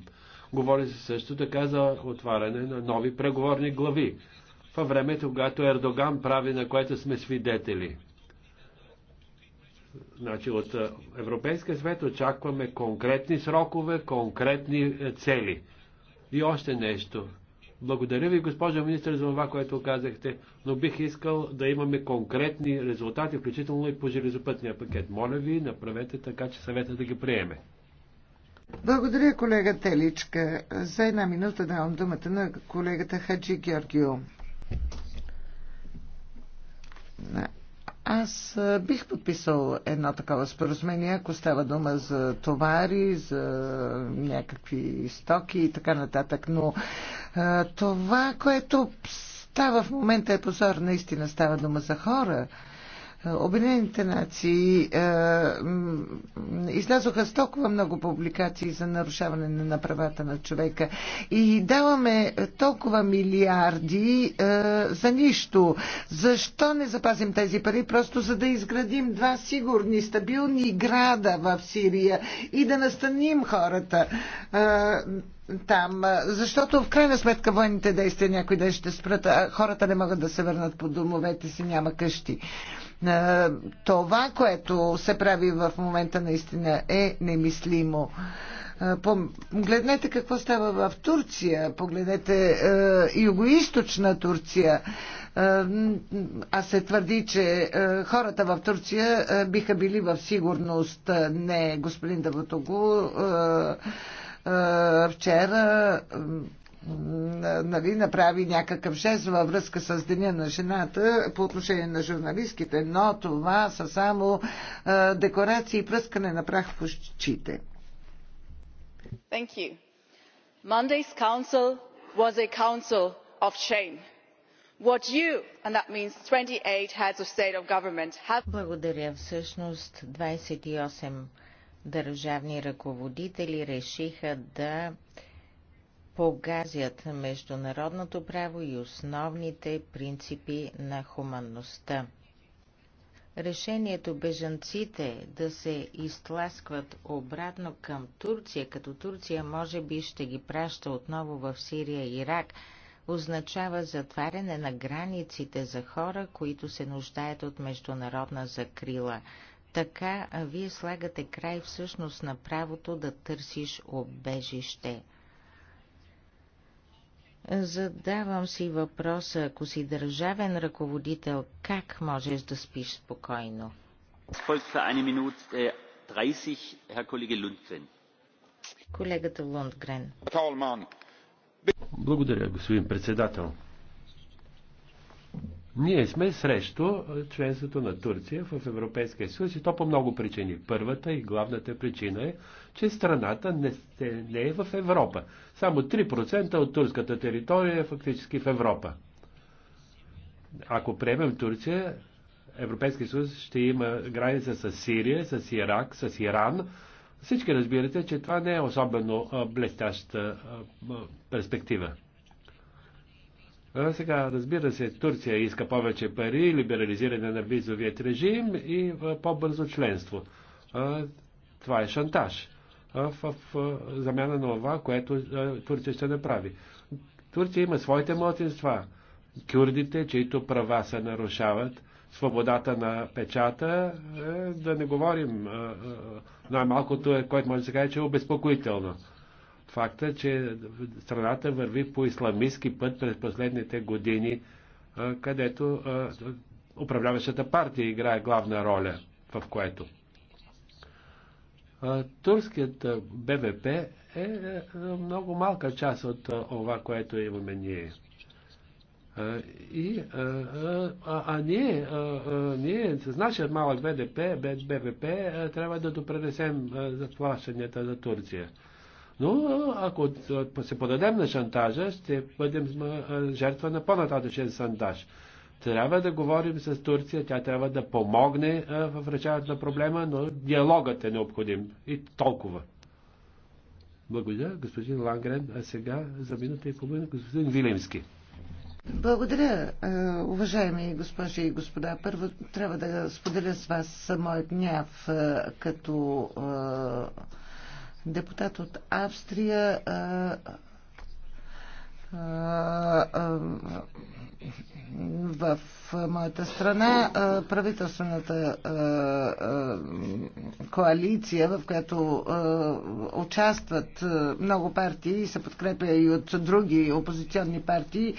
Говори се също така за отваряне на нови преговорни глави, във времето, когато Ердоган прави, на което сме свидетели – Значи от е, Европейския свет очакваме конкретни срокове, конкретни е, цели. И още нещо. Благодаря ви, госпожо министър, за това, което казахте, но бих искал да имаме конкретни резултати, включително и по железопътния пакет. Моля ви, направете така, че съвета да ги приеме. Благодаря, колега Теличка. За една минута давам думата на колегата Хаджи Георгио. Аз бих подписал едно такова споразумение, ако става дума за товари, за някакви стоки и така нататък. Но а, това, което става в момента е позор, наистина става дума за хора. Е, Обединените нации е, излязоха с толкова много публикации за нарушаване на правата на човека и даваме толкова милиарди е, за нищо. Защо не запазим тези пари? Просто за да изградим два сигурни, стабилни града в Сирия и да настаним хората. Е, там, защото в крайна сметка военните действия някой ден ще спрат, а хората не могат да се върнат по домовете си, няма къщи. Е, това, което се прави в момента наистина е немислимо. Е, погледнете какво става в Турция, погледнете е, югоисточна Турция. Е, а се твърди, че хората в Турция биха били в сигурност. Не, господин Давотогу, вчера нали, направи някакъв жест във връзка с Деня на жената по отношение на журналистките, но това са само а, декорации и пръскане на прах в очите. Thank you. Monday's council was a council of shame. What you, and that means 28 heads of state of government, have... Благодаря. Всъщност 28 държавни ръководители решиха да uh, погазят международното право и основните принципи на хуманността. Решението бежанците да се изтласкват обратно към Турция, като Турция може би ще ги праща отново в Сирия и Ирак, означава затваряне на границите за хора, които се нуждаят от международна закрила. Така вие слагате край всъщност на правото да търсиш обежище. Задавам си въпроса, ако си държавен ръководител, как можеш да спиш спокойно? Äh, Колегата Лундгрен. Благодаря, господин председател. Ние сме срещу членството на Турция в Европейския съюз и то по много причини. Първата и главната причина е, че страната не, не е в Европа. Само 3% от турската територия е фактически в Европа. Ако приемем Турция, Европейския съюз ще има граница с Сирия, с Ирак, с Иран. Всички разбирате, че това не е особено блестяща перспектива. Сега, разбира се, Турция иска повече пари, либерализиране на визовият режим и по-бързо членство. Това е шантаж в замяна на това, което Турция ще направи. Турция има своите младенства. Кюрдите, чието права се нарушават, свободата на печата, е, да не говорим най-малкото, е, което може да се каже, че е обезпокоително факта, че страната върви по исламистски път през последните години, където управляващата партия играе главна роля в което. Турският БВП е много малка част от това, което имаме ние. И, а, а, а ние, а, ние с нашия малък БДП, БВП трябва да допренесем заплащанията за Турция. Но ако се подадем на шантажа, ще бъдем жертва на по-нататъчен шантаж. Трябва да говорим с Турция, тя трябва да помогне в решаването на проблема, но диалогът е необходим. И толкова. Благодаря, господин Лангрен. А сега за минута и половина господин Вилимски. Благодаря, уважаеми госпожи и господа. Първо трябва да споделя с вас моят гняв като депутат от Австрия в моята страна правителствената коалиция, в която участват много партии и се подкрепя и от други опозиционни партии,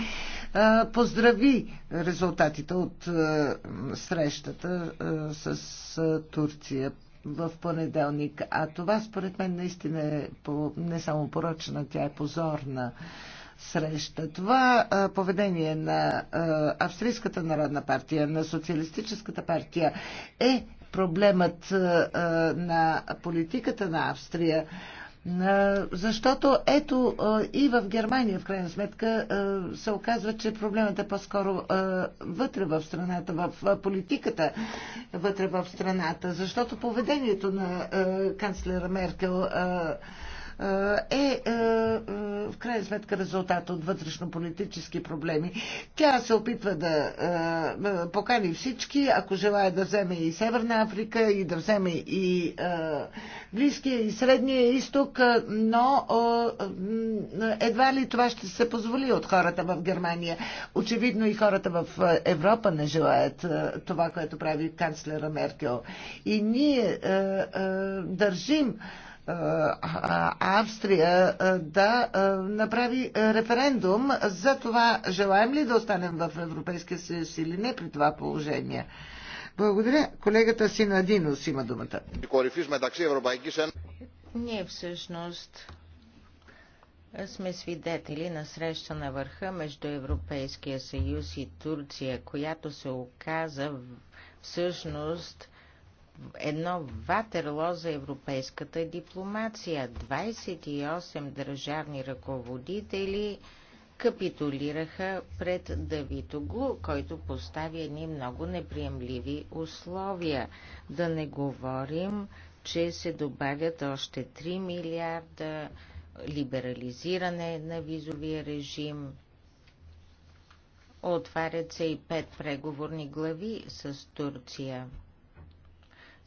поздрави резултатите от срещата с Турция в понеделник. А това според мен наистина е по, не само порочна, тя е позорна среща. Това а, поведение на а, Австрийската народна партия, на Социалистическата партия е проблемът а, на политиката на Австрия. Защото ето и в Германия, в крайна сметка, се оказва, че проблемът е по-скоро вътре в страната, в политиката вътре в страната. Защото поведението на канцлера Меркел е, е, е в крайна сметка резултат от вътрешно-политически проблеми. Тя се опитва да е, покани всички, ако желая да вземе и Северна Африка, и да вземе и Близкия и Средния изток, но едва ли това ще се позволи от хората в Германия. Очевидно и хората в Европа не желаят това, което прави канцлера Меркел. И ние държим Австрия да направи референдум за това, желаем ли да останем в Европейския съюз или не при това положение. Благодаря. Колегата Синадинос има думата. Ние всъщност сме свидетели на среща на върха между Европейския съюз и Турция, която се оказа всъщност едно ватерло за европейската дипломация. 28 държавни ръководители капитулираха пред Глу, който постави едни много неприемливи условия. Да не говорим, че се добавят още 3 милиарда, либерализиране на визовия режим. Отварят се и пет преговорни глави с Турция.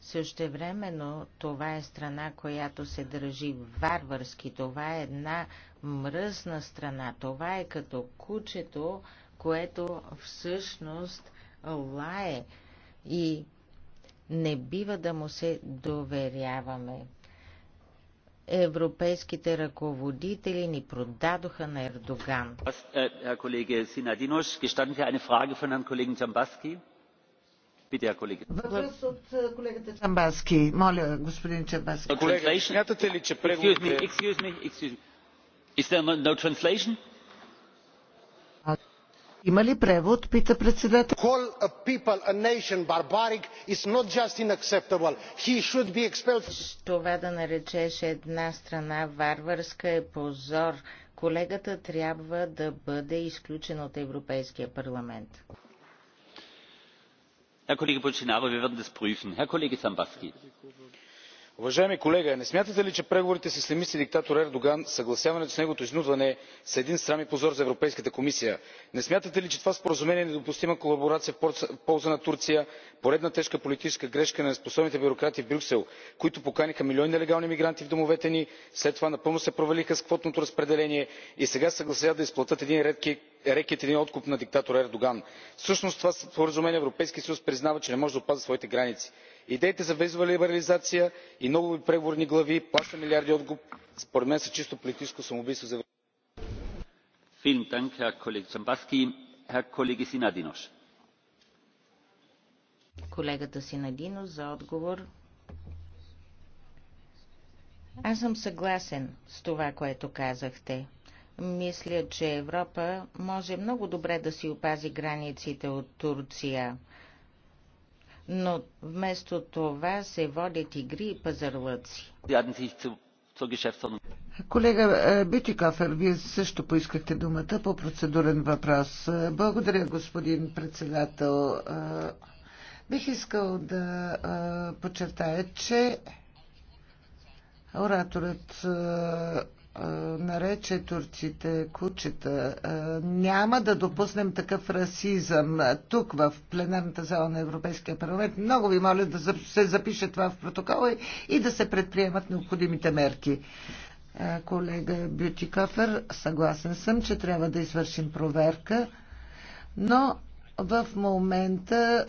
Същевременно това е страна, която се държи варварски. Това е една мръсна страна. Това е като кучето, което всъщност лае и не бива да му се доверяваме. Европейските ръководители ни продадоха на Ердоган. Е, е, Въпрос е, Моля, господин Чамбаски. Колега, смятате ли, че преговорите... Има ли превод, пита председател. Това да наречеш една страна варварска е позор. Колегата трябва да бъде изключен от Европейския парламент herr kollege botinaru wir werden das prüfen. herr kollege dzhambazki уважаеми колега не смятате ли че преговорите с и диктатор ердоган съгласяването с неговото изнудване са един срам и позор за европейската комисия? не смятате ли че това споразумение е недопустима колаборация в полза на турция поредна тежка политическа грешка на неспособните бюрократи в брюксел които поканиха милиони нелегални мигранти в домовете ни след това напълно се провалиха с квотното разпределение и сега се съгласяват да изплатят един рекет един откуп на диктатора ердоган? всъщност с това споразумение европейският съюз признава че не може да опази своите граници идеите за визова либерализация и нови преговорни глави плаща милиарди откуп според мен са чисто политическо самоубийство за колегата за отговор. Аз съм съгласен с това, което казахте. Мисля, че Европа може много добре да си опази границите от Турция но вместо това се водят игри и пазарлъци. Колега е, Битикофер, вие също поискахте думата по процедурен въпрос. Е, благодаря, господин председател. Е, бих искал да подчертая, че ораторът нарече турците кучета. Няма да допуснем такъв расизъм тук в пленарната зала на Европейския парламент. Много ви моля да се запише това в протокола и да се предприемат необходимите мерки. Колега Бютикофер, съгласен съм, че трябва да извършим проверка, но в момента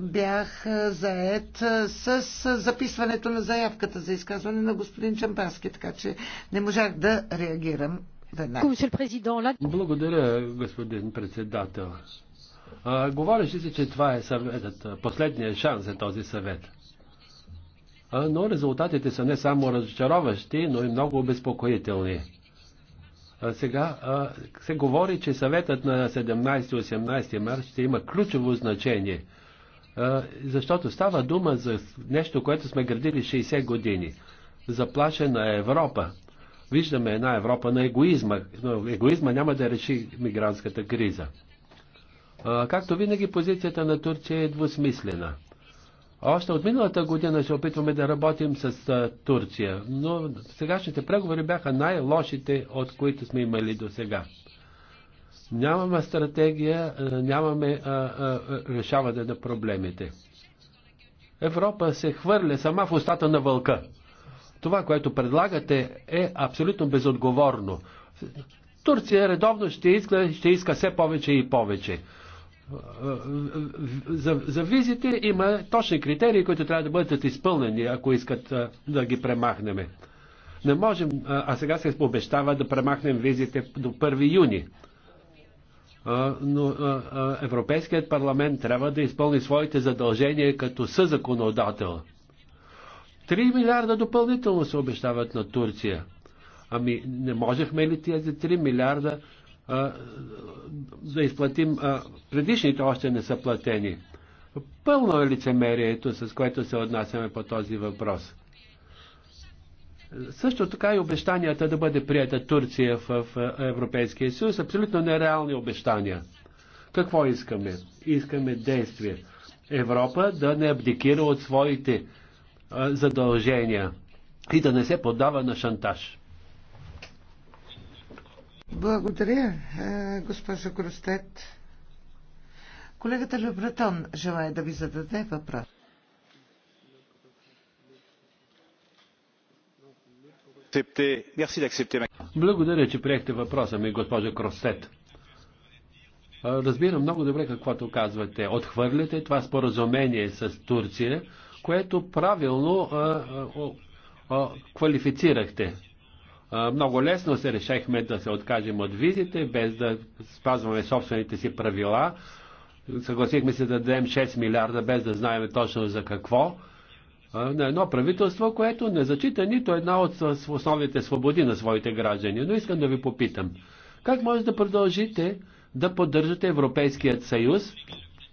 бях заед с записването на заявката за изказване на господин Чампарски, така че не можах да реагирам веднага. Благодаря, господин председател. А, говореше се, че това е съветът. Последният шанс е този съвет. А, но резултатите са не само разочароващи, но и много обезпокоителни сега се говори, че съветът на 17-18 марта ще има ключово значение, защото става дума за нещо, което сме градили 60 години. Заплашена е Европа. Виждаме една Европа на егоизма, но егоизма няма да реши мигрантската криза. Както винаги, позицията на Турция е двусмислена. Още от миналата година се опитваме да работим с Турция, но сегашните преговори бяха най-лошите, от които сме имали до сега. Нямаме стратегия, нямаме а, а, решаване на проблемите. Европа се хвърля сама в устата на вълка. Това, което предлагате, е абсолютно безотговорно. Турция редовно ще иска, ще иска все повече и повече за, за визите има точни критерии, които трябва да бъдат изпълнени, ако искат а, да ги премахнем. Не можем, а, а сега се обещава да премахнем визите до 1 юни. А, но а, а, Европейският парламент трябва да изпълни своите задължения като съзаконодател. 3 милиарда допълнително се обещават на Турция. Ами не можехме ли тези 3 милиарда да изплатим предишните още не са платени. Пълно е лицемерието, с което се отнасяме по този въпрос. Също така и обещанията да бъде прията Турция в Европейския съюз, абсолютно нереални обещания. Какво искаме? Искаме действие. Европа да не абдикира от своите задължения и да не се поддава на шантаж. Благодаря, госпожо Гростет. Колегата Лебретон желая да ви зададе въпрос. Благодаря, че приехте въпроса ми, госпожо Кросет. Разбирам много добре каквото казвате. Отхвърляте това споразумение с Турция, което правилно а, а, а, квалифицирахте. Много лесно се решехме да се откажем от визите, без да спазваме собствените си правила. Съгласихме се да дадем 6 милиарда, без да знаем точно за какво. На едно правителство, което не зачита нито една от основните свободи на своите граждани. Но искам да ви попитам. Как може да продължите да поддържате Европейският съюз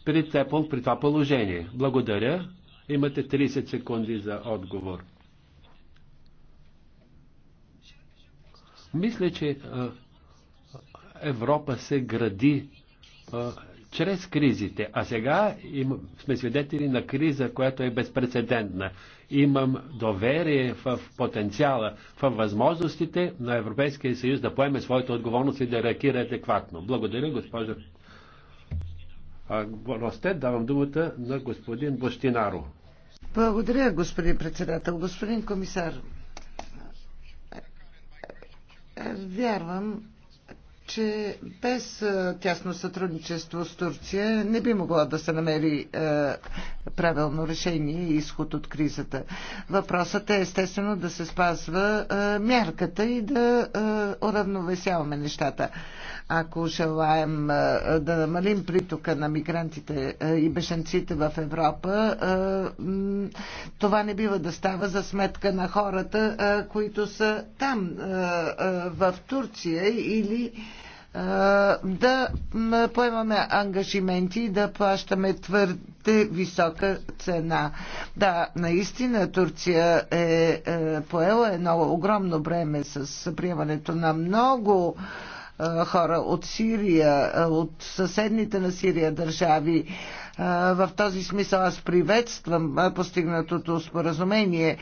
при, при това положение? Благодаря. Имате 30 секунди за отговор. Мисля, че Европа се гради чрез кризите. А сега сме свидетели на криза, която е безпредседентна. Имам доверие в потенциала, в възможностите на Европейския съюз да поеме своята отговорност и да реагира адекватно. Благодаря, госпожа. Госте, давам думата на господин Бощинаро. Благодаря, господин председател. Господин комисар, е, вярвам, че без е, тясно сътрудничество с Турция не би могло да се намери е, правилно решение и изход от кризата. Въпросът е естествено да се спазва мярката и да уравновесяваме нещата. Ако желаем да намалим притока на мигрантите и бешенците в Европа, това не бива да става за сметка на хората, които са там, в Турция или да поемаме ангажименти и да плащаме твърде висока цена. Да, наистина Турция е, е поела едно огромно бреме с приемането на много хора от Сирия, от съседните на Сирия държави. В този смисъл аз приветствам постигнатото споразумение,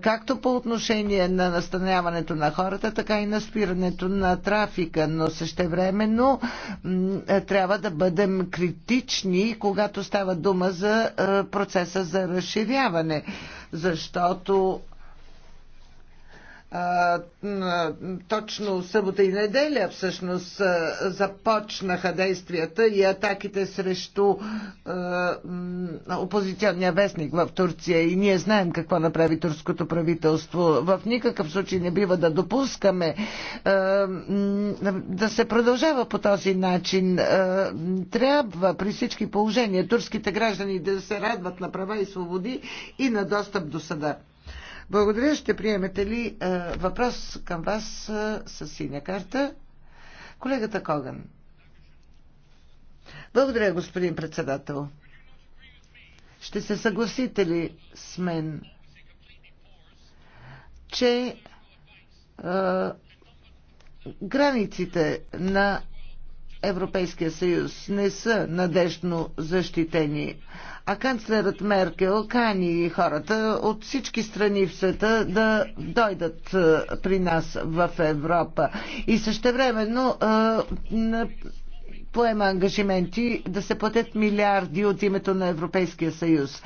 както по отношение на настаняването на хората, така и на спирането на трафика, но същевременно трябва да бъдем критични, когато става дума за процеса за разширяване, защото точно събота и неделя всъщност започнаха действията и атаките срещу опозиционния вестник в Турция и ние знаем какво направи турското правителство. В никакъв случай не бива да допускаме да се продължава по този начин. Трябва при всички положения турските граждани да се радват на права и свободи и на достъп до съда. Благодаря. Ще приемете ли е, въпрос към вас е, с синя карта? Колегата Коган. Благодаря, господин председател. Ще се съгласите ли с мен, че е, границите на Европейския съюз не са надежно защитени. А канцлерът Меркел кани хората от всички страни в света да дойдат при нас в Европа. И същевременно поема ангажименти да се платят милиарди от името на Европейския съюз.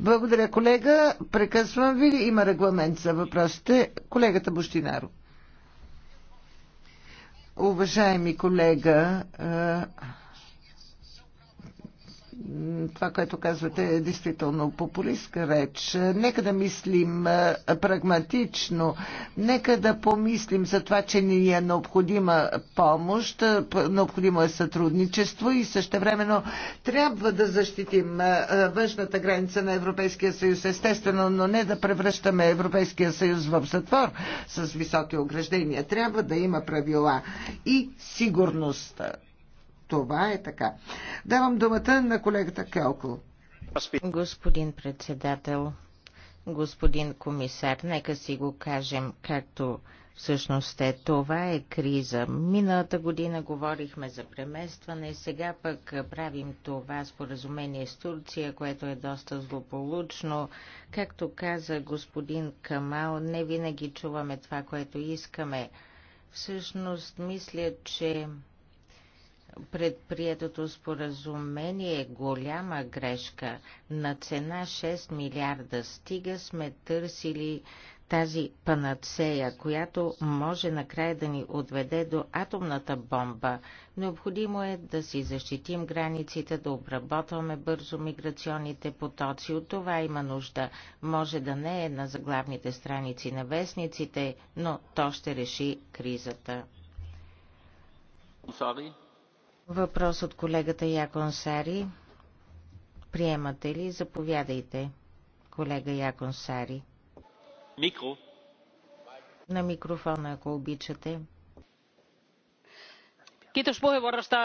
Благодаря, колега. Прекъсвам ви. Има регламент за въпросите. Колегата Бощинаро. Уважаеми колега, това, което казвате, е действително популистка реч. Нека да мислим прагматично. Нека да помислим за това, че ни е необходима помощ, необходимо е сътрудничество и същевременно трябва да защитим външната граница на Европейския съюз. Естествено, но не да превръщаме Европейския съюз в затвор с високи ограждения. Трябва да има правила и сигурност. Това е така. Давам думата на колегата Келко. Господин председател, господин комисар, нека си го кажем както всъщност е. Това е криза. Миналата година говорихме за преместване, сега пък правим това споразумение с Турция, което е доста злополучно. Както каза господин Камал, не винаги чуваме това, което искаме. Всъщност, мисля, че Предприетото споразумение е голяма грешка. На цена 6 милиарда стига сме търсили тази панацея, която може накрая да ни отведе до атомната бомба. Необходимо е да си защитим границите, да обработваме бързо миграционните потоци. От това има нужда. Може да не е на заглавните страници на вестниците, но то ще реши кризата. Sorry. Въпрос от колегата Якон Сари. Приемате ли? Заповядайте, колега Якон Сари. Микро. На микрофона, ако обичате. Kiitos puheenvuorosta.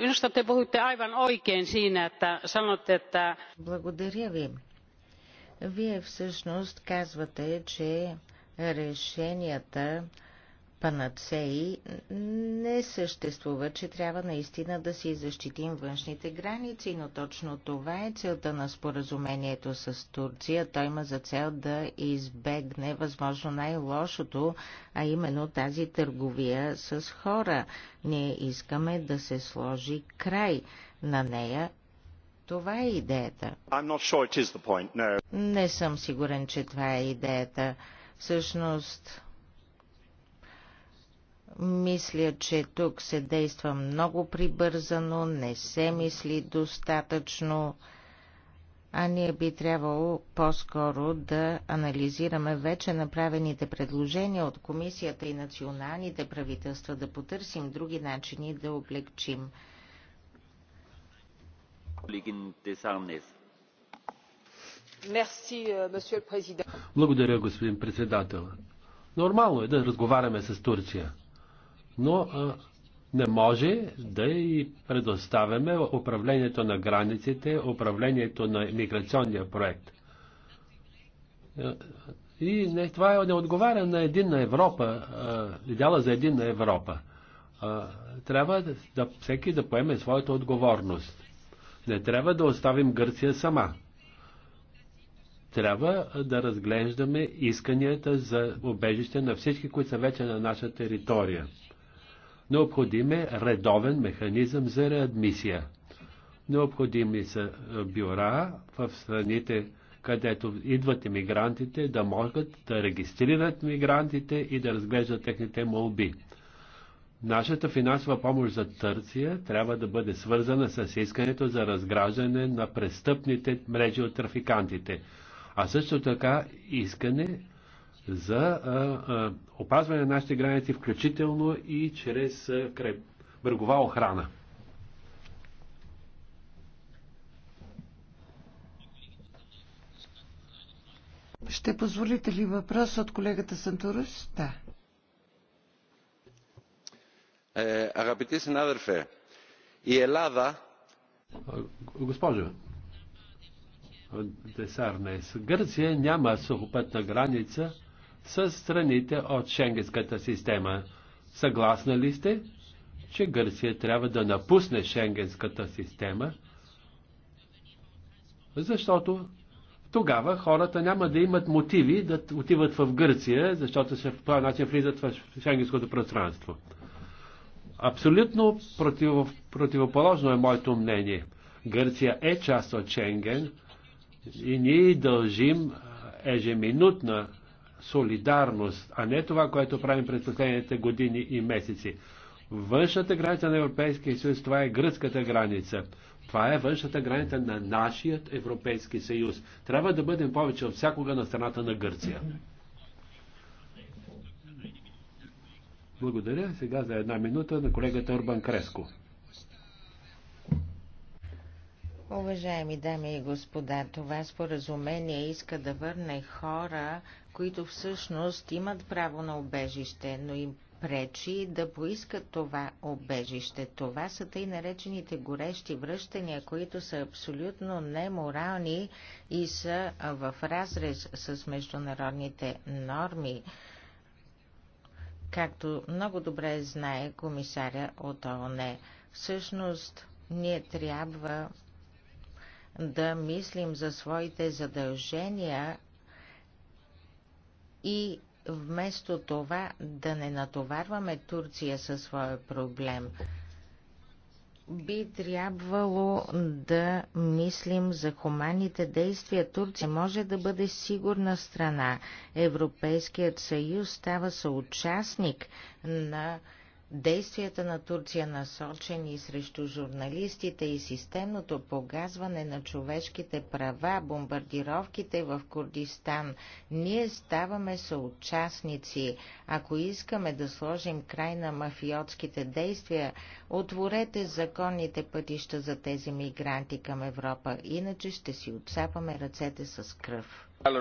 Minusta te puhuitte aivan oikein siinä, että sanotte, että... Благодаря ви. Вие всъщност казвате, че решенията панацеи не съществува, че трябва наистина да си защитим външните граници, но точно това е целта на споразумението с Турция. Той има за цел да избегне възможно най-лошото, а именно тази търговия с хора. Ние искаме да се сложи край на нея това е идеята. Sure point, no. Не съм сигурен, че това е идеята. Всъщност, мисля, че тук се действа много прибързано, не се мисли достатъчно, а ние би трябвало по-скоро да анализираме вече направените предложения от комисията и националните правителства, да потърсим други начини да облегчим. Euh, Благодаря, господин председател. Нормално е да разговаряме с Турция но а, не може да и предоставяме управлението на границите, управлението на миграционния проект. И не, това не отговаря на единна Европа, идеала за единна Европа. А, трябва да, всеки да поеме своята отговорност. Не трябва да оставим Гърция сама. Трябва да разглеждаме исканията за убежище на всички, които са вече на наша територия. Необходим е редовен механизъм за реадмисия. Необходими са е, бюра в страните, където идват иммигрантите, да могат да регистрират мигрантите и да разглеждат техните молби. Нашата финансова помощ за Търция трябва да бъде свързана с искането за разграждане на престъпните мрежи от трафикантите, а също така искане за а, а, опазване на нашите граници, включително и чрез а, бъргова охрана. Ще позволите ли въпрос от колегата Сантурус? Да. Е, агапити συνάδελφε, и Елада... Госпожо, Десарнес, Гърция няма сухопътна граница, с страните от Шенгенската система. Съгласна ли сте, че Гърция трябва да напусне Шенгенската система, защото тогава хората няма да имат мотиви да отиват в Гърция, защото се в този начин влизат в шенгенското пространство. Абсолютно против, противоположно е моето мнение. Гърция е част от Шенген и ние дължим ежеминутна солидарност, а не това, което правим през последните години и месеци. Външната граница на Европейския съюз, това е гръцката граница. Това е външната граница на нашият Европейски съюз. Трябва да бъдем повече от всякога на страната на Гърция. Благодаря. Сега за една минута на колегата Орбан Креско. Уважаеми дами и господа, това споразумение иска да върне хора които всъщност имат право на обежище, но им пречи да поискат това обежище. Това са тъй наречените горещи връщания, които са абсолютно неморални и са в разрез с международните норми. Както много добре знае комисаря от ООН, всъщност ние трябва да мислим за своите задължения и вместо това да не натоварваме Турция със своя проблем, би трябвало да мислим за хуманите действия. Турция може да бъде сигурна страна. Европейският съюз става съучастник на Действията на Турция насочени срещу журналистите и системното погазване на човешките права, бомбардировките в Курдистан, ние ставаме съучастници. Ако искаме да сложим край на мафиотските действия, отворете законните пътища за тези мигранти към Европа, иначе ще си отцапаме ръцете с кръв. Алло,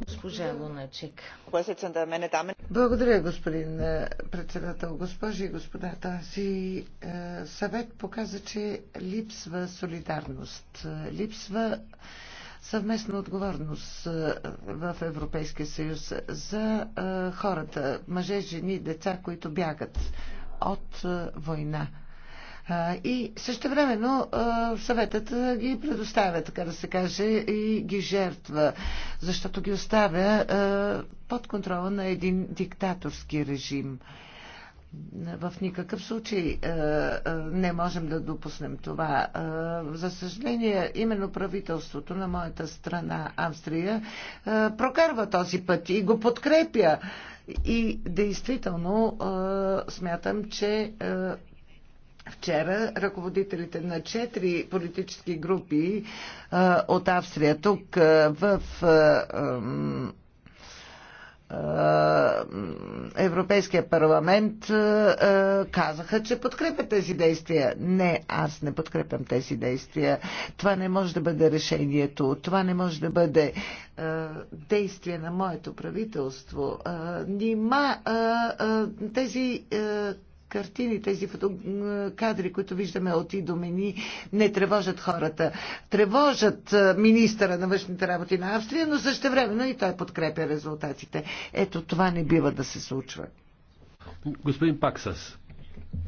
Госпожа Луначек. Благодаря, господин е, председател. Госпожи и господа, този е, съвет показа, че липсва солидарност, е, липсва съвместна отговорност в Европейския съюз за хората, мъже, жени, деца, които бягат от война. И също времено съветът ги предоставя, така да се каже, и ги жертва, защото ги оставя под контрола на един диктаторски режим. В никакъв случай не можем да допуснем това. За съжаление, именно правителството на моята страна, Австрия, прокарва този път и го подкрепя. И действително смятам, че Вчера ръководителите на четири политически групи а, от Австрия тук а, в а, а, Европейския парламент а, казаха, че подкрепят тези действия. Не, аз не подкрепям тези действия. Това не може да бъде решението. Това не може да бъде а, действие на моето правителство. А, нима а, а, тези. А, картини, тези кадри, които виждаме от и до мени, не тревожат хората. Тревожат министъра на външните работи на Австрия, но също времено и той подкрепя резултатите. Ето това не бива да се случва. Господин Паксас,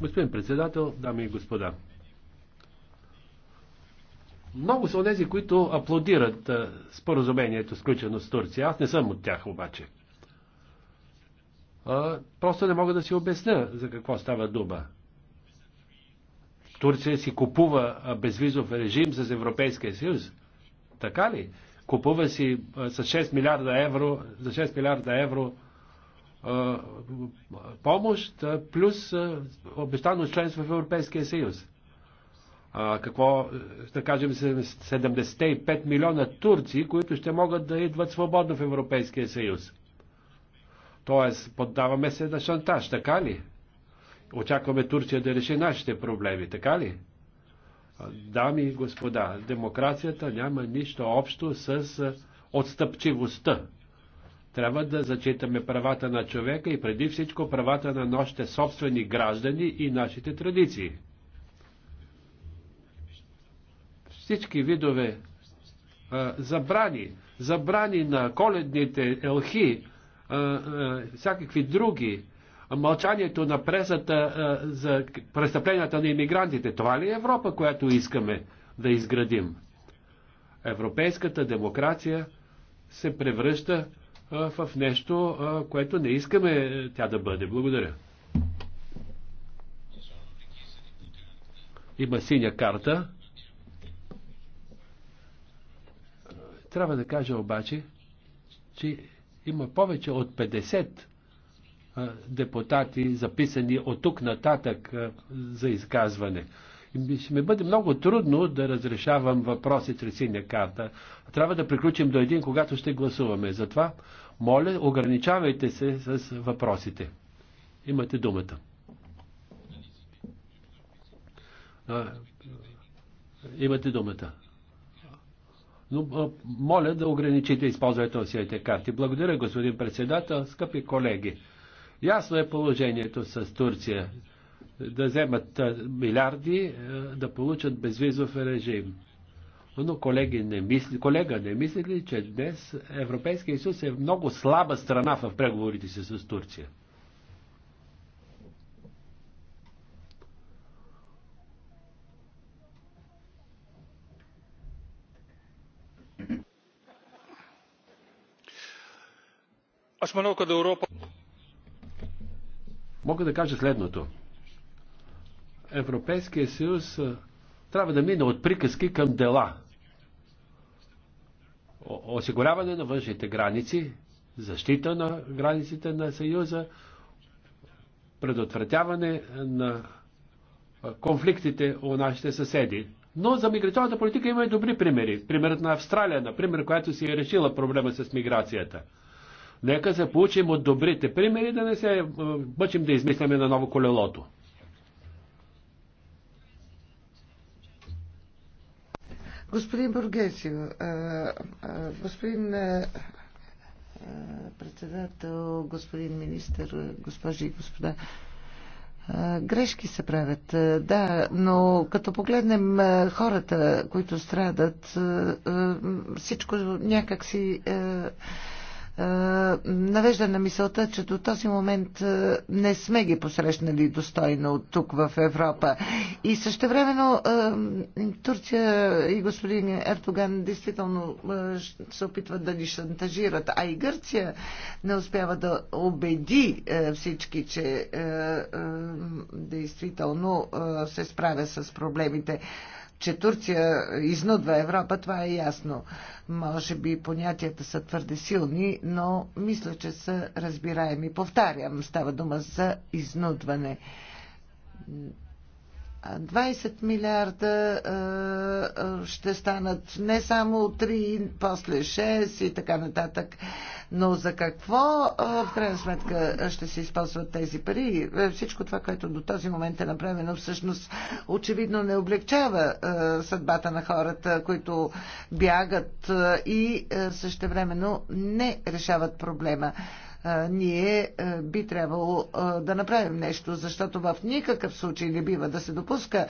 господин председател, дами и господа, много са от тези, които аплодират споразумението, сключено с Турция. Аз не съм от тях обаче просто не мога да си обясня за какво става дума. Турция си купува безвизов режим с Европейския съюз. Така ли? Купува си с 6 милиарда евро, за 6 милиарда евро помощ плюс обещано членство в Европейския съюз. А, какво, да кажем, 75 милиона турци, които ще могат да идват свободно в Европейския съюз. Тоест, поддаваме се на шантаж, така ли? Очакваме Турция да реши нашите проблеми, така ли? Дами и господа, демокрацията няма нищо общо с отстъпчивостта. Трябва да зачитаме правата на човека и преди всичко правата на нашите собствени граждани и нашите традиции. Всички видове а, забрани, забрани на коледните елхи, всякакви други. Мълчанието на пресата за престъпленията на иммигрантите. Това ли е Европа, която искаме да изградим? Европейската демокрация се превръща в нещо, което не искаме тя да бъде. Благодаря. Има синя карта. Трябва да кажа обаче, че има повече от 50 депутати, записани от тук нататък за изказване. Ще ми бъде много трудно да разрешавам въпроси чрез синя карта. Трябва да приключим до един, когато ще гласуваме. Затова, моля, ограничавайте се с въпросите. Имате думата. Имате думата. Но моля да ограничите използването на силите карти. Благодаря, господин председател, скъпи колеги. Ясно е положението с Турция. Да вземат милиарди, да получат безвизов режим. Но колеги, не мисли, колега, не мислите ли, че днес Европейския съюз е много слаба страна в преговорите си с Турция? Аз мога да Европа. Мога да кажа следното. Европейския съюз трябва да мине от приказки към дела. Осигуряване на външните граници, защита на границите на Съюза, предотвратяване на конфликтите у нашите съседи. Но за миграционната политика има и добри примери. Примерът на Австралия, например, която си е решила проблема с миграцията – Нека се получим от добрите примери, да не се бъчим е, да измисляме на ново колелото. Господин Бургесио, е, е, господин председател, господин министр, госпожи и господа, Грешки се правят, да, но като погледнем хората, които страдат, всичко някак си е, навежда на мисълта, че до този момент е, не сме ги посрещнали достойно тук в Европа. И същевременно е, Турция и господин Ертоган действително се опитват да ни шантажират, а и Гърция не успява да убеди всички, че действително се справя с проблемите че Турция изнудва Европа, това е ясно. Може би понятията са твърде силни, но мисля, че са разбираеми. Повтарям, става дума за изнудване. 20 милиарда ще станат не само 3, после 6 и така нататък. Но за какво в крайна сметка ще се използват тези пари? Е, всичко това, което до този момент е направено, всъщност очевидно не облегчава съдбата на хората, които бягат и същевременно не решават проблема ние би трябвало да направим нещо, защото в никакъв случай не бива да се допуска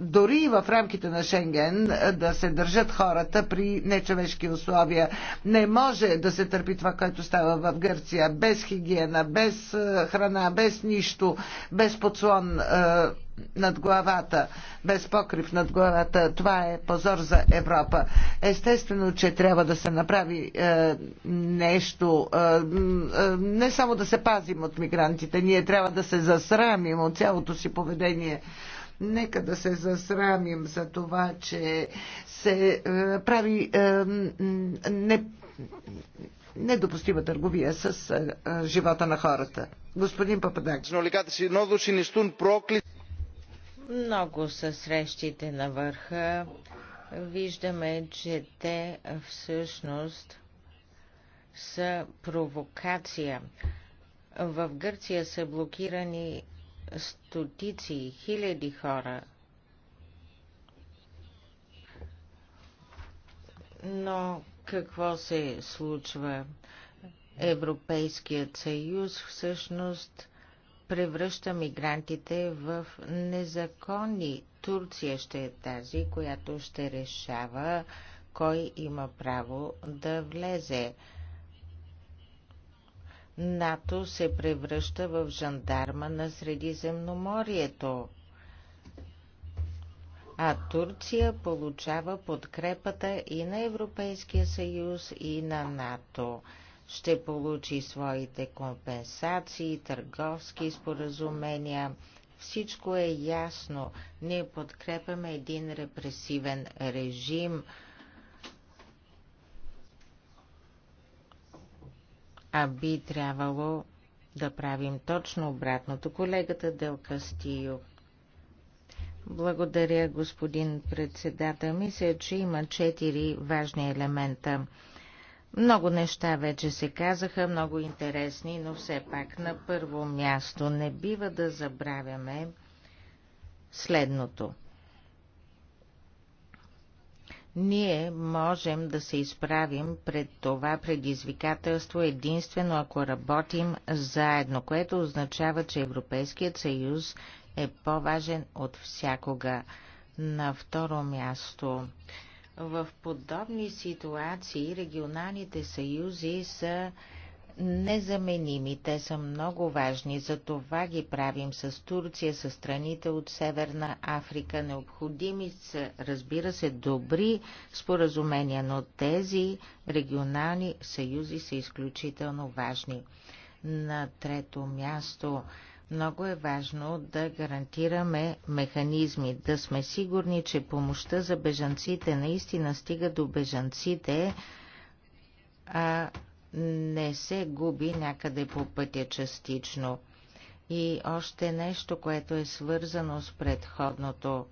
дори и в рамките на Шенген да се държат хората при нечовешки условия. Не може да се търпи това, което става в Гърция без хигиена, без храна, без нищо, без подслон над главата, без покрив над главата. Това е позор за Европа. Естествено, че трябва да се направи е, нещо, е, е, не само да се пазим от мигрантите, ние трябва да се засрамим от цялото си поведение. Нека да се засрамим за това, че се е, прави е, не, недопустима търговия с е, е, живота на хората. Господин Пападак. Много са срещите на върха. Виждаме, че те всъщност са провокация. В Гърция са блокирани стотици, хиляди хора. Но какво се случва? Европейският съюз всъщност превръща мигрантите в незаконни. Турция ще е тази, която ще решава кой има право да влезе. НАТО се превръща в жандарма на Средиземноморието, а Турция получава подкрепата и на Европейския съюз, и на НАТО ще получи своите компенсации, търговски споразумения. Всичко е ясно. Ние подкрепяме един репресивен режим. А би трябвало да правим точно обратното. Колегата Дел Кастио. Благодаря, господин председател. Мисля, че има четири важни елемента. Много неща вече се казаха, много интересни, но все пак на първо място не бива да забравяме следното. Ние можем да се изправим пред това предизвикателство единствено ако работим заедно, което означава, че Европейският съюз е по-важен от всякога. На второ място в подобни ситуации регионалните съюзи са незаменими. Те са много важни. За това ги правим с Турция, с страните от Северна Африка. Необходими са, разбира се, добри споразумения, но тези регионални съюзи са изключително важни. На трето място много е важно да гарантираме механизми, да сме сигурни, че помощта за бежанците наистина стига до бежанците, а не се губи някъде по пътя частично. И още нещо, което е свързано с предходното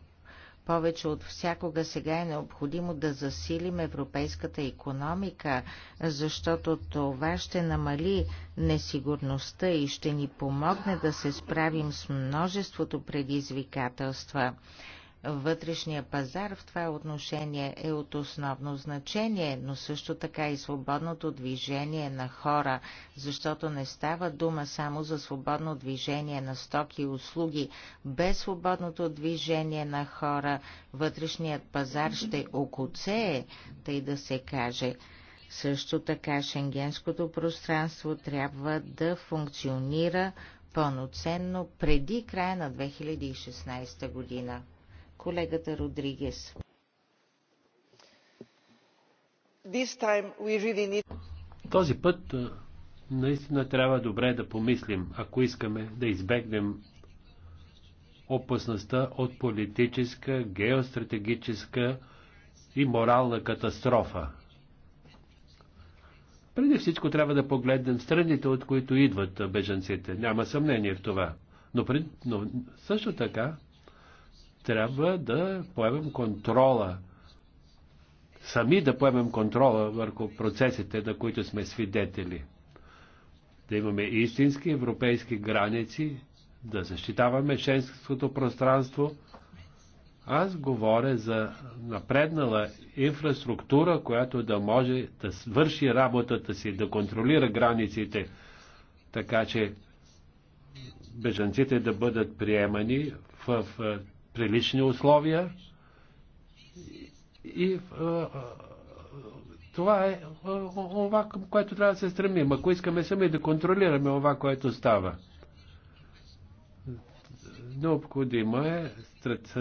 повече от всякога сега е необходимо да засилим европейската економика, защото това ще намали несигурността и ще ни помогне да се справим с множеството предизвикателства. Вътрешния пазар в това отношение е от основно значение, но също така и свободното движение на хора, защото не става дума само за свободно движение на стоки и услуги. Без свободното движение на хора вътрешният пазар ще окоцее, тъй да се каже. Също така шенгенското пространство трябва да функционира пълноценно преди края на 2016 година колегата Родригес. Този път наистина трябва добре да помислим, ако искаме да избегнем опасността от политическа, геостратегическа и морална катастрофа. Преди всичко трябва да погледнем страните, от които идват бежанците. Няма съмнение в това. Но, пред... Но също така трябва да поемем контрола, сами да поемем контрола върху процесите, на които сме свидетели. Да имаме истински европейски граници, да защитаваме шенското пространство. Аз говоря за напреднала инфраструктура, която да може да свърши работата си, да контролира границите, така че бежанците да бъдат приемани в прилични условия. И а, това е това, към което трябва да се стремим. Ако искаме сами да контролираме това, което става. Необходимо е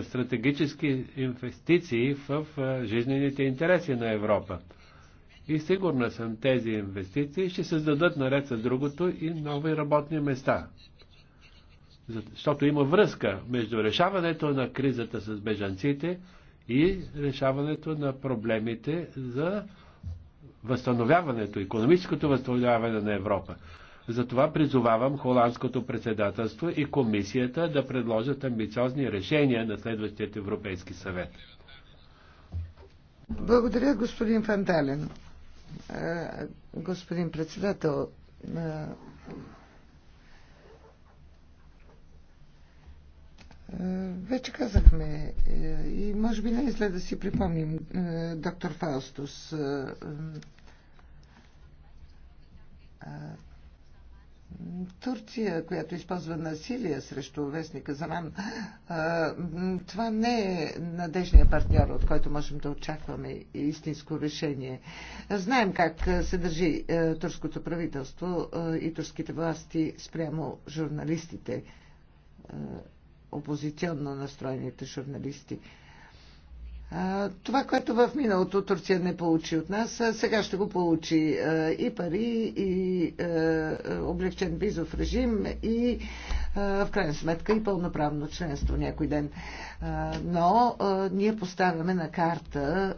стратегически инвестиции в жизнените интереси на Европа. И сигурна съм, тези инвестиции ще създадат наред с другото и нови работни места. Защото има връзка между решаването на кризата с бежанците и решаването на проблемите за възстановяването, економическото възстановяване на Европа. Затова призовавам холандското председателство и комисията да предложат амбициозни решения на следващия Европейски съвет. Благодаря, господин Фантален. Е, господин председател, е, Вече казахме е, и може би не е след да си припомним е, доктор Фаустус. Е, Турция, която използва насилие срещу вестника Заран, това не е надежният партньор, от който можем да очакваме истинско решение. Знаем как се държи турското правителство и турските власти спрямо журналистите опозиционно настроените журналисти. Това, което в миналото Турция не получи от нас, сега ще го получи и пари, и облегчен визов режим, и в крайна сметка и пълноправно членство някой ден. Но ние поставяме на карта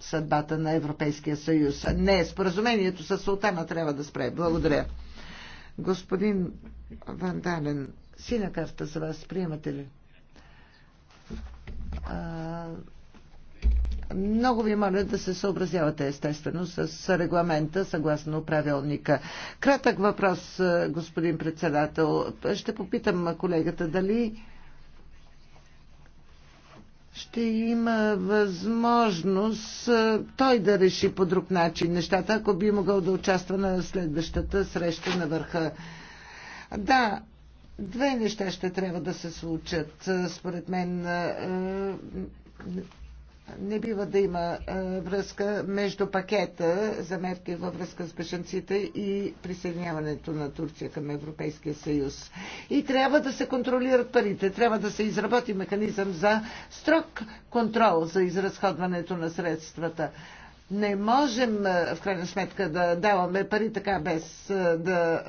съдбата на Европейския съюз. Не, споразумението с Султана трябва да спре. Благодаря. Господин Вандален, Синя карта за вас. Приемате ли? А, много ви моля да се съобразявате естествено с регламента, съгласно правилника. Кратък въпрос, господин председател. Ще попитам колегата дали ще има възможност той да реши по друг начин нещата, ако би могъл да участва на следващата среща на върха. Да, Две неща ще трябва да се случат. Е, според мен е, е, не бива да има връзка между пакета за мерки във връзка с бешенците и присъединяването на Турция към Европейския съюз. И трябва да се контролират парите, трябва да се изработи механизъм за строг контрол за изразходването на средствата не можем в крайна сметка да даваме пари така без да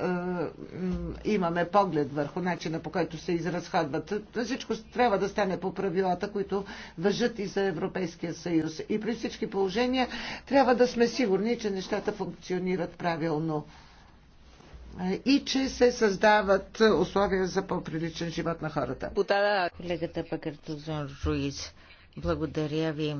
е, имаме поглед върху начина по който се изразходват. Всичко трябва да стане по правилата, които въжат и за Европейския съюз. И при всички положения трябва да сме сигурни, че нещата функционират правилно и че се създават условия за по-приличен живот на хората. Колегата Пакартузон Руиз, благодаря ви.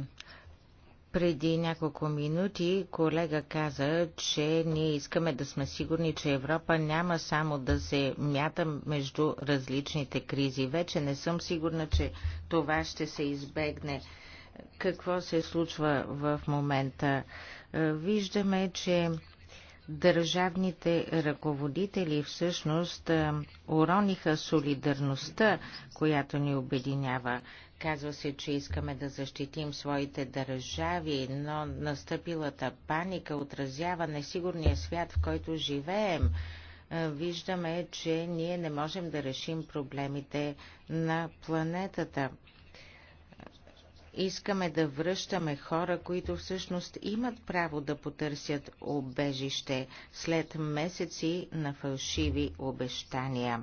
Преди няколко минути колега каза, че ние искаме да сме сигурни, че Европа няма само да се мята между различните кризи. Вече не съм сигурна, че това ще се избегне. Какво се случва в момента? Виждаме, че държавните ръководители всъщност урониха солидарността, която ни обединява. Казва се, че искаме да защитим своите държави, но настъпилата паника отразява несигурния свят, в който живеем. Е, виждаме, че ние не можем да решим проблемите на планетата. Искаме да връщаме хора, които всъщност имат право да потърсят обежище след месеци на фалшиви обещания.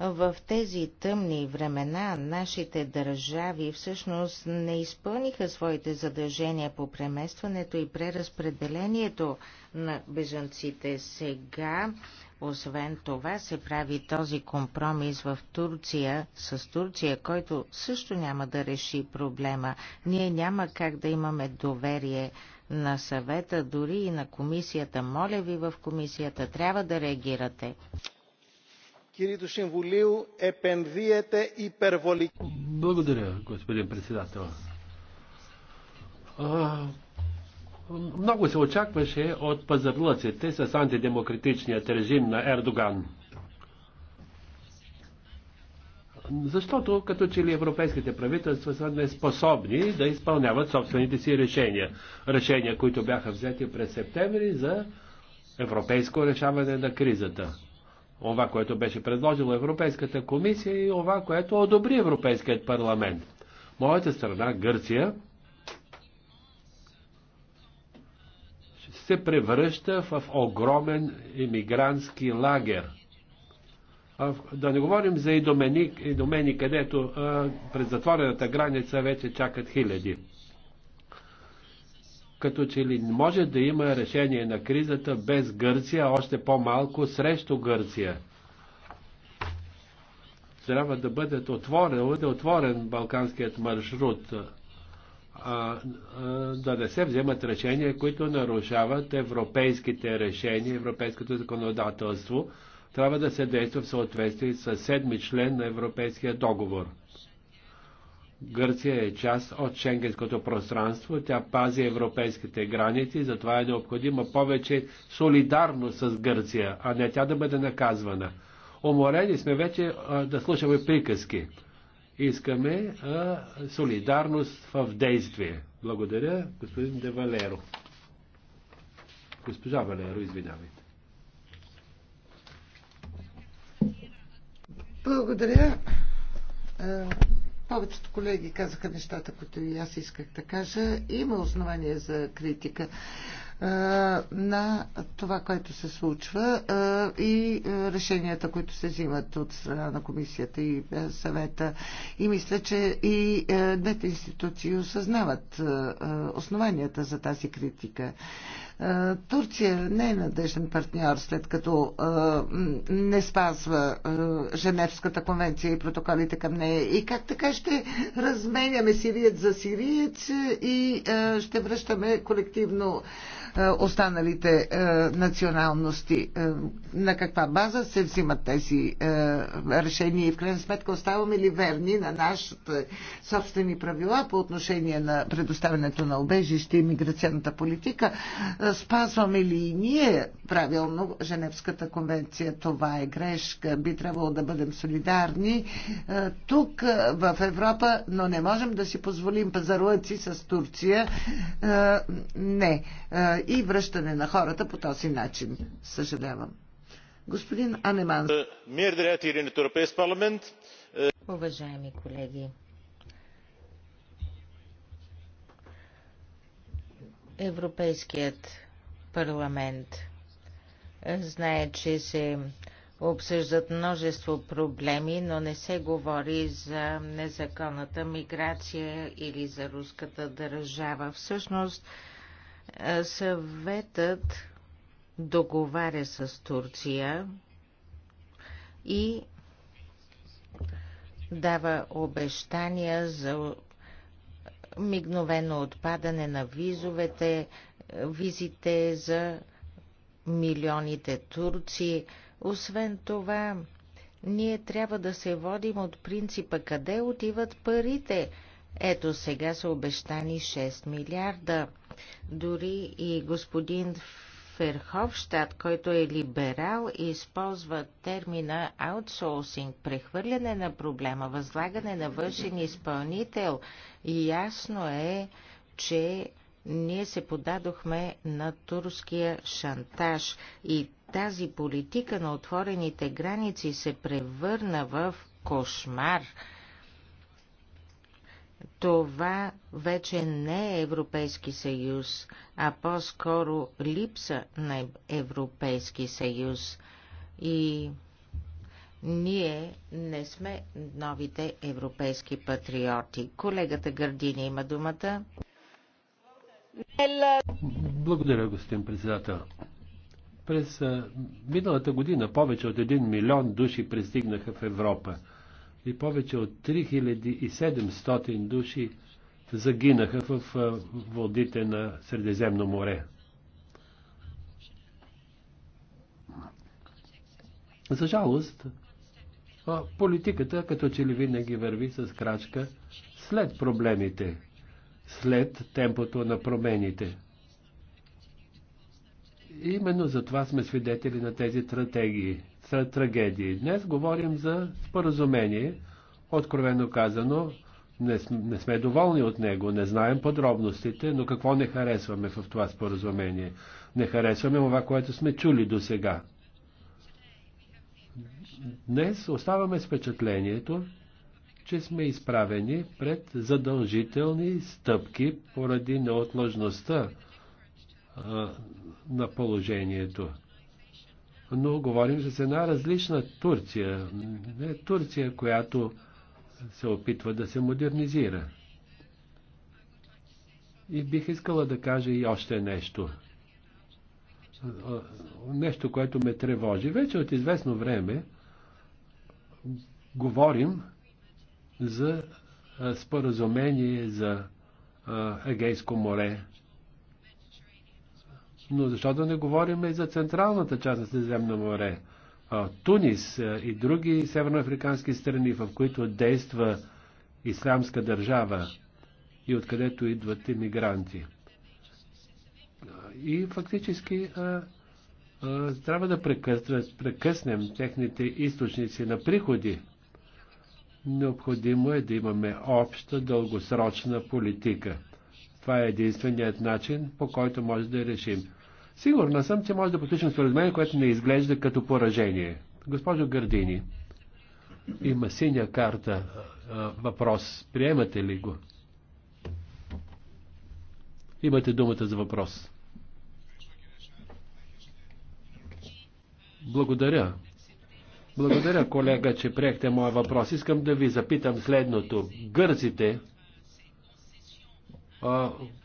В тези тъмни времена нашите държави всъщност не изпълниха своите задължения по преместването и преразпределението на бежанците. Сега, освен това, се прави този компромис в Турция с Турция, който също няма да реши проблема. Ние няма как да имаме доверие на съвета, дори и на комисията. Моля ви в комисията, трябва да реагирате κύριοι του Συμβουλίου επενδύεται υπερβολικά. Благодаря, господин председател. А, много се очакваше от пазарлъците с антидемократичният режим на Ердоган. Защото като че ли европейските правителства са неспособни да изпълняват собствените си решения. Решения, които бяха взети през септември за европейско решаване на кризата това, което беше предложила Европейската комисия и това, което одобри Европейският парламент. Моята страна, Гърция, се превръща в огромен иммигрантски лагер. да не говорим за идомени, идомени където а, през затворената граница вече чакат хиляди като че ли може да има решение на кризата без Гърция, още по-малко срещу Гърция. Трябва да бъде отворен, да е отворен балканският маршрут, а, а, да не се вземат решения, които нарушават европейските решения, европейското законодателство. Трябва да се действа в съответствие с седми член на Европейския договор. Гърция е част от шенгенското пространство, тя пази европейските граници, затова е необходима повече солидарност с Гърция, а не тя да бъде наказвана. Уморени сме вече а, да слушаме приказки. Искаме а, солидарност в действие. Благодаря, господин Де Валеро. Госпожа Валеро, извинявайте. Благодаря. Повечето колеги казаха нещата, които и аз исках да кажа. Има основания за критика на това, което се случва и решенията, които се взимат от страна на комисията и съвета. И мисля, че и двете институции осъзнават основанията за тази критика. Е, Турция не е надежден партньор, след като е, не спазва е, Женевската конвенция и протоколите към нея. И как така ще разменяме сириец за сириец и ще връщаме колективно останалите националности? На каква база се взимат тези решения и в крайна сметка оставаме ли верни на нашите собствени правила по отношение на предоставянето на обежище и миграционната политика? Спазваме ли и ние правилно Женевската конвенция? Това е грешка. Би трябвало да бъдем солидарни е, тук е, в Европа, но не можем да си позволим пазарлъци с Турция. Е, не. И връщане на хората по този начин. Съжалявам. Господин Анеман. Уважаеми колеги, Европейският парламент знае, че се обсъждат множество проблеми, но не се говори за незаконната миграция или за руската държава. Всъщност, съветът договаря с Турция и дава обещания за мигновено отпадане на визовете, визите за милионите турци. Освен това, ние трябва да се водим от принципа къде отиват парите. Ето сега са обещани 6 милиарда. Дори и господин Ферховщад, който е либерал, използва термина аутсоусинг, прехвърляне на проблема, възлагане на външен изпълнител. И ясно е, че ние се подадохме на турския шантаж и тази политика на отворените граници се превърна в кошмар. Това вече не е Европейски съюз, а по-скоро липса на Европейски съюз. И ние не сме новите европейски патриоти. Колегата Гърдини има думата. Благодаря, господин председател. През миналата година повече от 1 милион души пристигнаха в Европа и повече от 3700 души загинаха в водите на Средиземно море. За жалост, политиката като че ли винаги върви с крачка след проблемите, след темпото на промените. И именно за това сме свидетели на тези стратегии, трагедии. Днес говорим за споразумение, откровено казано, не, не сме доволни от него, не знаем подробностите, но какво не харесваме в това споразумение? Не харесваме това, което сме чули до сега днес оставаме с впечатлението, че сме изправени пред задължителни стъпки поради неотложността а, на положението. Но говорим за една различна Турция. Не е Турция, която се опитва да се модернизира. И бих искала да кажа и още нещо. Нещо, което ме тревожи. Вече от известно време говорим за споразумение за Егейско море. Но защо да не говорим и за централната част на Средиземно море? Тунис и други северноафрикански страни, в които действа исламска държава и откъдето идват иммигранти. И фактически трябва да прекъснем техните източници на приходи. Необходимо е да имаме обща дългосрочна политика. Това е единственият начин, по който може да решим. Сигурна съм, че може да според споразумение, което не изглежда като поражение. Госпожо Гърдини, има синя карта. Въпрос. Приемате ли го? Имате думата за въпрос. Благодаря. Благодаря, колега, че приехте моя въпрос. Искам да ви запитам следното. Гърците,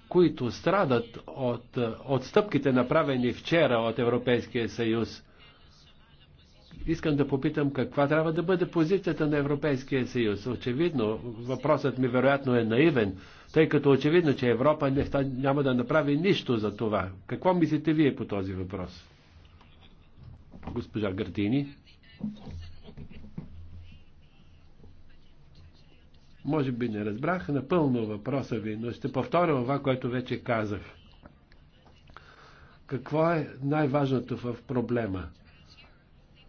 които страдат от отстъпките, направени вчера от Европейския съюз, искам да попитам каква трябва да бъде позицията на Европейския съюз. Очевидно, въпросът ми вероятно е наивен, тъй като очевидно, че Европа не, няма да направи нищо за това. Какво мислите вие по този въпрос? Госпожа Гардини. Може би не разбрах напълно въпроса ви, но ще повторя това, което вече казах. Какво е най-важното в проблема?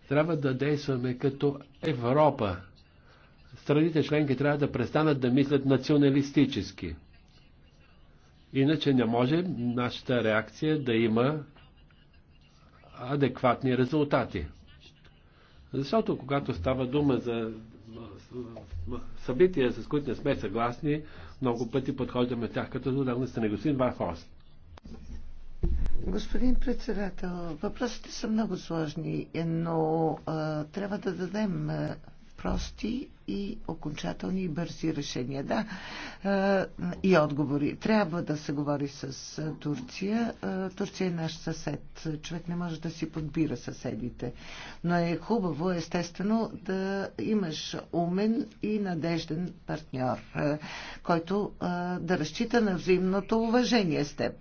Трябва да действаме като Европа. Страните членки трябва да престанат да мислят националистически. Иначе не може нашата реакция да има адекватни резултати. Защото когато става дума за събития, с които не сме съгласни, много пъти подхождаме тях като задавна Не Господин Вархост. Господин председател, въпросите са много сложни, но а, трябва да дадем прости и окончателни и бързи решения. Да, и отговори. Трябва да се говори с Турция. Турция е наш съсед. Човек не може да си подбира съседите. Но е хубаво, естествено, да имаш умен и надежден партньор, който да разчита на взаимното уважение с теб.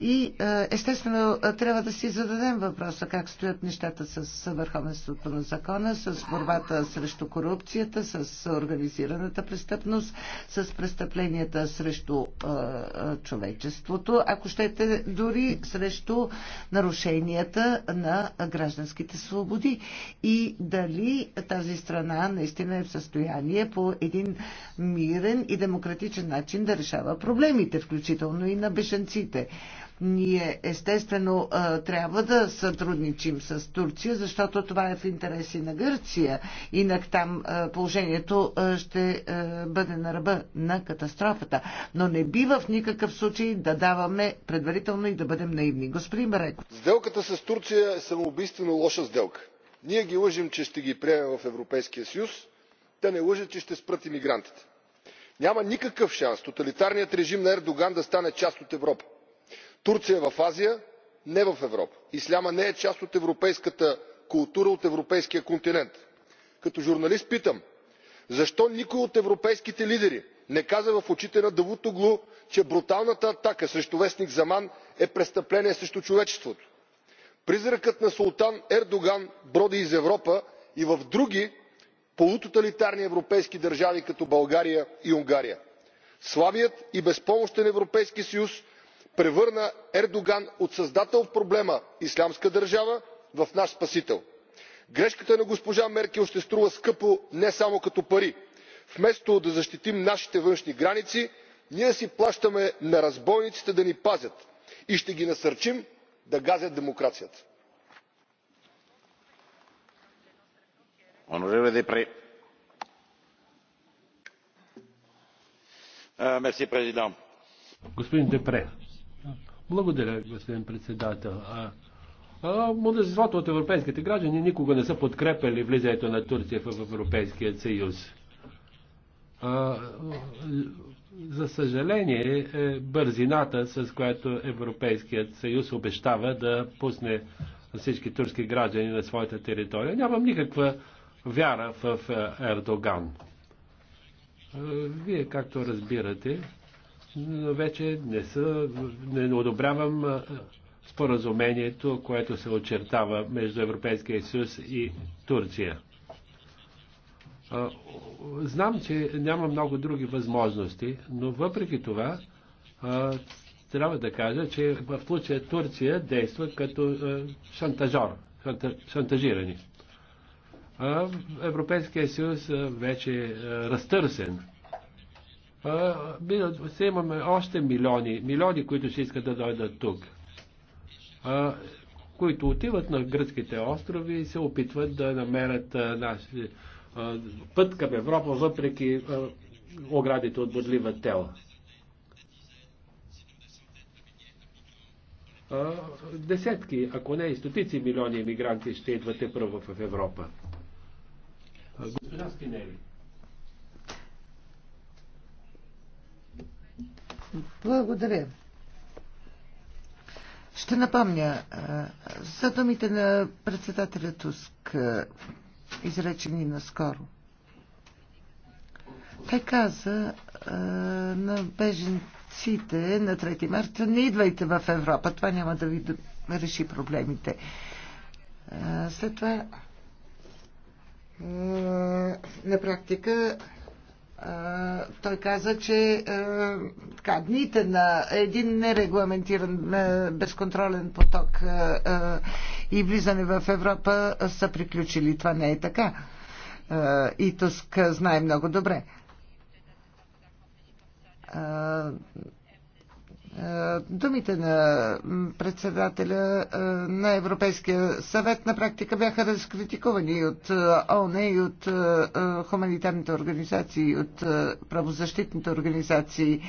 И е, естествено трябва да си зададем въпроса как стоят нещата с върховенството на закона, с борбата срещу корупцията, с организираната престъпност, с престъпленията срещу е, е, човечеството, ако щете дори срещу нарушенията на гражданските свободи. И дали тази страна наистина е в състояние по един мирен и демократичен начин да решава проблемите, включително и на бешенците. Ние естествено трябва да сътрудничим с Турция, защото това е в интереси на Гърция. Инак там положението ще бъде на ръба на катастрофата. Но не бива в никакъв случай да даваме предварително и да бъдем наивни. Господин Бареко. Сделката с Турция е самоубийствено лоша сделка. Ние ги лъжим, че ще ги приемем в Европейския съюз. Те не лъжат, че ще спрат имигрантите. Няма никакъв шанс тоталитарният режим на Ердоган да стане част от Европа турция е в азия не в европа. ислямът не е част от европейската култура от европейския континент. като журналист питам защо никой от европейските лидери не каза в очите на давутоглу че бруталната атака срещу вестник заман е престъпление срещу човечеството? призракът на султан ердоган броди из европа и в други полутоталитарни европейски държави като българя и унгария. слабият и безпомощен европейски съюз превърна ердоган от създател на проблема ислямска държава в наш спасител. грешката на госпожа меркел ще струва скъпо не само като пари. вместо да защитим нашите външни граници ние си плащаме на разбойниците да ни пазят и ще ги насърчим да газят демокрацията. Е, господин депре благодаря, господин председател. Мнозинството от европейските граждани никога не са подкрепили влизането на Турция в Европейския съюз. А, за съжаление, е бързината, с която Европейският съюз обещава да пусне всички турски граждани на своята територия. Нямам никаква вяра в е, Ердоган. Вие, както разбирате, вече не, са, не одобрявам споразумението, което се очертава между Европейския съюз и Турция. Знам, че няма много други възможности, но въпреки това трябва да кажа, че в случая Турция действа като шантажор, шантажирани. Европейския съюз вече е разтърсен все имаме още милиони, милиони, които ще искат да дойдат тук, а, които отиват на гръцките острови и се опитват да намерят а, наш, а, път към Европа, въпреки а, оградите от бодлива тела. А, десетки, ако не и стотици милиони иммигранти ще идват първо в Европа. Господин Спинели. Благодаря. Ще напомня за думите на председателя Туск, изречени наскоро. Той каза на беженците на 3 марта, не идвайте в Европа, това няма да ви реши проблемите. След това на практика той каза, че така, дните на един нерегламентиран безконтролен поток и влизане в Европа са приключили. Това не е така. И Туск знае много добре е, думите на председателя е, на Европейския съвет на практика бяха разкритикувани от е, ООН и от хуманитарните организации, от правозащитните организации.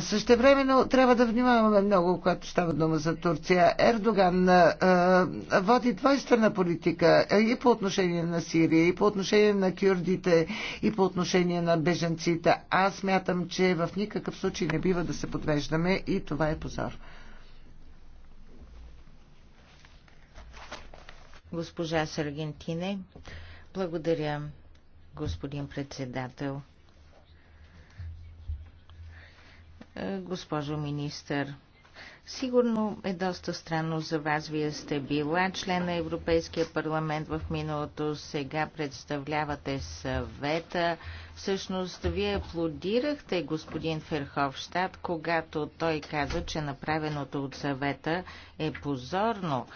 Същевременно трябва да внимаваме много, когато става дума за Турция. Ердоган води двойствена политика и по отношение на Сирия, и по отношение на кюрдите, и по отношение на беженците. Аз мятам, че в никакъв случай не бива да се подвеждаме и това е позор. Госпожа Саргентине, благодаря, господин председател. госпожо министър. Сигурно е доста странно за вас. Вие сте била член на Европейския парламент в миналото, сега представлявате съвета. Всъщност, вие аплодирахте господин Ферховщад, когато той каза, че направеното от съвета е позорно.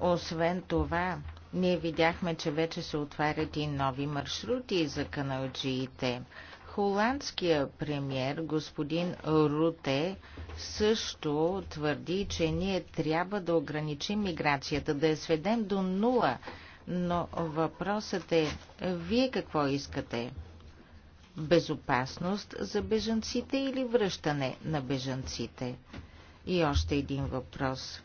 Освен това, ние видяхме, че вече се отварят и нови маршрути за каналджиите. Холандския премьер господин Руте също твърди, че ние трябва да ограничим миграцията, да я сведем до нула. Но въпросът е, вие какво искате? Безопасност за бежанците или връщане на бежанците? И още един въпрос.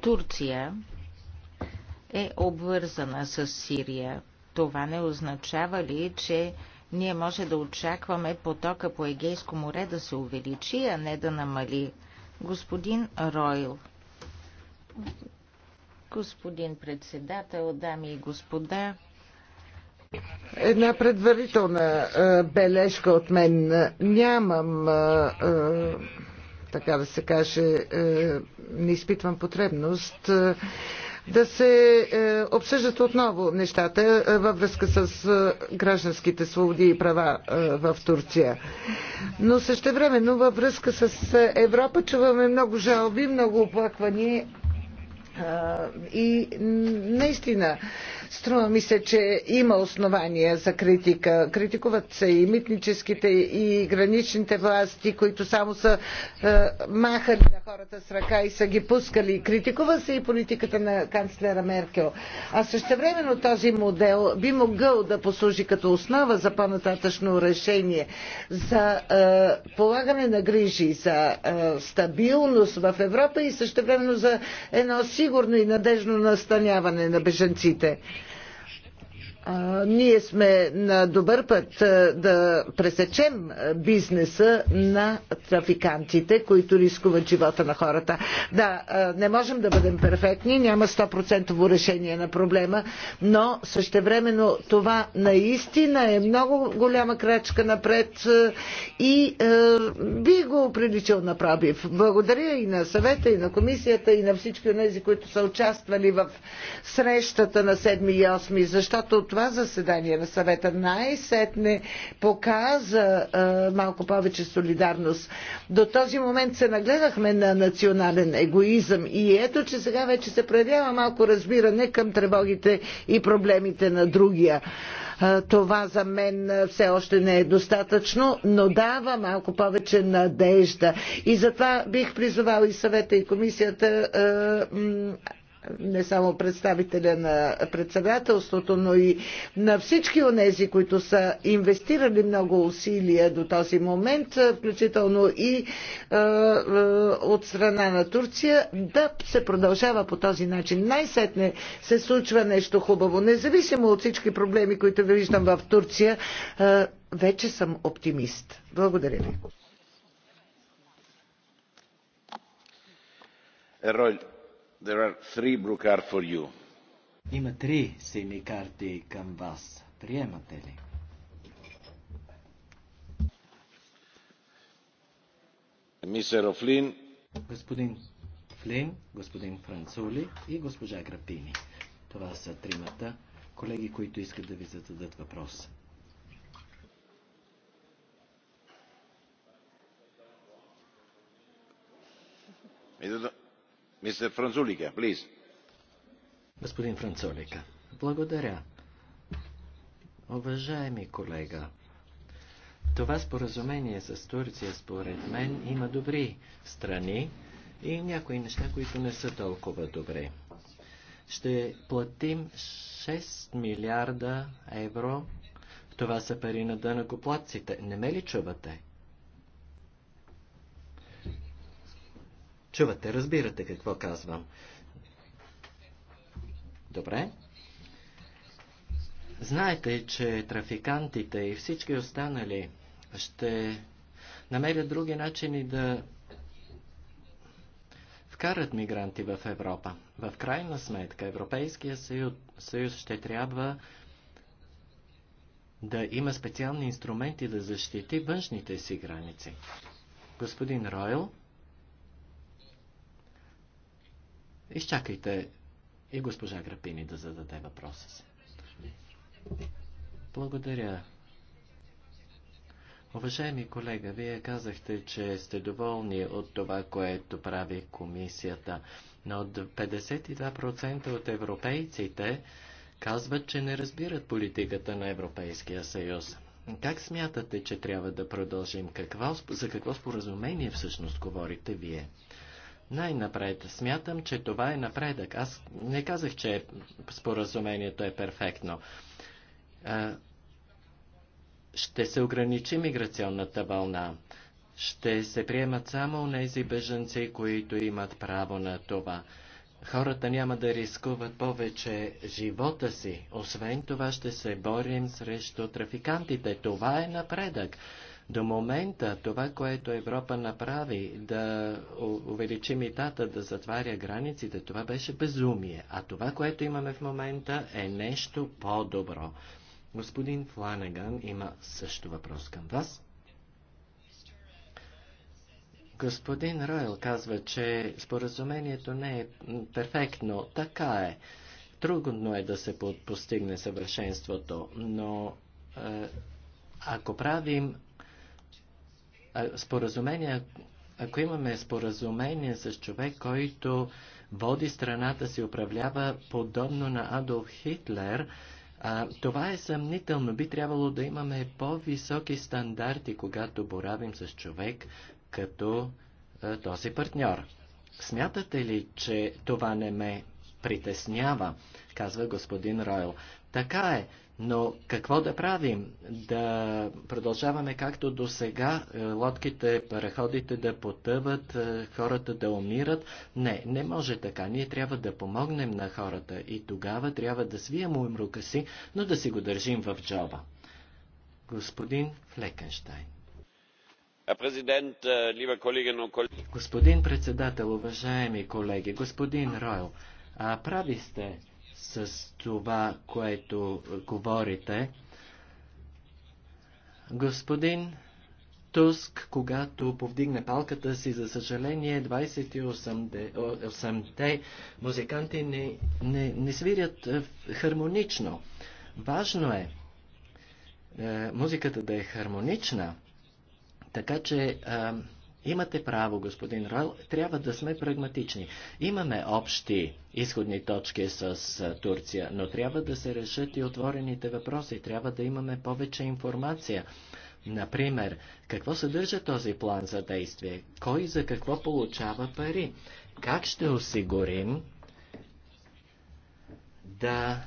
Турция е обвързана с Сирия това не означава ли, че ние може да очакваме потока по Егейско море да се увеличи, а не да намали? Господин Ройл. Господин председател, дами и господа, Една предварителна а, е, бележка от мен. Нямам, а, е, а, е, така да се каже, а, не изпитвам потребност. А, да се е, обсъждат отново нещата е, във връзка с е, гражданските свободи и права е, в Турция. Но същевременно във връзка с е, Европа чуваме много жалби, много оплаквания е, и наистина Струва ми се, че има основания за критика. Критикуват се и митническите, и граничните власти, които само са е, махали на хората с ръка и са ги пускали. Критикува се и политиката на канцлера Меркел. А същевременно този модел би могъл да послужи като основа за по-нататъчно решение за е, полагане на грижи, за е, стабилност в Европа и същевременно за едно сигурно и надежно настаняване на беженците ние сме на добър път да пресечем бизнеса на трафикантите, които рискуват живота на хората. Да, не можем да бъдем перфектни, няма 100% решение на проблема, но същевременно това наистина е много голяма крачка напред и би го оприличил на пробив. Благодаря и на съвета, и на комисията, и на всички от тези, които са участвали в срещата на 7 и 8, защото това заседание на съвета най-сетне показа а, малко повече солидарност. До този момент се нагледахме на национален егоизъм и ето, че сега вече се проявява малко разбиране към тревогите и проблемите на другия. Това за мен все още не е достатъчно, но дава малко повече надежда. И затова бих призовал и съвета и комисията не само представителя на председателството, но и на всички тези, които са инвестирали много усилия до този момент, включително и е, е, от страна на Турция, да се продължава по този начин. Най-сетне се случва нещо хубаво. Независимо от всички проблеми, които виждам в Турция, е, вече съм оптимист. Благодаря ви. Роль There are three blue card for you. Има три сини карти към вас. Приемате ли? Мисер Офлин. Господин Флин, господин Францули и госпожа Грапини. Това са тримата колеги, които искат да ви зададат въпрос. Идете. Господин Францулика, благодаря. Уважаеми колега, това споразумение с Турция, според мен, има добри страни и някои неща, които не са толкова добри. Ще платим 6 милиарда евро. Това са пари на дънакоплатците. Не ме ли чувате? Чувате, разбирате какво казвам. Добре? Знаете, че трафикантите и всички останали ще намерят други начини да вкарат мигранти в Европа. В крайна сметка Европейския съюз, съюз ще трябва да има специални инструменти да защити външните си граници. Господин Ройл, Изчакайте и госпожа Грапини да зададе въпроса си. Благодаря. Уважаеми колега, вие казахте, че сте доволни от това, което прави комисията, но 52% от европейците казват, че не разбират политиката на Европейския съюз. Как смятате, че трябва да продължим? Какво, за какво споразумение всъщност говорите вие? Най-напред смятам, че това е напредък. Аз не казах, че споразумението е перфектно. Ще се ограничи миграционната вълна. Ще се приемат само тези беженци, които имат право на това. Хората няма да рискуват повече живота си. Освен това ще се борим срещу трафикантите. Това е напредък. До момента това, което Европа направи да увеличи митата, да затваря границите, това беше безумие. А това, което имаме в момента е нещо по-добро. Господин Фланеган има също въпрос към вас. Господин Ройл казва, че споразумението не е перфектно. Така е. Трудно е да се постигне съвършенството, но е, ако правим споразумение, ако имаме споразумение с човек, който води страната си, управлява подобно на Адолф Хитлер, а, това е съмнително. Би трябвало да имаме по-високи стандарти, когато боравим с човек като а, този партньор. Смятате ли, че това не ме притеснява? Казва господин Ройл. Така е. Но какво да правим? Да продължаваме както до сега, е, лодките, параходите да потъват, е, хората да умират? Не, не може така. Ние трябва да помогнем на хората и тогава трябва да свием рука си, но да си го държим в джоба. Господин Флекенштайн. Äh, господин председател, уважаеми колеги, господин Ройл, прави сте с това, което говорите. Господин Туск, когато повдигне палката си, за съжаление, 28-те музиканти не, не, не свирят е, хармонично. Важно е, е музиката да е хармонична, така че е, Имате право, господин Ройл, трябва да сме прагматични. Имаме общи изходни точки с Турция, но трябва да се решат и отворените въпроси. Трябва да имаме повече информация. Например, какво съдържа този план за действие? Кой за какво получава пари? Как ще осигурим да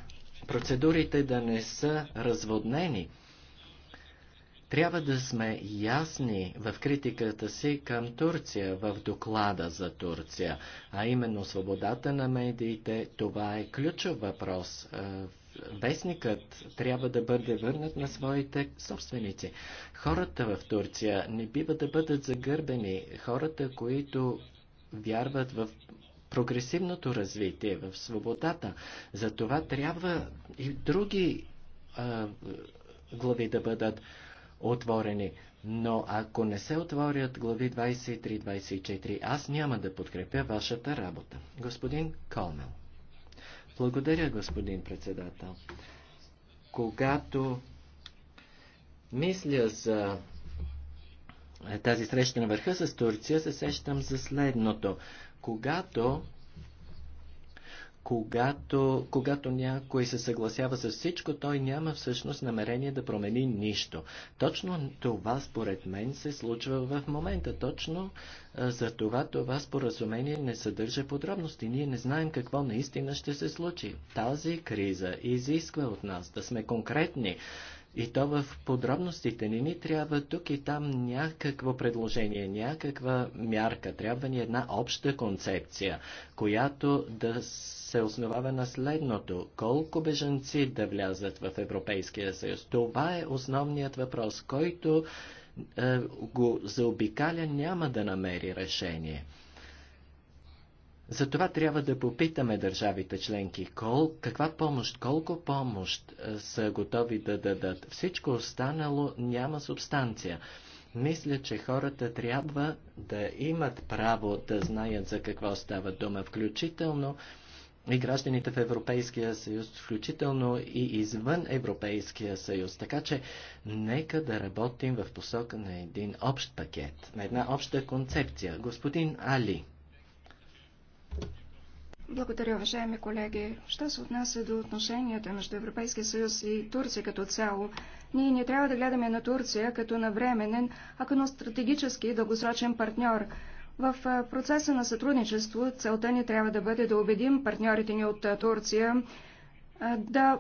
процедурите да не са разводнени? Трябва да сме ясни в критиката си към Турция, в доклада за Турция, а именно свободата на медиите, това е ключов въпрос. Е, вестникът трябва да бъде върнат на своите собственици. Хората в Турция не бива да бъдат загърбени. Хората, които вярват в прогресивното развитие, в свободата. За това трябва и други а, е, глави да бъдат отворени. Но ако не се отворят глави 23-24, аз няма да подкрепя вашата работа. Господин Колмел. Благодаря, господин председател. Когато мисля за е, тази среща на върха с Турция, се сещам за следното. Когато когато, когато някой се съгласява с всичко, той няма всъщност намерение да промени нищо. Точно това, според мен, се случва в момента. Точно за това това споразумение не съдържа подробности. Ние не знаем какво наистина ще се случи. Тази криза изисква от нас да сме конкретни, и то в подробностите не ни трябва тук и там някакво предложение, някаква мярка. Трябва ни една обща концепция, която да се основава на следното. Колко бежанци да влязат в Европейския съюз? Това е основният въпрос, който е, го заобикаля няма да намери решение. Затова трябва да попитаме държавите членки кол, каква помощ, колко помощ е, са готови да дадат. Всичко останало няма субстанция. Мисля, че хората трябва да имат право да знаят за какво става дума, включително и гражданите в Европейския съюз, включително и извън Европейския съюз. Така че нека да работим в посока на един общ пакет, на една обща концепция. Господин Али. Благодаря, уважаеми колеги. Що се отнася до отношенията между Европейския съюз и Турция като цяло, ние не трябва да гледаме на Турция като на временен, а като стратегически и дългосрочен партньор. В процеса на сътрудничество целта ни трябва да бъде да убедим партньорите ни от Турция да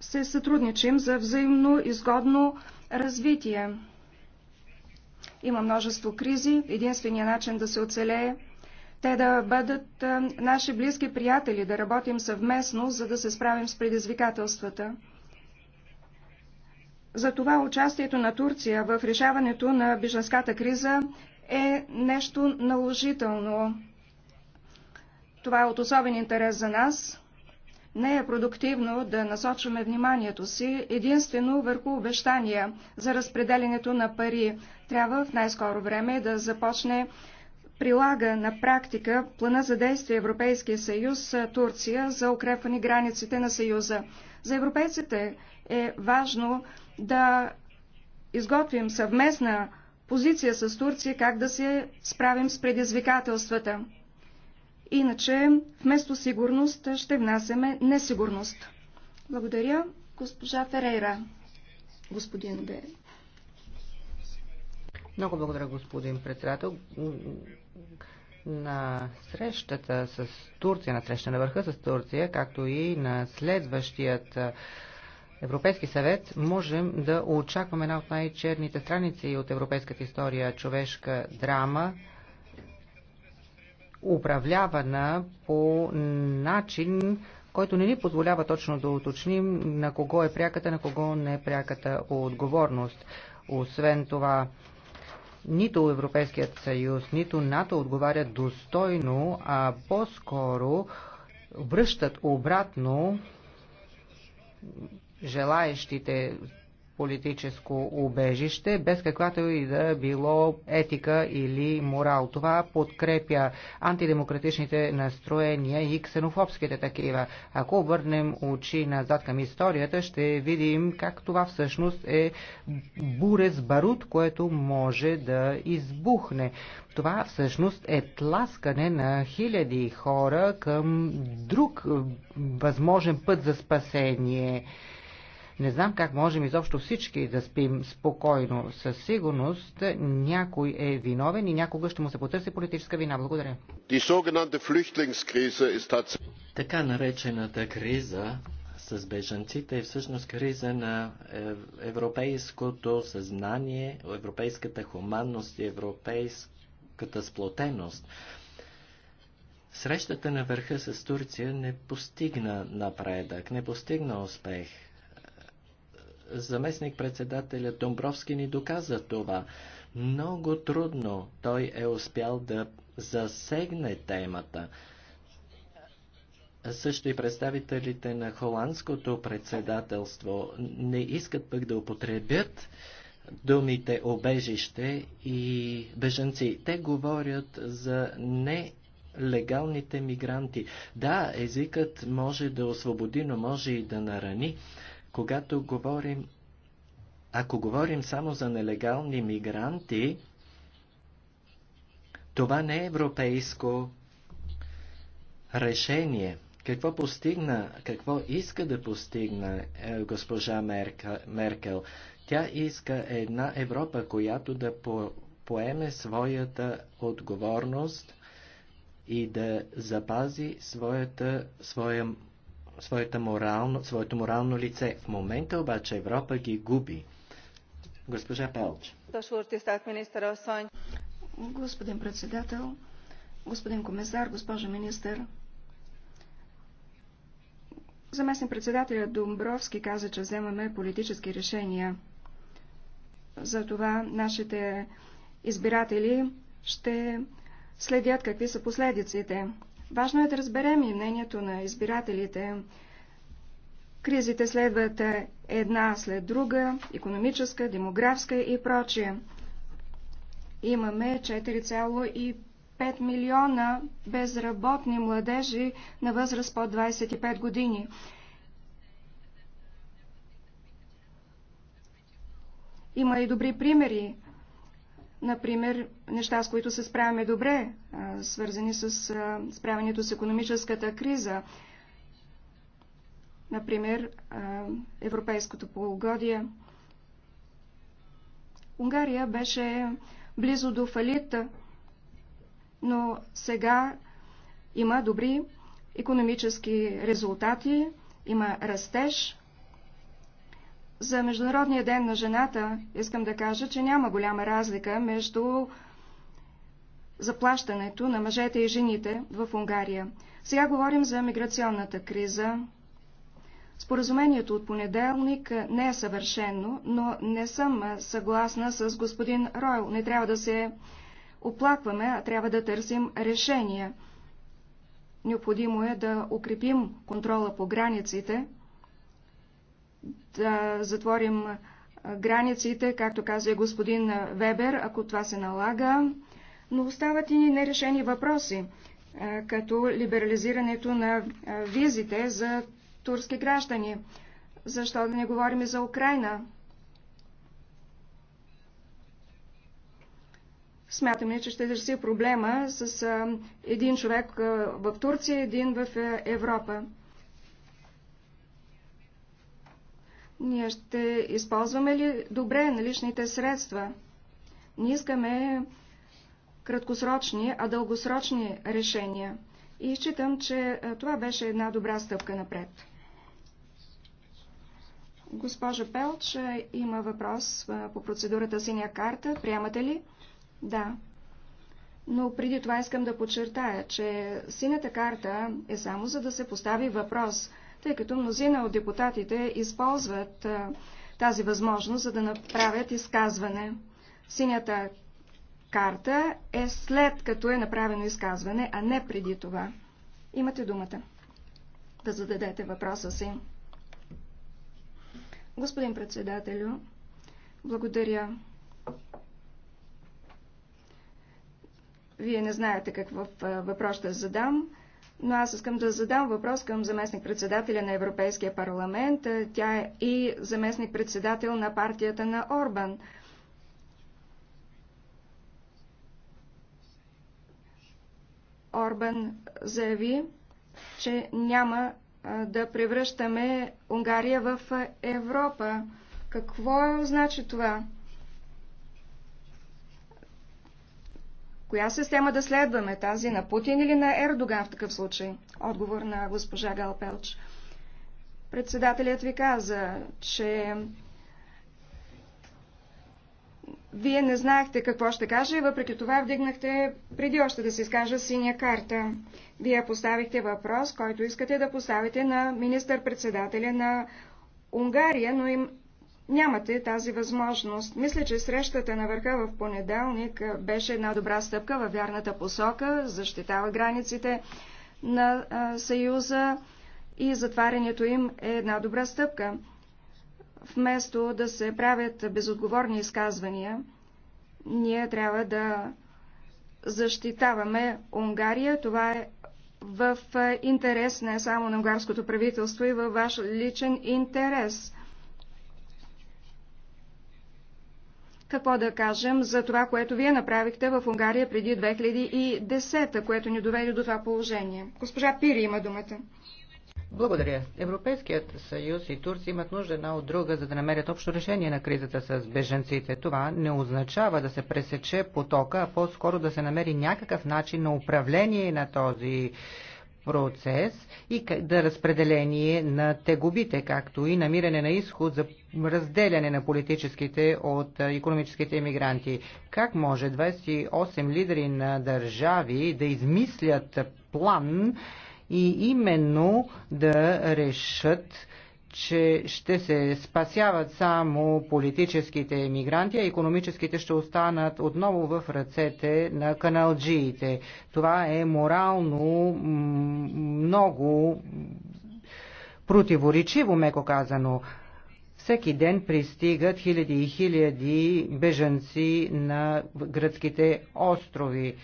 се сътрудничим за взаимно изгодно развитие. Има множество кризи. Единственият начин да се оцелее те да бъдат наши близки приятели, да работим съвместно, за да се справим с предизвикателствата. Затова участието на Турция в решаването на беженската криза е нещо наложително. Това е от особен интерес за нас. Не е продуктивно да насочваме вниманието си единствено върху обещания за разпределенето на пари. Трябва в най-скоро време да започне прилага на практика плана за действие Европейския съюз Турция за укрепване границите на съюза. За европейците е важно да изготвим съвместна позиция с Турция как да се справим с предизвикателствата. Иначе вместо сигурност ще внасяме несигурност. Благодаря, госпожа Ферейра. Господин Бе. Много благодаря, господин председател на срещата с Турция, на среща на върха с Турция, както и на следващият Европейски съвет, можем да очакваме една от най-черните страници от европейската история човешка драма, управлявана по начин, който не ни позволява точно да уточним на кого е пряката, на кого не е пряката отговорност. Освен това, нито Европейският съюз, нито НАТО отговарят достойно, а по-скоро връщат обратно желаещите политическо убежище, без каквато и да било етика или морал. Това подкрепя антидемократичните настроения и ксенофобските такива. Ако обърнем очи назад към историята, ще видим как това всъщност е с барут, което може да избухне. Това всъщност е тласкане на хиляди хора към друг възможен път за спасение. Не знам как можем изобщо всички да спим спокойно. Със сигурност някой е виновен и някога ще му се потърси политическа вина. Благодаря. Така наречената криза с бежанците е всъщност криза на е, европейското съзнание, европейската хуманност и европейската сплотеност. Срещата на върха с Турция не постигна напредък, не постигна успех заместник-председателя Домбровски ни доказа това. Много трудно той е успял да засегне темата. Също и представителите на холандското председателство не искат пък да употребят думите обежище и беженци. Те говорят за не легалните мигранти. Да, езикът може да освободи, но може и да нарани. Когато говорим, ако говорим само за нелегални мигранти, това не е европейско решение. Какво постигна, какво иска да постигна е, госпожа Мерка, Меркел? Тя иска една Европа, която да по, поеме своята отговорност и да запази своята, своя своята морално, своето морално лице. В момента обаче Европа ги губи. Госпожа Пелч. Господин председател, господин комисар, госпожа министър, заместник председателя Домбровски каза, че вземаме политически решения. Затова нашите избиратели ще следят какви са последиците. Важно е да разберем и мнението на избирателите. Кризите следват една след друга, економическа, демографска и прочие. Имаме 4,5 милиона безработни младежи на възраст под 25 години. Има и добри примери Например, неща, с които се справяме добре, свързани с справянето с економическата криза. Например, европейското полугодие. Унгария беше близо до фалита, но сега има добри економически резултати, има растеж, за Международния ден на жената искам да кажа, че няма голяма разлика между заплащането на мъжете и жените в Унгария. Сега говорим за миграционната криза. Споразумението от понеделник не е съвършено, но не съм съгласна с господин Ройл. Не трябва да се оплакваме, а трябва да търсим решение. Необходимо е да укрепим контрола по границите, да затворим границите, както каза и господин Вебер, ако това се налага, но остават и нерешени въпроси, като либерализирането на визите за турски граждани. Защо да не говорим и за Украина? Смятаме, че ще реши проблема с един човек в Турция, един в Европа. Ние ще използваме ли добре наличните средства? Ние искаме краткосрочни, а дългосрочни решения. И считам, че това беше една добра стъпка напред. Госпожа Пелч, има въпрос по процедурата синя карта. Приемате ли? Да. Но преди това искам да подчертая, че синята карта е само за да се постави въпрос – тъй като мнозина от депутатите използват тази възможност, за да направят изказване. Синята карта е след като е направено изказване, а не преди това. Имате думата да зададете въпроса си. Господин председателю, благодаря. Вие не знаете какъв въпрос ще задам. Но аз искам да задам въпрос към заместник-председателя на Европейския парламент. Е, тя е и заместник-председател на партията на Орбан. Орбан заяви, че няма да превръщаме Унгария в Европа. Какво значи това? Коя система да следваме? Тази на Путин или на Ердоган в такъв случай? Отговор на госпожа Галпелч. Председателят ви каза, че вие не знаехте какво ще каже, въпреки това вдигнахте преди още да се изкажа синя карта. Вие поставихте въпрос, който искате да поставите на министър-председателя на Унгария, но им нямате тази възможност. Мисля, че срещата на върха в понеделник беше една добра стъпка във вярната посока, защитава границите на Съюза и затварянето им е една добра стъпка. Вместо да се правят безотговорни изказвания, ние трябва да защитаваме Унгария. Това е в интерес не само на унгарското правителство и във ваш личен интерес – Какво да кажем за това, което вие направихте в Унгария преди 2010, което ни доведе до това положение? Госпожа Пири има думата. Благодаря. Европейският съюз и Турция имат нужда една от друга, за да намерят общо решение на кризата с беженците. Това не означава да се пресече потока, а по-скоро да се намери някакъв начин на управление на този процес и да разпределение на тегубите, както и намиране на изход за разделяне на политическите от економическите емигранти. Как може 28 лидери на държави да измислят план и именно да решат че ще се спасяват само политическите емигранти, а економическите ще останат отново в ръцете на каналджиите. Това е морално много противоречиво, меко казано. Всеки ден пристигат хиляди и хиляди бежанци на гръцките острови.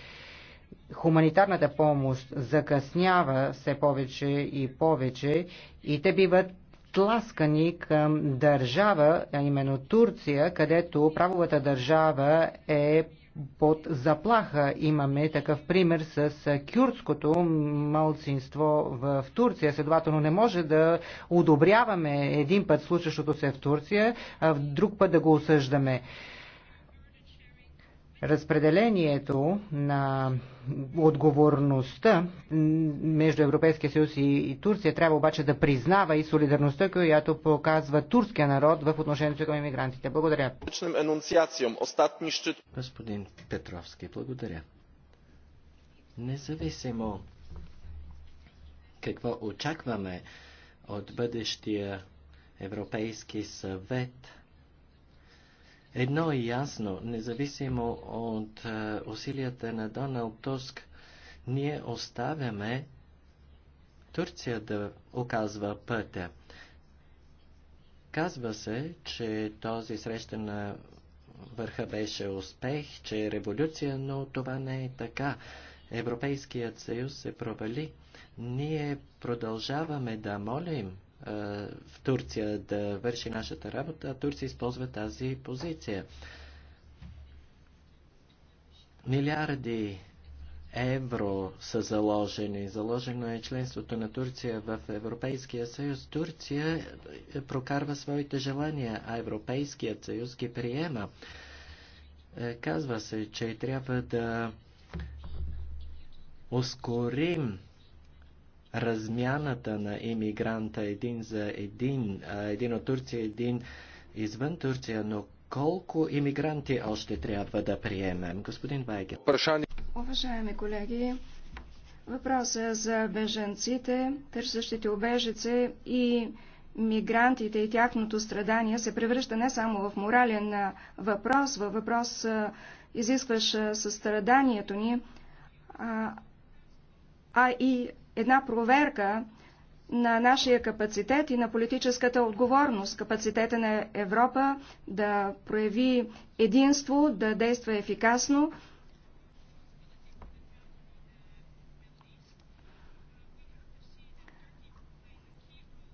Хуманитарната помощ закъснява все повече и повече и те биват тласкани към държава, а именно Турция, където правовата държава е под заплаха. Имаме такъв пример с кюрдското малцинство в Турция. Следователно не може да одобряваме един път случващото се в Турция, а в друг път да го осъждаме. Разпределението на отговорността между Европейския съюз и Турция трябва обаче да признава и солидарността, която показва турския народ в отношението към иммигрантите. Благодаря. Господин Петровски, благодаря. Независимо какво очакваме от бъдещия Европейски съвет, Едно е ясно, независимо от е, усилията на Доналд Туск, ние оставяме Турция да оказва пътя. Казва се, че този среща на върха беше успех, че е революция, но това не е така. Европейският съюз се провали. Ние продължаваме да молим в Турция да върши нашата работа, а Турция използва тази позиция. Милиарди евро са заложени. Заложено е членството на Турция в Европейския съюз. Турция прокарва своите желания, а Европейският съюз ги приема. Е, казва се, че трябва да ускорим размяната на иммигранта един за един, един от Турция, един извън Турция, но колко иммигранти още трябва да приемем? Господин Вайгел. Уважаеми колеги, въпроса е за беженците, търсещите обежице и мигрантите и тяхното страдание се превръща не само в морален въпрос, във въпрос изискваш състраданието ни, а, а и една проверка на нашия капацитет и на политическата отговорност, капацитета на Европа да прояви единство, да действа ефикасно.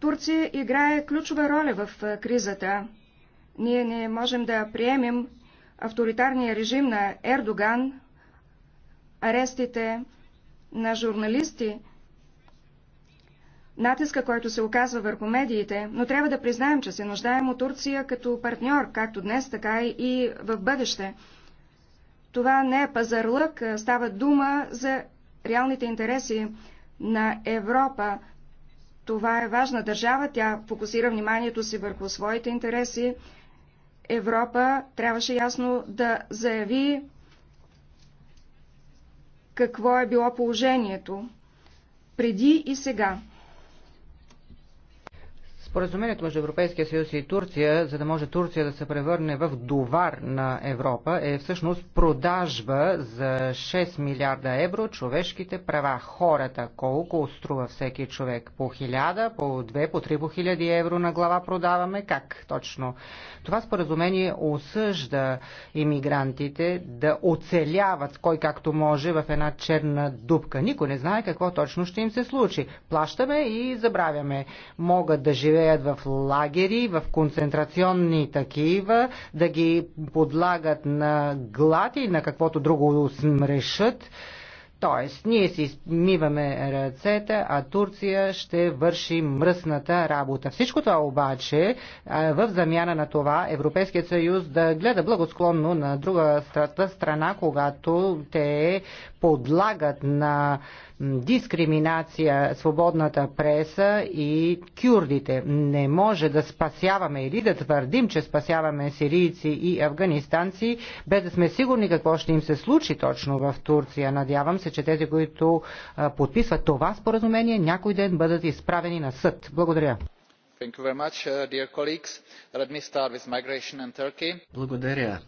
Турция играе ключова роля в кризата. Ние не можем да приемем авторитарния режим на Ердоган, арестите на журналисти, натиска, който се оказва върху медиите, но трябва да признаем, че се нуждаем от Турция като партньор, както днес, така и в бъдеще. Това не е пазарлък, става дума за реалните интереси на Европа. Това е важна държава, тя фокусира вниманието си върху своите интереси. Европа трябваше ясно да заяви какво е било положението преди и сега. Споразумението между Европейския съюз и Турция, за да може Турция да се превърне в довар на Европа, е всъщност продажба за 6 милиарда евро човешките права. Хората, колко струва всеки човек? По 1000, по 2, по 3, по 1000 евро на глава продаваме? Как точно? Това споразумение осъжда иммигрантите да оцеляват кой както може в една черна дупка. Никой не знае какво точно ще им се случи. Плащаме и забравяме. Могат да живеят живеят в лагери, в концентрационни такива, да ги подлагат на глад и на каквото друго смрешат. Тоест, ние си миваме ръцете, а Турция ще върши мръсната работа. Всичко това обаче, е, в замяна на това, Европейският съюз да гледа благосклонно на друга страна, когато те подлагат на дискриминация свободната преса и кюрдите. Не може да спасяваме или да твърдим, че спасяваме сирийци и афганистанци, без да сме сигурни какво ще им се случи точно в Турция. Надявам се, че тези, които подписват това споразумение, някой ден бъдат изправени на съд. Благодаря. Much, Благодаря.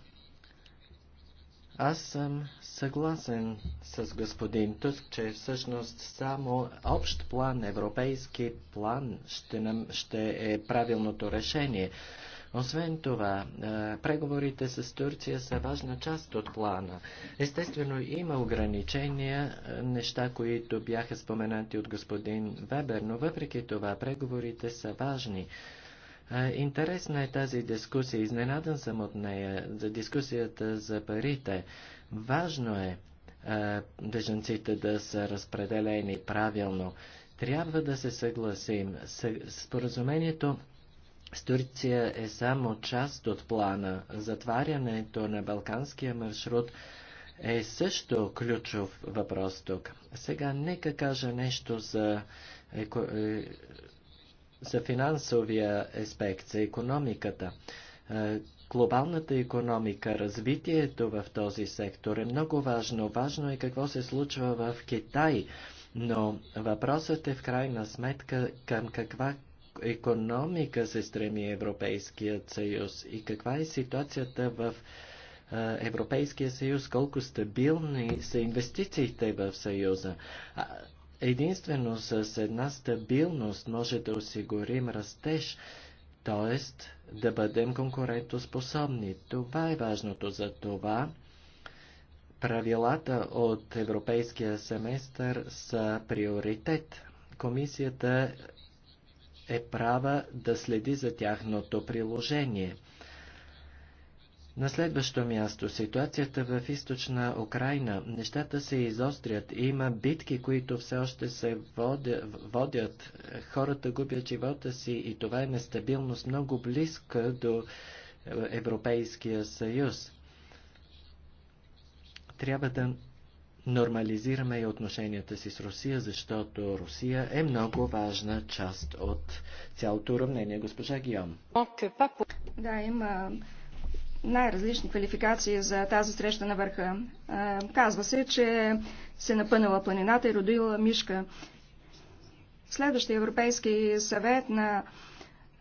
Аз съм съгласен с господин Туск, че всъщност само общ план, европейски план ще, нам, ще е правилното решение. Освен това, преговорите с Турция са важна част от плана. Естествено, има ограничения, неща, които бяха споменати от господин Вебер, но въпреки това преговорите са важни. Интересна е тази дискусия. Изненадан съм от нея. За дискусията за парите. Важно е беженците да са разпределени правилно. Трябва да се съгласим. Споразумението с Турция е само част от плана. Затварянето на балканския маршрут е също ключов въпрос тук. Сега нека кажа нещо за е, за финансовия аспект, за економиката. Е, глобалната економика, развитието в този сектор е много важно. Важно е какво се случва в Китай, но въпросът е в крайна сметка към каква економика се стреми Европейският съюз и каква е ситуацията в е, Европейския съюз, колко стабилни са инвестициите в съюза. Единствено с една стабилност може да осигурим растеж, т.е. да бъдем конкурентоспособни. Това е важното за това. Правилата от европейския семестър са приоритет. Комисията е права да следи за тяхното приложение – на следващо място, ситуацията в източна Украина. Нещата се изострят. Има битки, които все още се водят. Хората губят живота си и това е нестабилност много близка до Европейския съюз. Трябва да нормализираме и отношенията си с Русия, защото Русия е много важна част от цялото уравнение. Госпожа Гиом. Да, има най-различни квалификации за тази среща на върха. Казва се, че се напънала планината и родила мишка. Следващия Европейски съвет на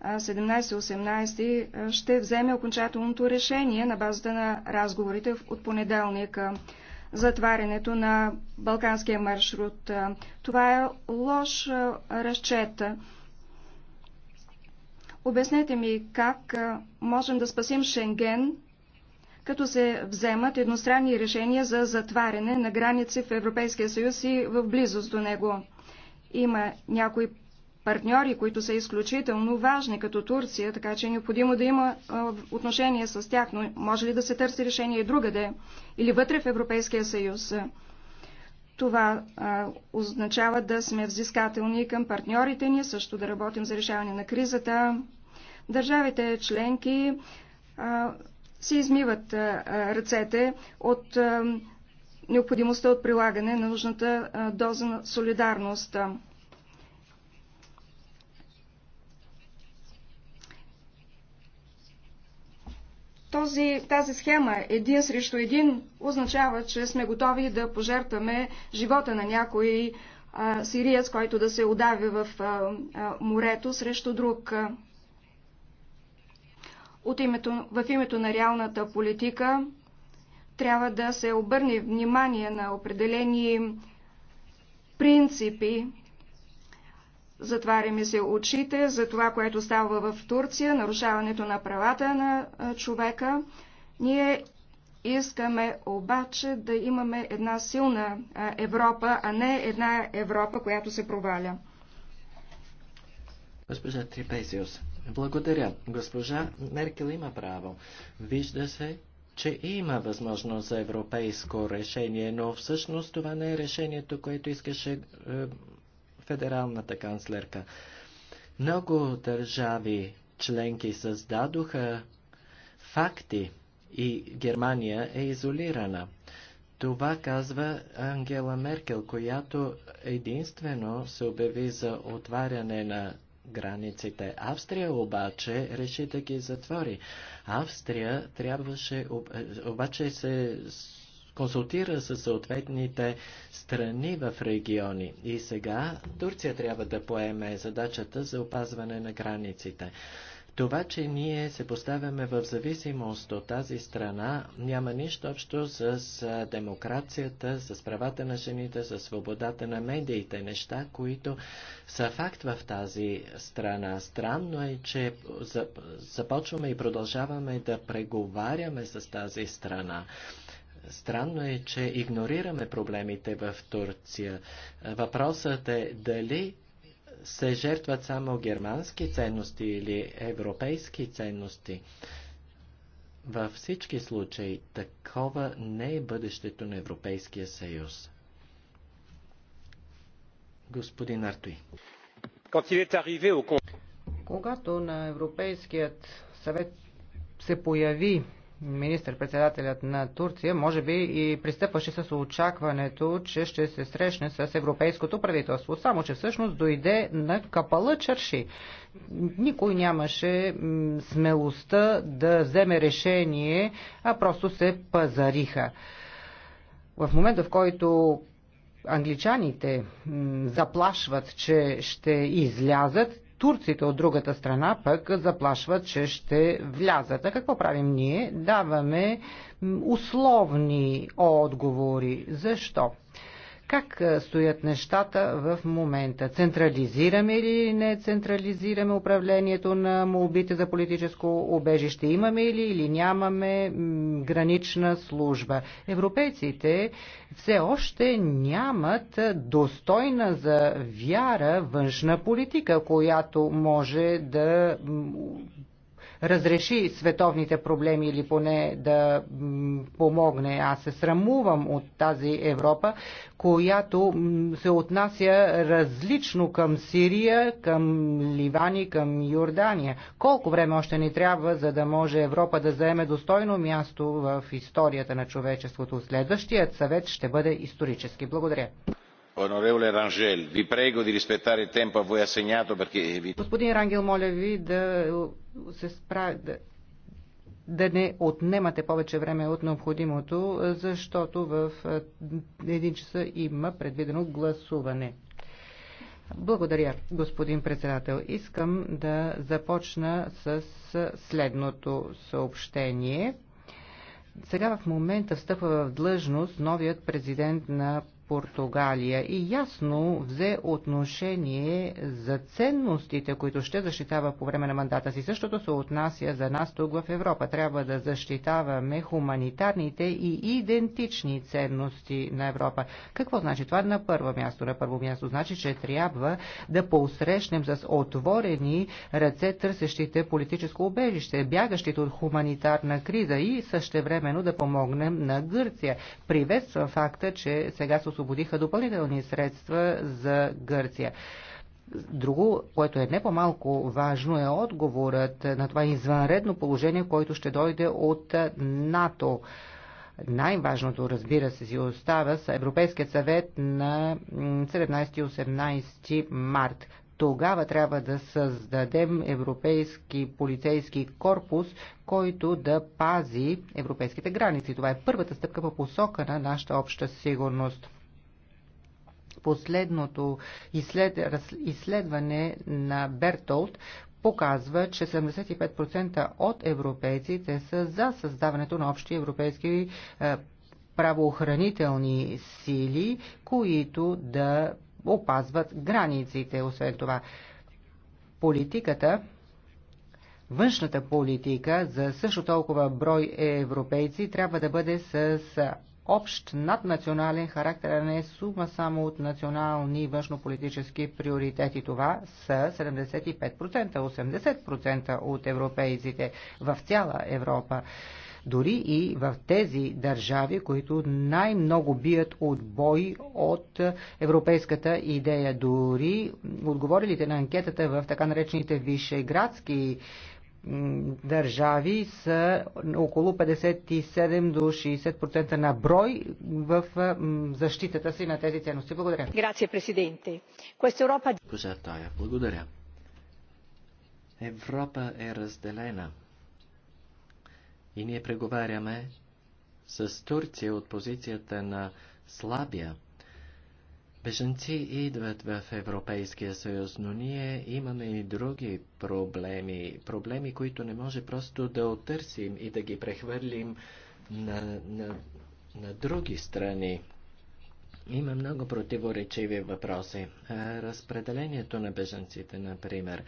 17-18 ще вземе окончателното решение на базата на разговорите от понеделника. Затварянето на Балканския маршрут. Това е лош разчет. Обяснете ми как можем да спасим Шенген, като се вземат едностранни решения за затваряне на граници в Европейския съюз и в близост до него. Има някои партньори, които са изключително важни, като Турция, така че е необходимо да има отношение с тях, но може ли да се търси решение и другаде или вътре в Европейския съюз? Това а, означава да сме взискателни към партньорите ни, също да работим за решаване на кризата. Държавите членки а, се измиват а, ръцете от а, необходимостта от прилагане на нужната а, доза на солидарност. Този, тази схема един срещу един означава, че сме готови да пожертваме живота на някой а, сириец, който да се удави в а, а, морето срещу друг. От името, в името на реалната политика трябва да се обърне внимание на определени принципи, Затваряме се очите за това, което става в Турция, нарушаването на правата на човека. Ние искаме обаче да имаме една силна Европа, а не една Европа, която се проваля. Госпожа Трипезиус, благодаря. Госпожа Меркел има право. Вижда се, че има възможност за европейско решение, но всъщност това не е решението, което искаше е, федералната канцлерка. Много държави членки създадоха факти и Германия е изолирана. Това казва Ангела Меркел, която единствено се обяви за отваряне на границите. Австрия обаче реши да ги затвори. Австрия трябваше, обаче се консултира с съответните страни в региони. И сега Турция трябва да поеме задачата за опазване на границите. Това, че ние се поставяме в зависимост от тази страна, няма нищо общо с демокрацията, с правата на жените, с свободата на медиите, неща, които са факт в тази страна. Странно е, че започваме и продължаваме да преговаряме с тази страна. Странно е, че игнорираме проблемите в Турция. Въпросът е дали се жертват само германски ценности или европейски ценности. Във всички случаи такова не е бъдещето на Европейския съюз. Господин Артуи. Когато на Европейският съвет се появи министър-председателят на Турция може би и пристъпваше с очакването, че ще се срещне с европейското правителство. Само, че всъщност дойде на капала черши. Никой нямаше смелостта да вземе решение, а просто се пазариха. В момента, в който англичаните заплашват, че ще излязат, Турците от другата страна пък заплашват, че ще влязат. А какво правим ние? Даваме условни отговори. Защо? Как стоят нещата в момента? Централизираме или не централизираме управлението на молбите за политическо убежище? Имаме или, или нямаме гранична служба? Европейците все още нямат достойна за вяра външна политика, която може да разреши световните проблеми или поне да помогне. Аз се срамувам от тази Европа, която се отнася различно към Сирия, към Ливани, към Йордания. Колко време още ни трябва, за да може Европа да заеме достойно място в историята на човечеството? Следващият съвет ще бъде исторически. Благодаря. Onorevole Рангел, ви prego di rispettare il Господин Рангел, моля ви да се справи, да, да не отнемате повече време от необходимото, защото в един часа има предвидено гласуване. Благодаря, господин председател. Искам да започна с следното съобщение. Сега в момента встъпва в длъжност новият президент на Португалия и ясно взе отношение за ценностите, които ще защитава по време на мандата си. Същото се отнася за нас тук в Европа. Трябва да защитаваме хуманитарните и идентични ценности на Европа. Какво значи това на първо място? На първо място значи, че трябва да посрещнем с отворени ръце търсещите политическо убежище, бягащите от хуманитарна криза и същевременно да помогнем на Гърция. Приветствам факта, че сега се освободиха допълнителни средства за Гърция. Друго, което е не по-малко важно, е отговорът на това извънредно положение, което ще дойде от НАТО. Най-важното, разбира се, си остава с Европейският съвет на 17-18 март. Тогава трябва да създадем европейски полицейски корпус, който да пази европейските граници. Това е първата стъпка по посока на нашата обща сигурност. Последното изслед... изследване на Бертолт показва, че 75% от европейците са за създаването на общи европейски е, правоохранителни сили, които да опазват границите. Освен това, политиката външната политика за също толкова брой европейци трябва да бъде с общ наднационален характер, а не е сума само от национални външнополитически приоритети. Това са 75%, 80% от европейците в цяла Европа. Дори и в тези държави, които най-много бият от бой от европейската идея. Дори отговорилите на анкетата в така наречените вишеградски държави са около 57 до 60% на брой в защитата си на тези ценности. Благодаря. Грация, президенте. Европа... Госпожа Тая, благодаря. Европа е разделена. И ние преговаряме с Турция от позицията на слабия Беженци идват в Европейския съюз, но ние имаме и други проблеми, проблеми, които не може просто да отърсим и да ги прехвърлим на, на, на други страни. Има много противоречиви въпроси. Разпределението на беженците, например.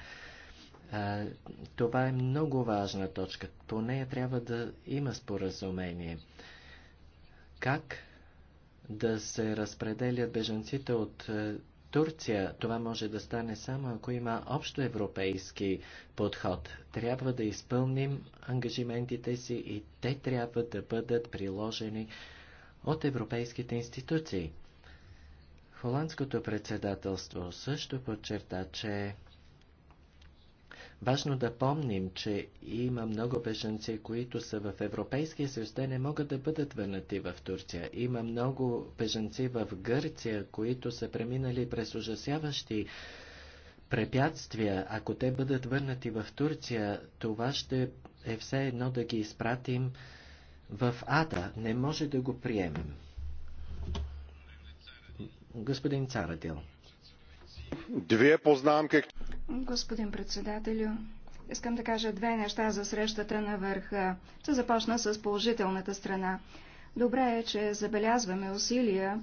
Това е много важна точка. По нея трябва да има споразумение. Как да се разпределят бежанците от е, Турция. Това може да стане само ако има общо европейски подход. Трябва да изпълним ангажиментите си и те трябва да бъдат приложени от европейските институции. Холандското председателство също подчерта, че Важно да помним, че има много беженци, които са в Европейския съюз, те не могат да бъдат върнати в Турция. Има много беженци в Гърция, които са преминали през ужасяващи препятствия. Ако те бъдат върнати в Турция, това ще е все едно да ги изпратим в ада. Не може да го приемем. Господин Царадил. Две познамки. Господин председателю, искам да кажа две неща за срещата на върха. Ще започна с положителната страна. Добре е, че забелязваме усилия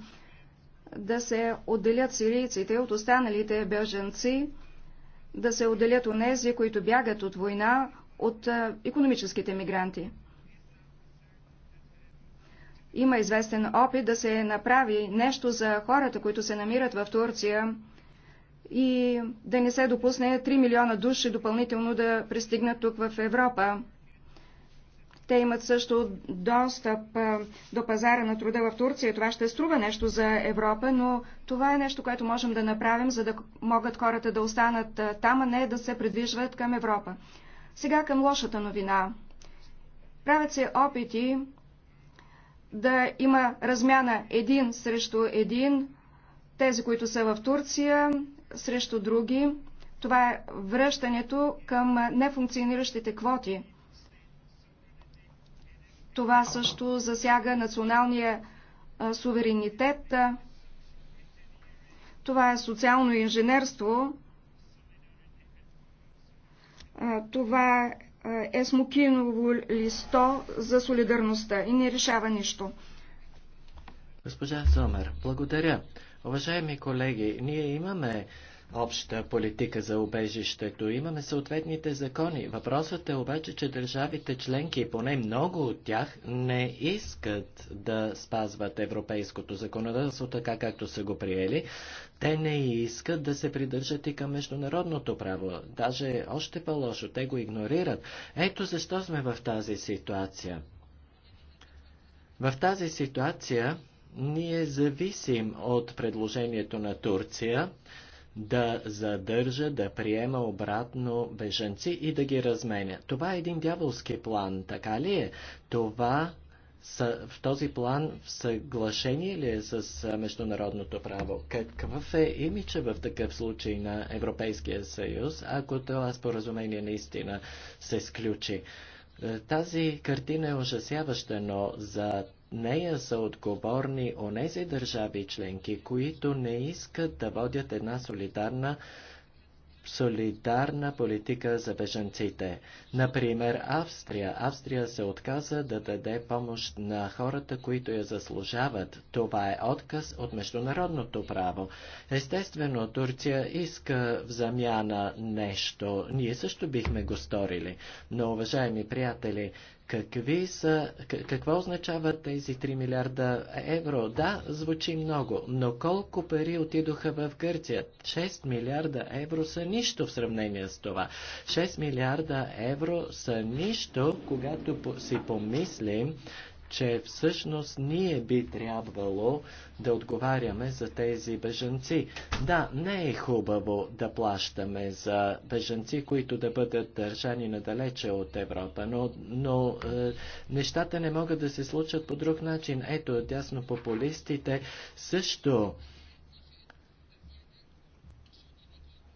да се отделят сирийците от останалите беженци, да се отделят от нези, които бягат от война, от економическите мигранти. Има известен опит да се направи нещо за хората, които се намират в Турция, и да не се допусне 3 милиона души допълнително да пристигнат тук в Европа. Те имат също достъп до пазара на труда в Турция. Това ще струва нещо за Европа, но това е нещо, което можем да направим, за да могат хората да останат там, а не да се придвижват към Европа. Сега към лошата новина. Правят се опити да има размяна един срещу един. Тези, които са в Турция, срещу други. Това е връщането към нефункциониращите квоти. Това също засяга националния суверенитет. Това е социално инженерство. Това е смокиново листо за солидарността и не решава нищо. Госпожа Сомер, благодаря. Уважаеми колеги, ние имаме обща политика за убежището, имаме съответните закони. Въпросът е обаче, че държавите членки, поне много от тях, не искат да спазват европейското законодателство така, както са го приели. Те не искат да се придържат и към международното право. Даже още по-лошо, те го игнорират. Ето защо сме в тази ситуация. В тази ситуация ние зависим от предложението на Турция да задържа, да приема обратно беженци и да ги разменя. Това е един дяволски план, така ли е? Това в този план в съглашение ли е с международното право? Какъв е имича в такъв случай на Европейския съюз, ако това споразумение наистина се сключи? Е, тази картина е ужасяваща, но за нея са отговорни онези държави членки, които не искат да водят една солидарна солидарна политика за бежанците. Например, Австрия. Австрия се отказа да даде помощ на хората, които я заслужават. Това е отказ от международното право. Естествено, Турция иска в замяна нещо. Ние също бихме го сторили. Но, уважаеми приятели, Какви са, какво означават тези 3 милиарда евро? Да, звучи много, но колко пари отидоха в Гърция? 6 милиарда евро са нищо в сравнение с това. 6 милиарда евро са нищо, когато си помислим, че всъщност ние би трябвало да отговаряме за тези бежанци. Да, не е хубаво да плащаме за бежанци, които да бъдат държани надалече от Европа, но, но е, нещата не могат да се случат по друг начин. Ето, дясно популистите също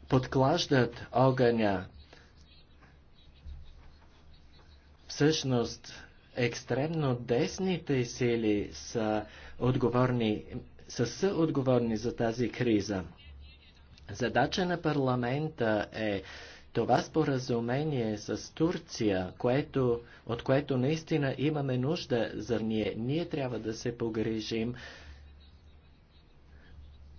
подклаждат огъня. Всъщност, екстремно десните сили са отговорни, са съотговорни за тази криза. Задача на парламента е това споразумение с Турция, което, от което наистина имаме нужда за ние. Ние трябва да се погрежим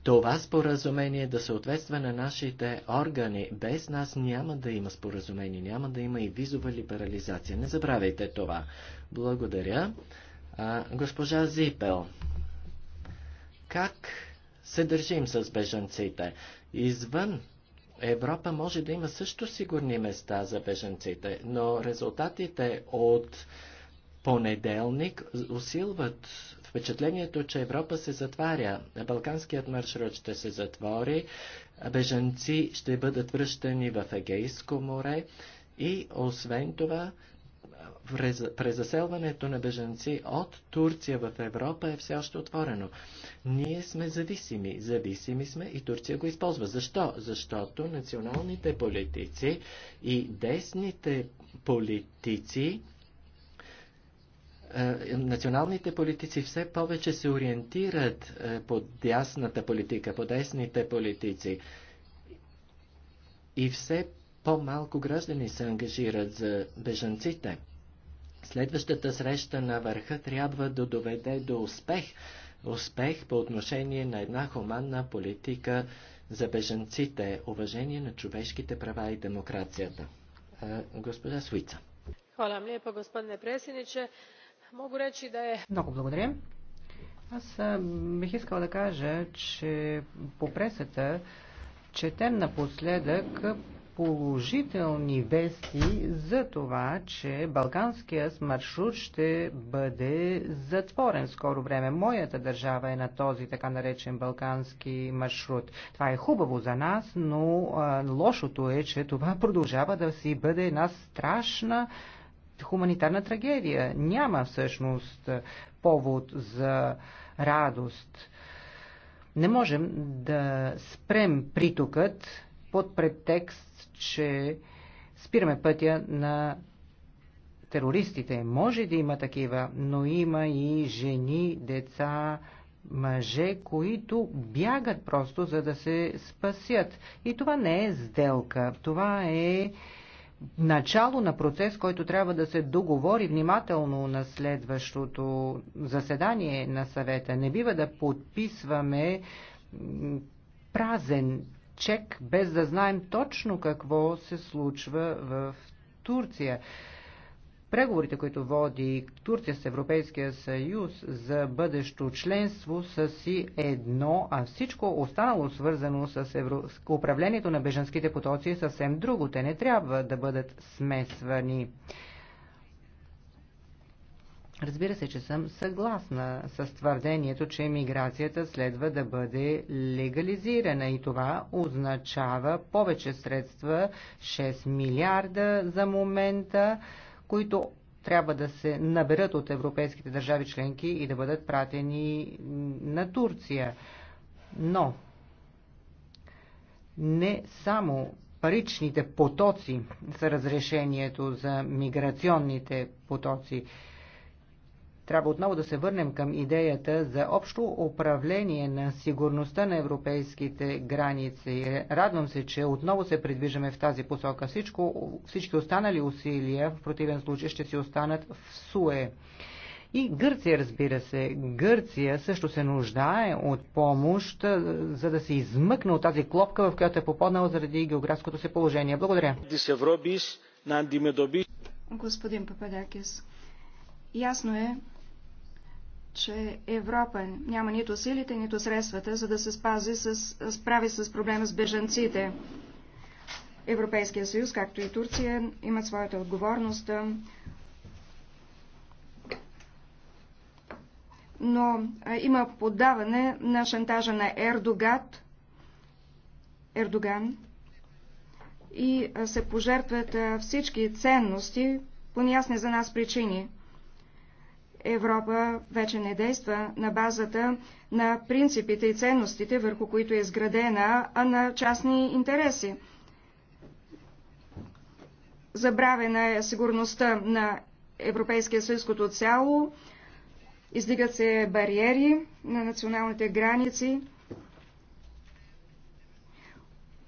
това споразумение да съответства на нашите органи. Без нас няма да има споразумение, няма да има и визова либерализация. Не забравяйте това. Благодаря. А, госпожа Зипел, как се държим с бежанците? Извън Европа може да има също сигурни места за бежанците, но резултатите от понеделник усилват впечатлението, че Европа се затваря. Балканският маршрут ще се затвори, бежанци ще бъдат връщани в Егейско море и освен това презаселването на бежанци от Турция в Европа е все още отворено. Ние сме зависими. Зависими сме и Турция го използва. Защо? Защото националните политици и десните политици е, националните политици все повече се ориентират е, под дясната политика, под десните политици. И все по-малко граждани се ангажират за бежанците. Следващата среща на върха трябва да доведе до успех. Успех по отношение на една хуманна политика за беженците, уважение на човешките права и демокрацията. Госпожа Суица. Хвала vam lijepo, gospodine predsjedniče. Mogu reći da Много благодаря. Аз бих искала да кажа, че по пресата четем напоследък положителни вести за това, че балканският маршрут ще бъде затворен скоро време. Моята държава е на този така наречен балкански маршрут. Това е хубаво за нас, но а, лошото е, че това продължава да си бъде една страшна хуманитарна трагедия. Няма всъщност повод за радост. Не можем да спрем притокът под претекст че спираме пътя на терористите. Може да има такива, но има и жени, деца, мъже, които бягат просто за да се спасят. И това не е сделка. Това е начало на процес, който трябва да се договори внимателно на следващото заседание на съвета. Не бива да подписваме празен чек, без да знаем точно какво се случва в Турция. Преговорите, които води Турция с Европейския съюз за бъдещо членство са си едно, а всичко останало свързано с евро... управлението на беженските потоци е съвсем друго. Те не трябва да бъдат смесвани. Разбира се, че съм съгласна с твърдението, че миграцията следва да бъде легализирана и това означава повече средства, 6 милиарда за момента, които трябва да се наберат от европейските държави членки и да бъдат пратени на Турция. Но не само паричните потоци са разрешението за миграционните потоци. Трябва отново да се върнем към идеята за общо управление на сигурността на европейските граници. Радвам се, че отново се придвижаме в тази посока. Всичко, всички останали усилия в противен случай ще си останат в суе. И Гърция, разбира се, Гърция също се нуждае от помощ, за да се измъкне от тази клопка, в която е попаднала заради географското се положение. Благодаря. Господин Пападакис, ясно е, че Европа няма нито силите, нито средствата, за да се спази с, справи с проблема с бежанците. Европейския съюз, както и Турция, имат своята отговорност. Но има поддаване на шантажа на Ердогат, Ердоган и се пожертват всички ценности по неясни за нас причини. Европа вече не действа на базата на принципите и ценностите, върху които е изградена, а на частни интереси. Забравена е сигурността на Европейския съюз като цяло, издигат се бариери на националните граници,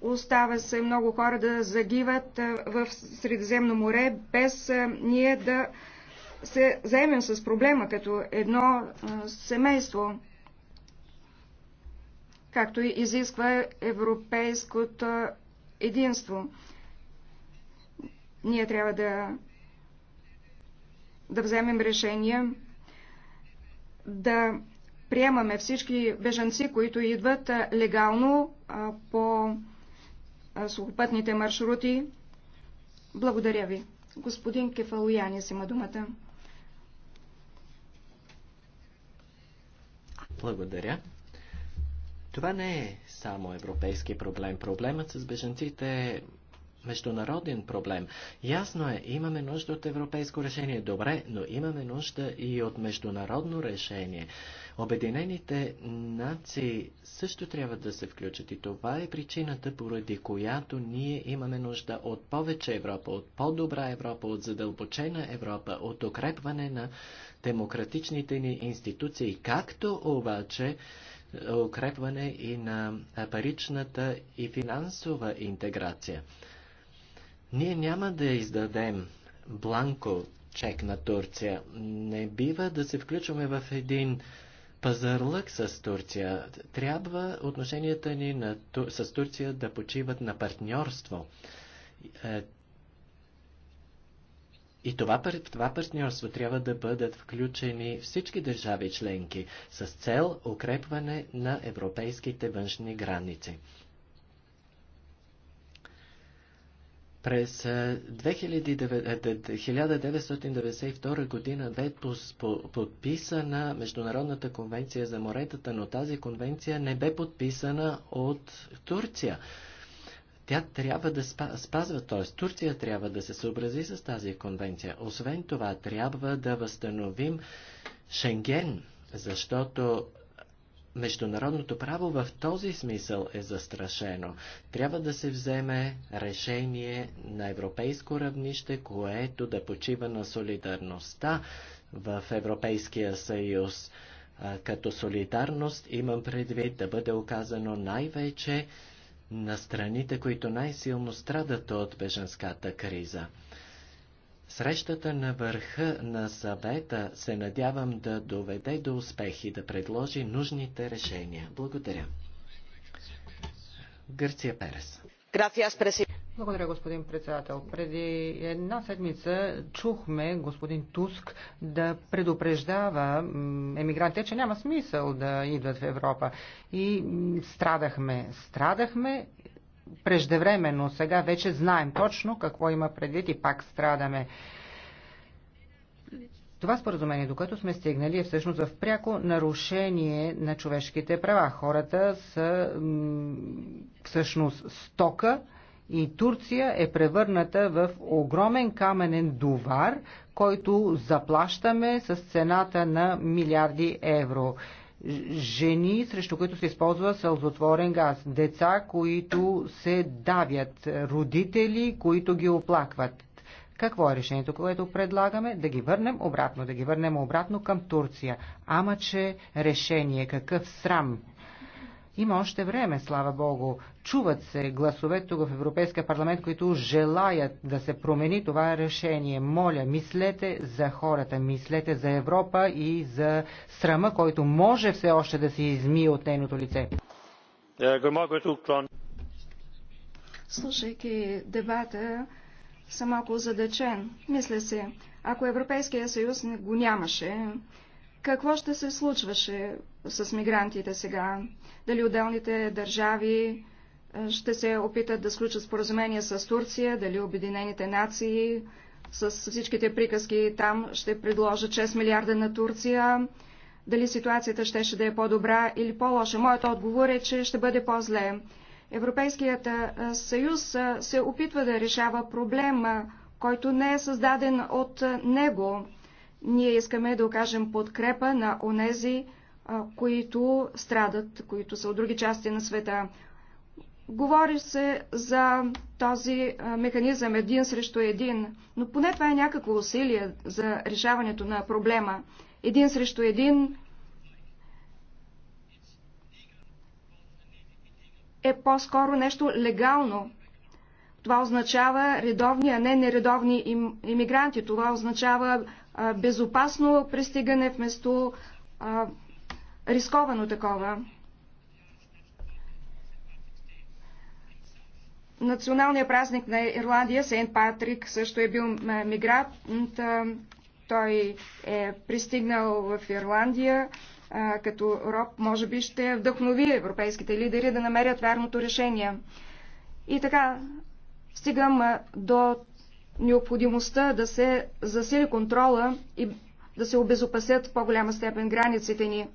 Остава се много хора да загиват в Средиземно море, без ние да се заемем с проблема като едно семейство, както и изисква европейското единство. Ние трябва да, да вземем решение да приемаме всички бежанци, които идват легално по сухопътните маршрути. Благодаря ви. Господин Кефалоянис има думата. Благодаря. Това не е само европейски проблем. Проблемът с беженците е международен проблем. Ясно е, имаме нужда от европейско решение, добре, но имаме нужда и от международно решение. Обединените нации също трябва да се включат и това е причината, поради която ние имаме нужда от повече Европа, от по-добра Европа, от задълбочена Европа, от укрепване на демократичните ни институции, както обаче е, укрепване и на е, паричната и финансова интеграция. Ние няма да издадем бланко чек на Турция. Не бива да се включваме в един пазарлък с Турция. Трябва отношенията ни на, с Турция да почиват на партньорство. Е, и това, в това партньорство трябва да бъдат включени всички държави членки с цел укрепване на европейските външни граници. През 1992 година бе подписана Международната конвенция за моретата, но тази конвенция не бе подписана от Турция. Тя трябва да спазва, т.е. Турция трябва да се съобрази с тази конвенция. Освен това, трябва да възстановим Шенген, защото международното право в този смисъл е застрашено. Трябва да се вземе решение на европейско равнище, което да почива на солидарността в Европейския съюз. Като солидарност имам предвид да бъде оказано най-вече на страните, които най-силно страдат от беженската криза. Срещата на върха на съвета се надявам да доведе до успех и да предложи нужните решения. Благодаря. Гърция Перес. Благодаря, господин председател. Преди една седмица чухме господин Туск да предупреждава емигрантите, че няма смисъл да идват в Европа. И страдахме. Страдахме преждевременно. Сега вече знаем точно какво има предвид и пак страдаме. Това споразумение, до което сме стигнали, е всъщност в пряко нарушение на човешките права. Хората са всъщност стока, и Турция е превърната в огромен каменен довар, който заплащаме с цената на милиарди евро. Жени, срещу които се използва сълзотворен газ, деца, които се давят, родители, които ги оплакват. Какво е решението, което предлагаме? Да ги върнем обратно, да ги върнем обратно към Турция. Ама че решение, какъв срам! Има още време, слава Богу. Чуват се гласове тук в Европейския парламент, които желаят да се промени това решение. Моля, мислете за хората, мислете за Европа и за срама, който може все още да се измие от нейното лице. Е, е Слушайки дебата, съм малко задачен. Мисля се, ако Европейския съюз го нямаше, какво ще се случваше с мигрантите сега? Дали отделните държави е, ще се опитат да сключат споразумение с Турция, дали Обединените нации с всичките приказки там ще предложат 6 милиарда на Турция, дали ситуацията ще, ще да е по-добра или по-лоша. Моят отговор е, че ще бъде по-зле. Европейският е, съюз е, се опитва да решава проблема, който не е създаден от него. Ние искаме да окажем подкрепа на онези, които страдат, които са от други части на света. Говори се за този механизъм един срещу един, но поне това е някакво усилие за решаването на проблема. Един срещу един е по-скоро нещо легално. Това означава редовни, а не нередовни им, иммигранти. Това означава безопасно пристигане вместо рисковано такова. Националният празник на Ирландия, Сейнт Патрик, също е бил мигрант. Той е пристигнал в Ирландия като роб. Може би ще вдъхнови европейските лидери да намерят вярното решение. И така, стигам до необходимостта да се засили контрола и да се обезопасят в по-голяма степен границите ни.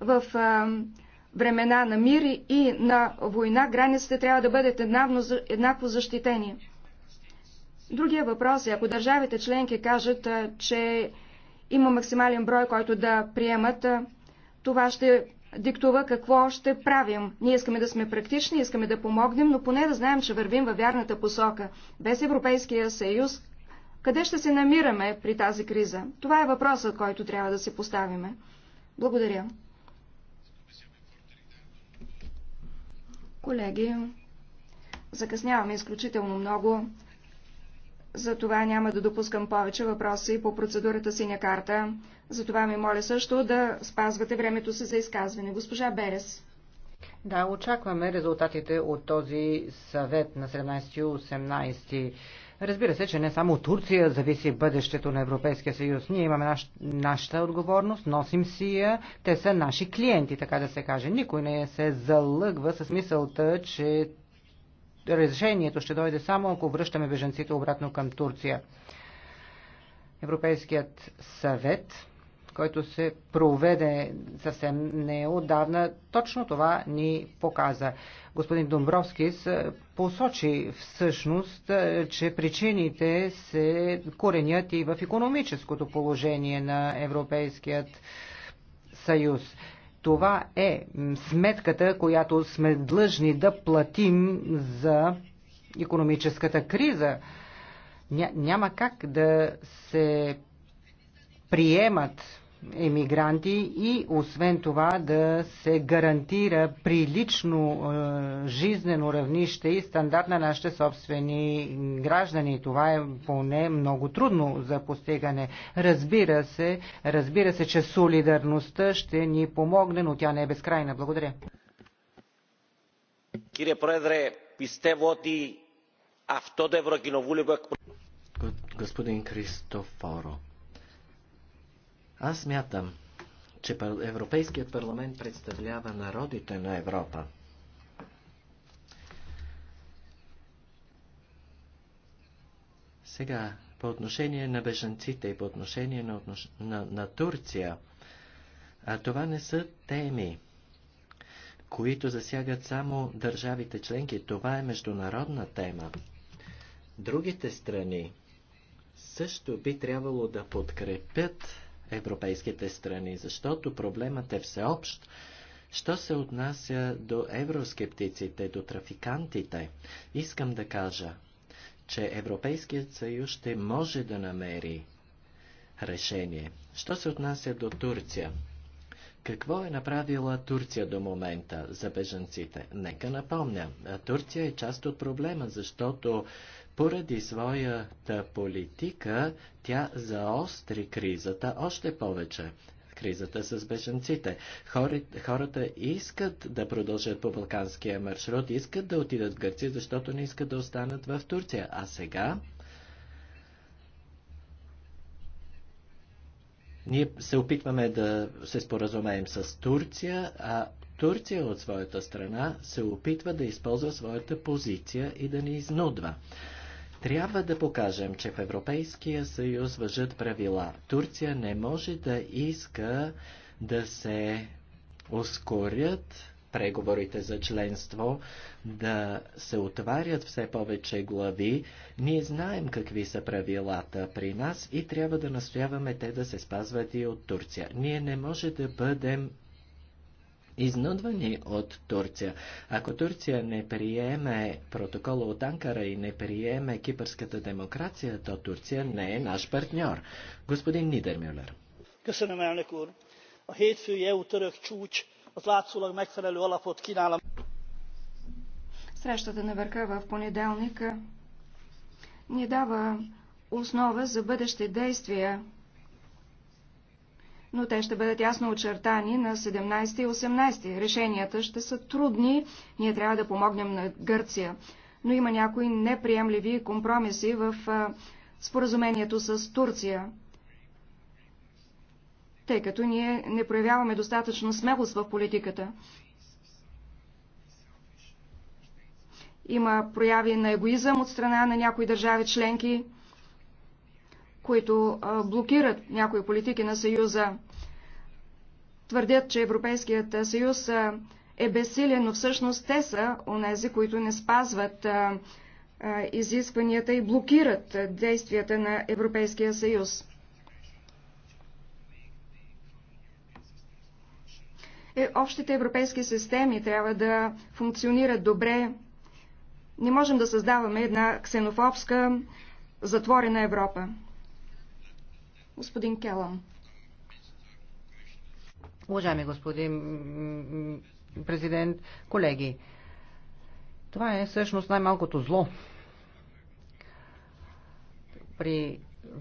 В а, времена на мир и на война границите трябва да бъдат еднакво, еднакво защитени. Другия въпрос е, ако държавите членки кажат, че има максимален брой, който да приемат, това ще диктува какво ще правим. Ние искаме да сме практични, искаме да помогнем, но поне да знаем, че вървим във вярната посока. Без Европейския съюз, къде ще се намираме при тази криза? Това е въпросът, който трябва да се поставиме. Благодаря. Колеги, закъсняваме изключително много. За това няма да допускам повече въпроси по процедурата синя карта. Затова ми моля също да спазвате времето си за изказване. Госпожа Берес. Да, очакваме резултатите от този съвет на 17-18. Разбира се, че не само Турция зависи бъдещето на Европейския съюз. Ние имаме наш, нашата отговорност, носим си я, те са наши клиенти, така да се каже. Никой не се залъгва с мисълта, че Решението ще дойде само ако връщаме беженците обратно към Турция. Европейският съвет, който се проведе съвсем неодавна, точно това ни показа. Господин Домбровскис е, посочи всъщност, е, че причините се коренят и в економическото положение на Европейският съюз. Това е сметката, която сме длъжни да платим за економическата криза. Ня, няма как да се приемат емигранти и освен това да се гарантира прилично е, жизнено равнище и стандарт на нашите собствени граждани. Това е поне много трудно за постигане. Разбира се, разбира се, че солидарността ще ни помогне, но тя не е безкрайна. Благодаря. Кире Проедре, πιστεύω ότι автодевро το Господин Кристофоро, аз мятам, че Европейският парламент представлява народите на Европа. Сега, по отношение на бежанците и по отношение на, отнош... на, на Турция, а това не са теми, които засягат само държавите членки. Това е международна тема. Другите страни също би трябвало да подкрепят европейските страни, защото проблемът е всеобщ. Що се отнася до евроскептиците, до трафикантите, искам да кажа, че Европейският съюз ще може да намери решение. Що се отнася до Турция? Какво е направила Турция до момента за бежанците? Нека напомня, Турция е част от проблема, защото поради своята политика тя заостри кризата още повече. Кризата с бешенците. Хората, хората искат да продължат по балканския маршрут, искат да отидат в Гърция, защото не искат да останат в Турция. А сега Ние се опитваме да се споразумеем с Турция, а Турция от своята страна се опитва да използва своята позиция и да ни изнудва. Трябва да покажем, че в Европейския съюз въжат правила. Турция не може да иска да се ускорят преговорите за членство, да се отварят все повече глави. Ние знаем какви са правилата при нас и трябва да настояваме те да се спазват и от Турция. Ние не може да бъдем изнудвани от Турция. Ако Турция не приеме протокола от Анкара и не приеме кипърската демокрация, то Турция не е наш партньор. Господин Нидермюлер. Срещата на върха в понеделника ни дава основа за бъдещи действия но те ще бъдат ясно очертани на 17 и 18. Решенията ще са трудни, ние трябва да помогнем на Гърция, но има някои неприемливи компромиси в споразумението с Турция, тъй като ние не проявяваме достатъчно смелост в политиката. Има прояви на егоизъм от страна на някои държави членки, които блокират някои политики на Съюза твърдят, че Европейският съюз е безсилен, но всъщност те са онези, които не спазват изискванията и блокират действията на Европейския съюз. Е, общите европейски системи трябва да функционират добре. Не можем да създаваме една ксенофобска затворена Европа. Господин Келъм. Уважаеми господин президент, колеги, това е всъщност най-малкото зло. При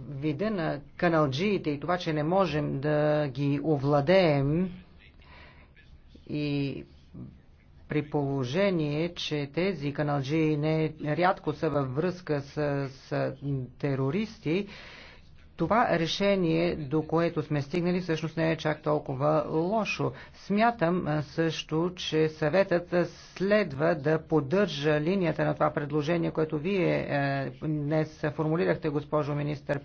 вида на каналджиите и това, че не можем да ги овладеем и при положение, че тези каналджии не рядко са във връзка с, с терористи, това решение, до което сме стигнали, всъщност не е чак толкова лошо. Смятам също, че съветът следва да поддържа линията на това предложение, което вие е, днес формулирахте, госпожо министър,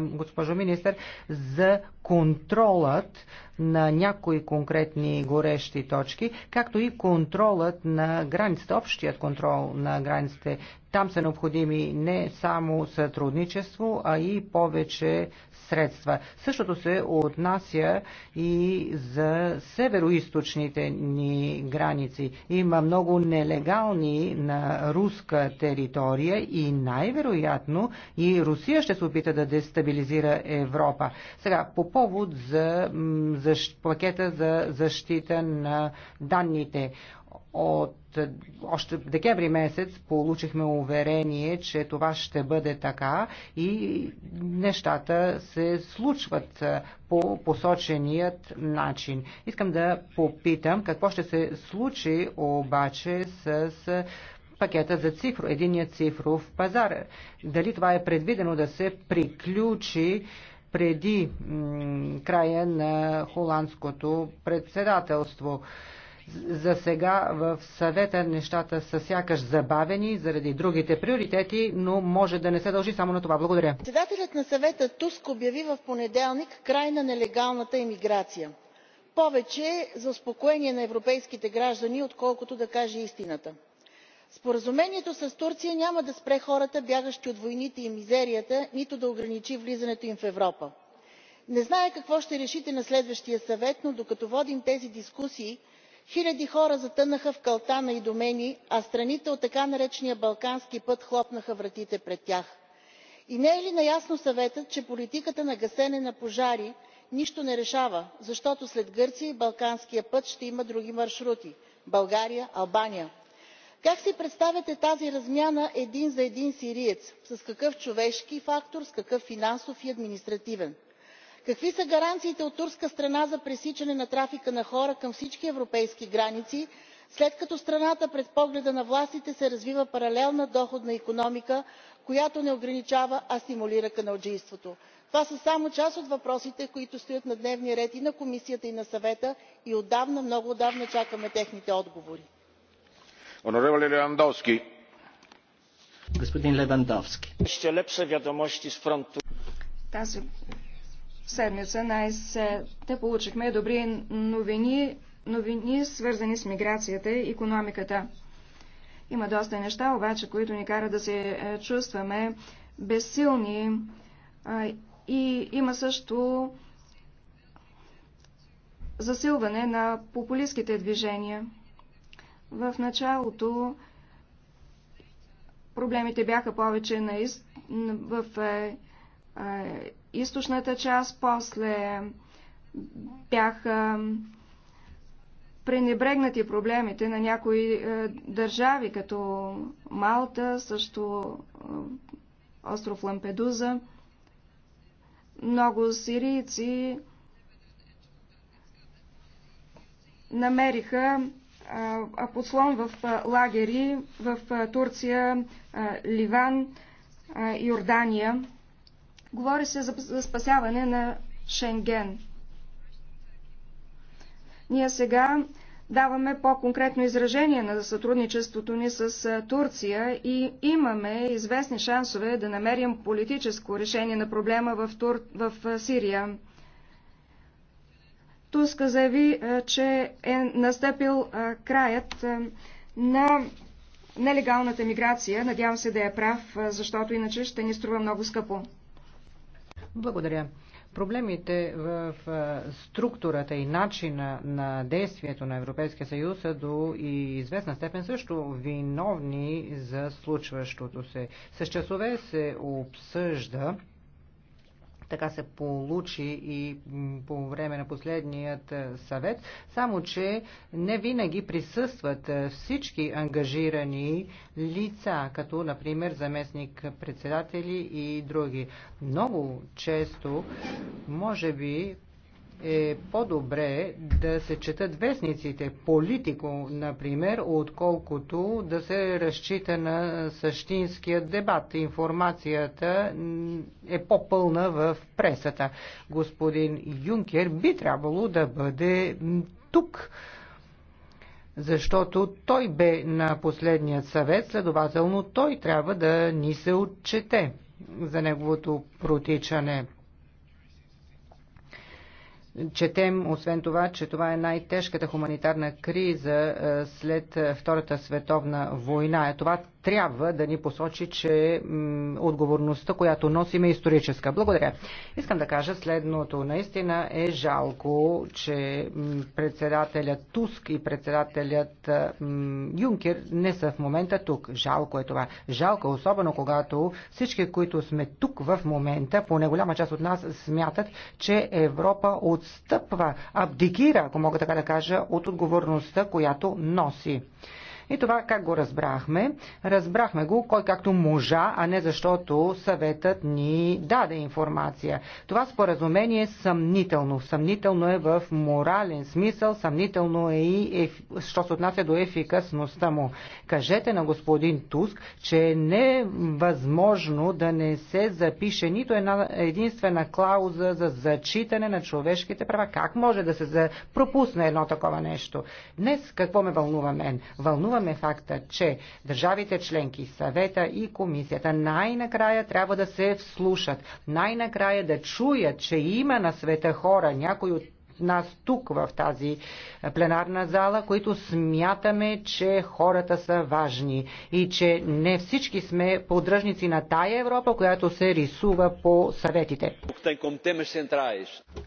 госпожо министър за контролът на някои конкретни горещи точки, както и контролът на границите, общият контрол на границите. Там са необходими не само сътрудничество, а и повече средства. Същото се отнася и за северо-источните ни граници. Има много нелегални на руска територия и най-вероятно и Русия ще се опита да дестабилизира Европа. Сега, по повод за защ, пакета за защита на данните. От още декември месец получихме уверение, че това ще бъде така и нещата се случват по посоченият начин. Искам да попитам какво ще се случи обаче с пакета за цифро, единия цифров пазар. Дали това е предвидено да се приключи преди края на холандското председателство. За сега в съвета нещата са сякаш забавени заради другите приоритети, но може да не се дължи само на това. Благодаря. Председателят на съвета Туск обяви в понеделник край на нелегалната иммиграция. Повече за успокоение на европейските граждани, отколкото да каже истината споразумението с турция няма да спре хората бягащи от войните и мизерията нито да ограничи влизането им в европа. не зная какво ще решите на следващия съвет но докато водим тези дискусии хиляди хора затънаха в калта на идомени, а страните от така наречения балкански път хлопнаха вратите пред тях. и не е ли наясно съветът че политиката на гасене на пожари нищо не решава защото след гърция и балканския път ще има други маршрути българя албания? как си представяте тази размяна един за един сириец с какъв човешки фактор с какъв финансов и административен? какви са гаранциите от турска страна за пресичане на трафика на хора към всички европейски граници след като страната пред погледа на властите се развива паралелна доходна икономика която не ограничава а стимулира каналджийството? това са само част от въпросите които стоят на дневния ред и на комисията и на съвета и отдавна много отдавна чакаме техните отговори. Господин Левандовски. Тази седмица най-сетне получихме добри новини, новини, свързани с миграцията и економиката. Има доста неща, обаче, които ни кара да се е, чувстваме безсилни и има също засилване на популистските движения. В началото проблемите бяха повече на из... в е, е, източната част, после бяха пренебрегнати проблемите на някои е, държави, като Малта, също е, остров Лампедуза. Много сирийци намериха послон в лагери в Турция, Ливан, Йордания. Говори се за спасяване на Шенген. Ние сега даваме по-конкретно изражение на сътрудничеството ни с Турция и имаме известни шансове да намерим политическо решение на проблема в, Тур... в Сирия. Туска заяви, че е настъпил краят на нелегалната миграция. Надявам се да е прав, защото иначе ще ни струва много скъпо. Благодаря. Проблемите в структурата и начина на действието на Европейския съюз са до и известна степен също виновни за случващото се. С часове се обсъжда така се получи и по време на последният е, съвет, само че не винаги присъстват е, всички ангажирани лица, като например заместник председатели и други. Много често, може би, е по-добре да се четат вестниците, политико, например, отколкото да се разчита на същинския дебат. Информацията е по-пълна в пресата. Господин Юнкер би трябвало да бъде тук защото той бе на последният съвет, следователно той трябва да ни се отчете за неговото протичане. Четем, освен това, че това е най-тежката хуманитарна криза след Втората световна война. Е, това трябва да ни посочи, че отговорността, която носим е историческа. Благодаря. Искам да кажа следното. Наистина е жалко, че председателят Туск и председателят Юнкер не са в момента тук. Жалко е това. Жалко, е, особено когато всички, които сме тук в момента, поне голяма част от нас смятат, че Европа отстъпва, абдикира, ако мога така да кажа, от отговорността, която носи. И това как го разбрахме? Разбрахме го кой както можа, а не защото съветът ни даде информация. Това споразумение е съмнително. Съмнително е в морален смисъл, съмнително е и еф... що се отнася до ефикасността му. Кажете на господин Туск, че е невъзможно да не се запише нито една единствена клауза за зачитане на човешките права. Как може да се пропусне едно такова нещо? Днес какво ме вълнува мен? Вълнува приветстваме факта, че държавите членки, съвета и комисията най-накрая трябва да се вслушат, най-накрая да чуят, че има на света хора, някои от нас тук в тази пленарна зала, които смятаме, че хората са важни и че не всички сме поддръжници на тая Европа, която се рисува по съветите.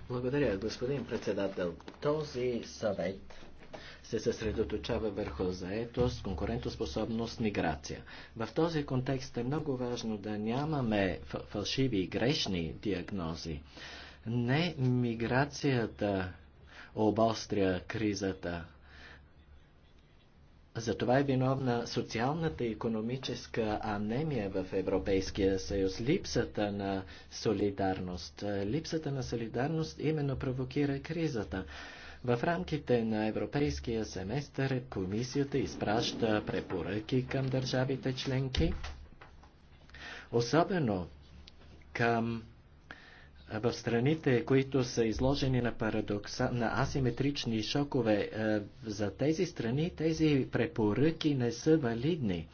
Благодаря, господин председател. Този съвет се съсредоточава върху заетост, конкурентоспособност, миграция. В този контекст е много важно да нямаме фалшиви и грешни диагнози. Не миграцията обостря кризата. За това е виновна социалната и економическа анемия в Европейския съюз, липсата на солидарност. Липсата на солидарност именно провокира кризата. В рамките на европейския семестър комисията изпраща препоръки към държавите членки, особено към в страните, които са изложени на, парадокса, на асиметрични шокове, за тези страни тези препоръки не са валидни.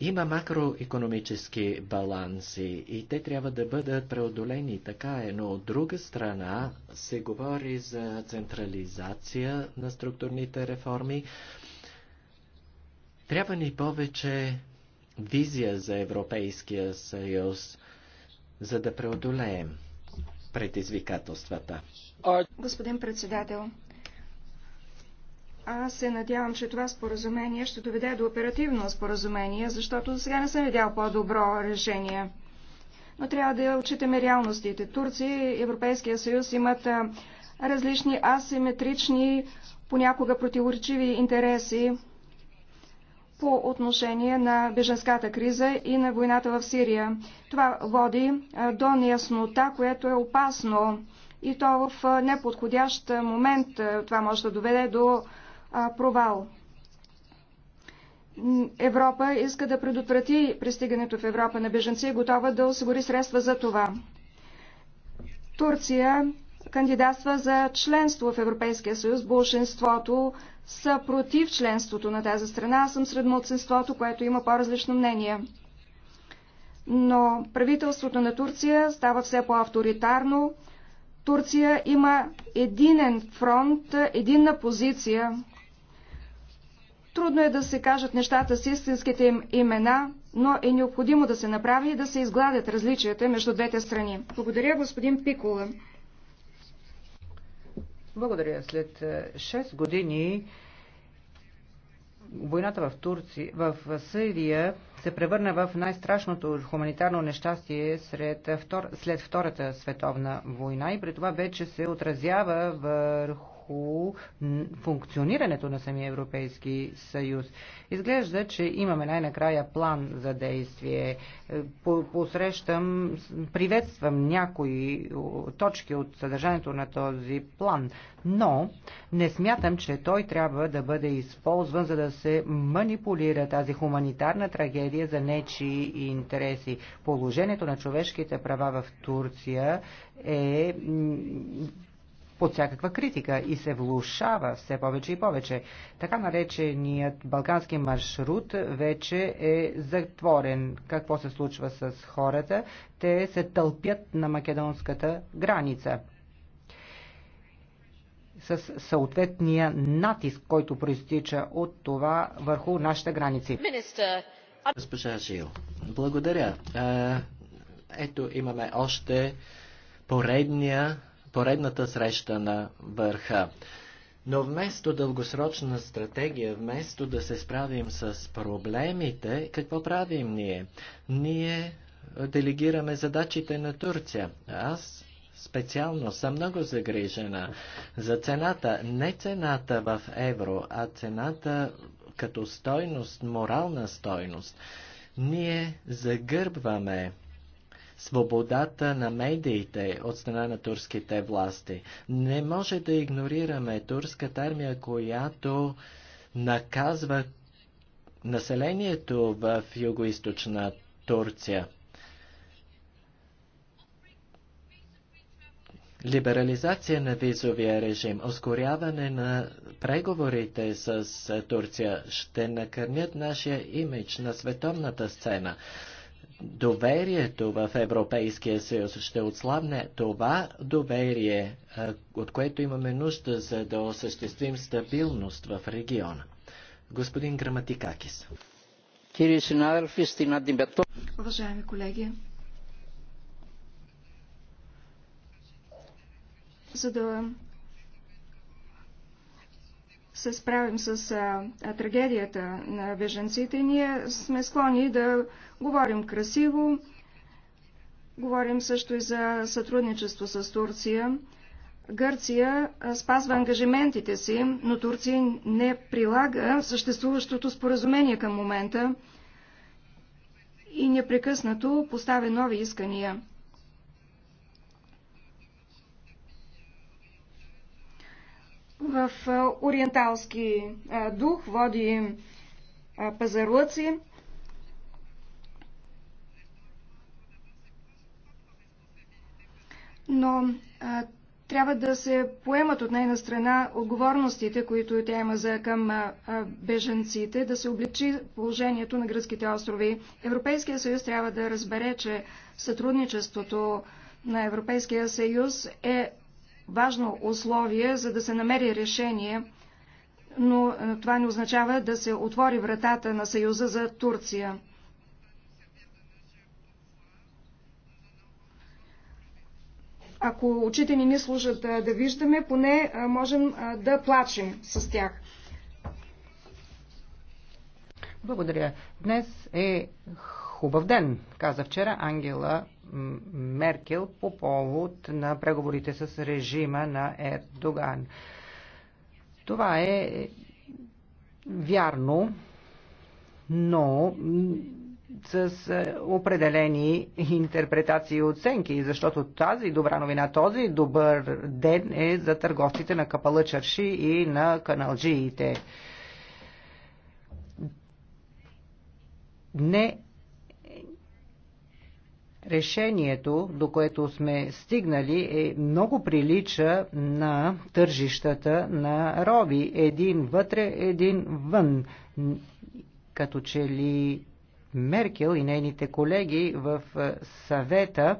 Има макроекономически баланси и те трябва да бъдат преодолени, така е, но от друга страна се говори за централизация на структурните реформи. Трябва ни повече визия за Европейския съюз, за да преодолеем предизвикателствата. Господин председател, аз се надявам, че това споразумение ще доведе до оперативно споразумение, защото до сега не съм видял по-добро решение. Но трябва да отчитаме реалностите. Турция и Европейския съюз имат различни асиметрични, понякога противоречиви интереси по отношение на беженската криза и на войната в Сирия. Това води до неяснота, което е опасно и то в неподходящ момент. Това може да доведе до провал. Европа иска да предотврати пристигането в Европа на беженци и е готова да осигури средства за това. Турция кандидатства за членство в Европейския съюз. Большинството са против членството на тази страна. Аз съм сред младсинството, което има по-различно мнение. Но правителството на Турция става все по-авторитарно. Турция има единен фронт, единна позиция Трудно е да се кажат нещата с истинските им имена, но е необходимо да се направи и да се изгладят различията между двете страни. Благодаря, господин Пикола. Благодаря. След 6 е, години войната в Турция, в Сирия се превърна в най-страшното хуманитарно нещастие сред, втор, след Втората световна война и при това вече се отразява върху върху функционирането на самия Европейски съюз. Изглежда, че имаме най-накрая план за действие. Е, посрещам, приветствам някои точки от съдържанието на този план, но не смятам, че той трябва да бъде използван, за да се манипулира тази хуманитарна трагедия за нечи интереси. Положението на човешките права в Турция е под всякаква критика и се влушава все повече и повече. Така нареченият балкански маршрут вече е затворен. Какво се случва с хората? Те се тълпят на македонската граница с съответния натиск, който проистича от това върху нашите граници. Госпожа Жил, благодаря. Е, ето имаме още поредния поредната среща на върха. Но вместо дългосрочна стратегия, вместо да се справим с проблемите, какво правим ние? Ние делегираме задачите на Турция. Аз специално съм много загрижена за цената. Не цената в евро, а цената като стойност, морална стойност. Ние загърбваме свободата на медиите от страна на турските власти. Не може да игнорираме турската армия, която наказва населението в югоизточна Турция. Либерализация на визовия режим, ускоряване на преговорите с Турция ще накърнят нашия имидж на световната сцена доверието в Европейския съюз ще отслабне това доверие, от което имаме нужда, за да осъществим стабилност в региона. Господин Граматикакис. Уважаеми колеги, за да се справим с а, трагедията на беженците, ние сме склонни да говорим красиво. Говорим също и за сътрудничество с Турция. Гърция спазва ангажиментите си, но Турция не прилага съществуващото споразумение към момента и непрекъснато поставя нови искания. в ориенталски дух, води пазарлъци. Но а, трябва да се поемат от нейна страна отговорностите, които тя има за към а, беженците, да се облегчи положението на гръцките острови. Европейския съюз трябва да разбере, че сътрудничеството на Европейския съюз е важно условие, за да се намери решение, но е, това не означава да се отвори вратата на Съюза за Турция. Ако очите ни не служат е, да виждаме, поне е, можем да плачем с тях. Благодаря. Днес е хубав ден, каза вчера Ангела Меркел по повод на преговорите с режима на Ердоган. Това е вярно, но с определени интерпретации и оценки, защото тази добра новина, този добър ден е за търговците на капалъчърши и на каналджиите. Не Решението, до което сме стигнали, е много прилича на тържищата на роби. Един вътре, един вън. Като че ли Меркел и нейните колеги в съвета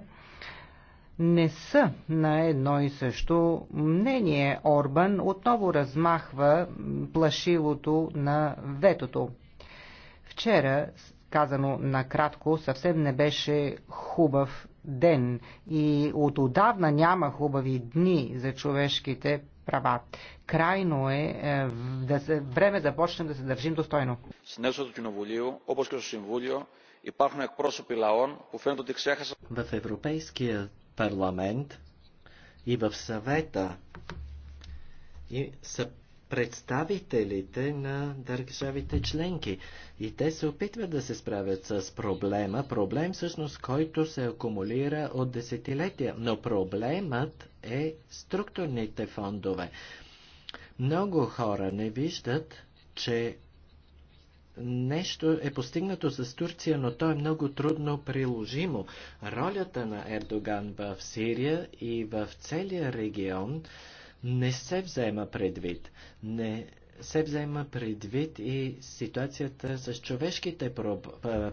не са на едно и също мнение. Орбан отново размахва плашилото на ветото. Вчера казано накратко, съвсем не беше хубав ден и от отдавна няма хубави дни за човешките права. Крайно е, е да се, време да почнем да се държим достойно. В Европейския парламент и в съвета и са представителите на държавите членки. И те се опитват да се справят с проблема, проблем всъщност, който се акумулира от десетилетия. Но проблемът е структурните фондове. Много хора не виждат, че нещо е постигнато с Турция, но то е много трудно приложимо. Ролята на Ердоган в Сирия и в целия регион не се взема предвид. Не се взема предвид и ситуацията с човешките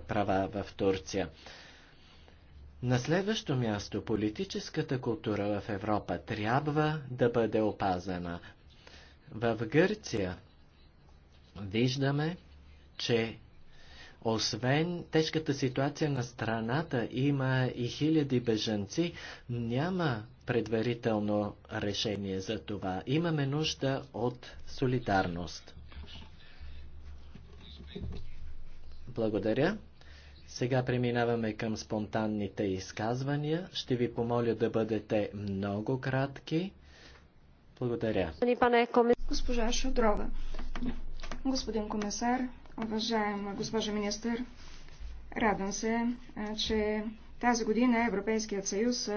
права в Турция. На следващо място, политическата култура в Европа трябва да бъде опазена. В Гърция виждаме, че освен тежката ситуация на страната, има и хиляди бежанци, няма предварително решение за това. Имаме нужда от солидарност. Благодаря. Сега преминаваме към спонтанните изказвания. Ще ви помоля да бъдете много кратки. Благодаря. Госпожа Шудрова, господин комисар, уважаема госпожа министър, радвам се, че тази година Европейският съюз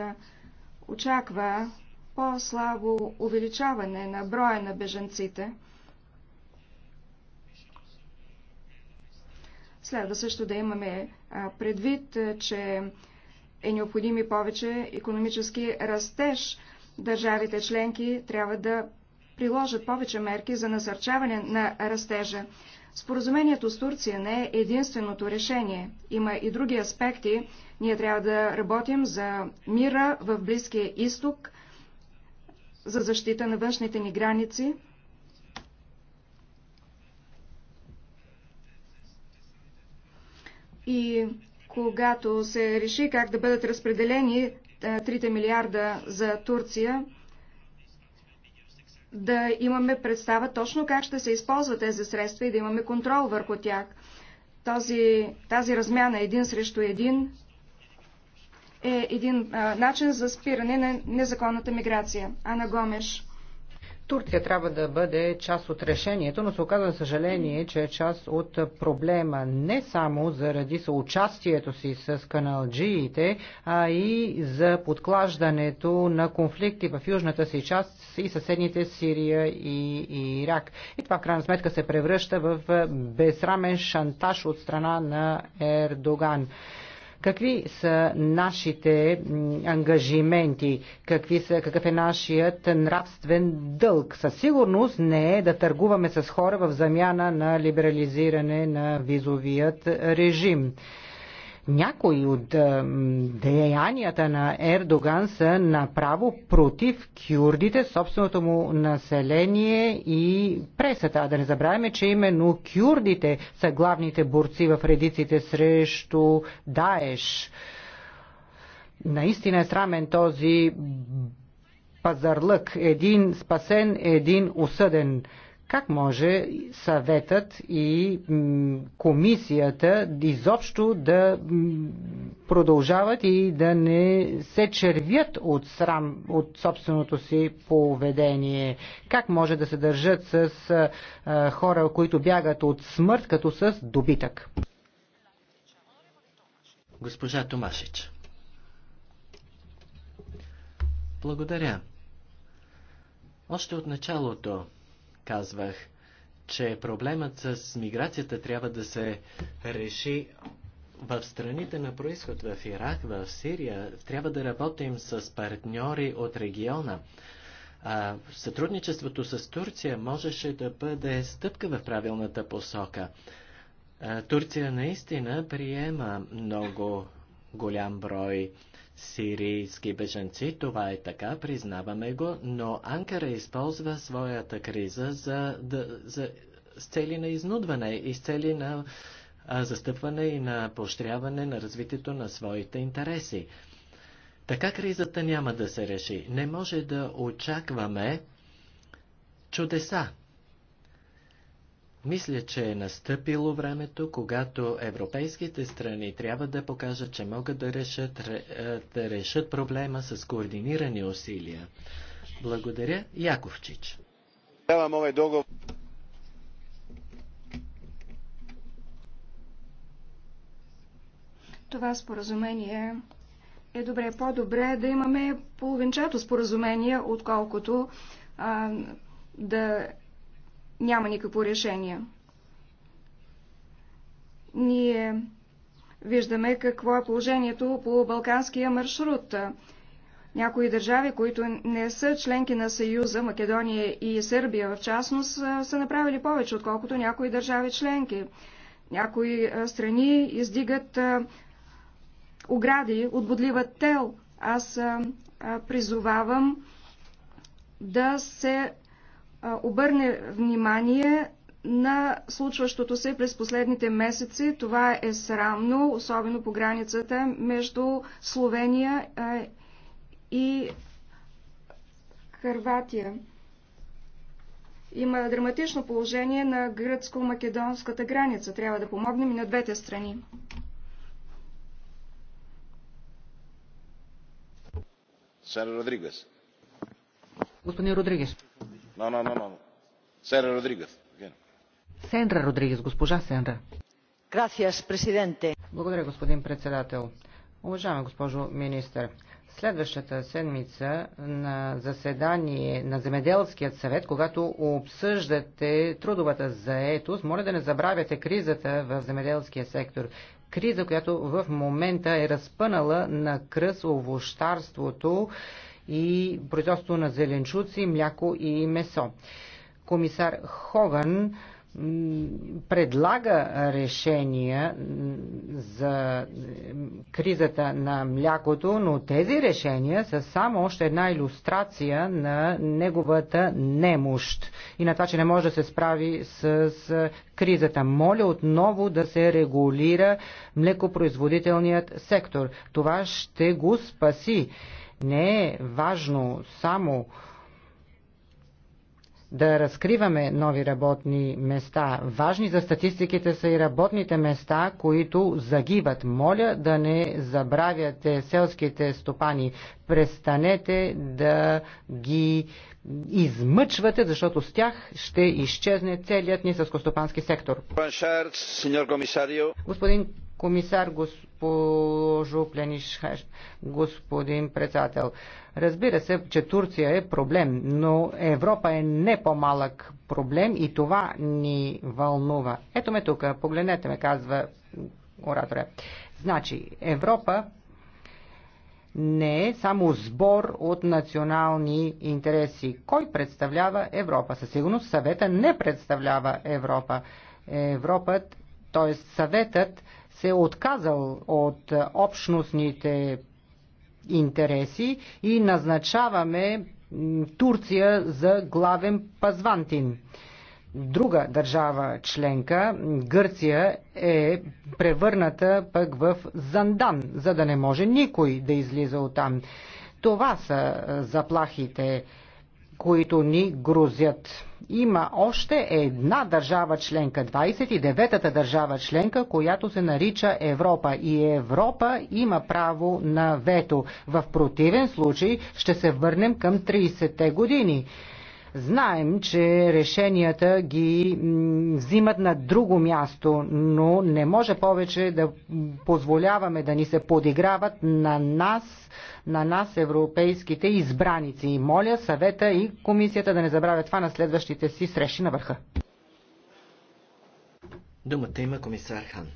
очаква по-слабо увеличаване на броя на беженците. Следва също да имаме предвид, че е необходим и повече економически растеж. Държавите членки трябва да приложат повече мерки за насърчаване на растежа. Споразумението с Турция не е единственото решение. Има и други аспекти. Ние трябва да работим за мира в Близкия изток, за защита на външните ни граници. И когато се реши как да бъдат разпределени 3 милиарда за Турция, да имаме представа точно как ще се използват тези средства и да имаме контрол върху тях. Този, тази размяна един срещу един е един а, начин за спиране на незаконната миграция. Ана Гомеш. Турция трябва да бъде част от решението, но се оказва съжаление, че е част от проблема не само заради съучастието си с каналджиите, а и за подклаждането на конфликти в южната си част и съседните Сирия и, и Ирак. И това в крайна сметка се превръща в безрамен шантаж от страна на Ердоган. Какви са нашите ангажименти? Какви са, какъв е нашият нравствен дълг? Със сигурност не е да търгуваме с хора в замяна на либерализиране на визовият режим. Някои от деянията на Ердоган са направо против кюрдите, собственото му население и пресата. А да не забравяме, че именно кюрдите са главните борци в редиците срещу Даеш. Наистина е срамен този пазарлък. Един спасен, един осъден. Как може съветът и комисията изобщо да продължават и да не се червят от срам от собственото си поведение? Как може да се държат с хора, които бягат от смърт, като с добитък? Госпожа Томашич. Благодаря. Още от началото казвах, че проблемът с миграцията трябва да се реши в страните на происход, в Ирак, в Сирия. Трябва да работим с партньори от региона. А, сътрудничеството с Турция можеше да бъде стъпка в правилната посока. А, Турция наистина приема много голям брой сирийски беженци. Това е така, признаваме го, но Анкара използва своята криза за, да, за, с цели на изнудване и с цели на а, застъпване и на поощряване на развитието на своите интереси. Така кризата няма да се реши. Не може да очакваме чудеса. Мисля, че е настъпило времето, когато европейските страни трябва да покажат, че могат да решат, е, да решат проблема с координирани усилия. Благодаря, Яковчич. Давам договор. Това споразумение е добре, по-добре да имаме половинчато споразумение, отколкото а, да няма никакво решение. Ние виждаме какво е положението по Балканския маршрут. Някои държави, които не са членки на Съюза, Македония и Сърбия в частност, са направили повече, отколкото някои държави членки. Някои страни издигат огради отбудливат тел. Аз призовавам да се обърне внимание на случващото се през последните месеци. Това е срамно, особено по границата между Словения и Харватия. Има драматично положение на гръцко-македонската граница. Трябва да помогнем и на двете страни. Родригес. Господин Родригес. No, no, no, no. Сенра Родригес. Сенра Родригес, госпожа Сенра. Gracias, presidente. Благодаря, господин председател. Уважаема госпожо министър, следващата седмица на заседание на Земеделският съвет, когато обсъждате трудовата заетост, моля да не забравяте кризата в земеделския сектор. Криза, която в момента е разпънала на кръс овощарството и производство на зеленчуци, мляко и месо. Комисар Хоган предлага решения за кризата на млякото, но тези решения са само още една иллюстрация на неговата немощ и на това, че не може да се справи с кризата. Моля отново да се регулира млекопроизводителният сектор. Това ще го спаси. Не е важно само да разкриваме нови работни места. Важни за статистиките са и работните места, които загиват. Моля да не забравяте селските стопани. Престанете да ги измъчвате, защото с тях ще изчезне целият ни съскостопански сектор. Господин комисар госпожо Пленишхаш, господин председател. Разбира се, че Турция е проблем, но Европа е не по-малък проблем и това ни вълнува. Ето ме тук, погледнете ме, казва ораторе. Значи, Европа не е само сбор от национални интереси. Кой представлява Европа? Със сигурност съвета не представлява Европа. Европът, т.е. съветът се е отказал от е, общностните интереси и назначаваме Турция за главен пазвантин. Друга държава членка, Гърция, е превърната пък в зандан, за да не може никой да излиза оттам. Това са е, заплахите които ни грузят. Има още една държава членка, 29-та държава членка, която се нарича Европа. И Европа има право на вето. В противен случай ще се върнем към 30-те години. Знаем, че решенията ги взимат на друго място, но не може повече да позволяваме да ни се подиграват на нас, на нас европейските избраници. И моля съвета и комисията да не забравят това на следващите си срещи на върха. Думата има комисар Хан.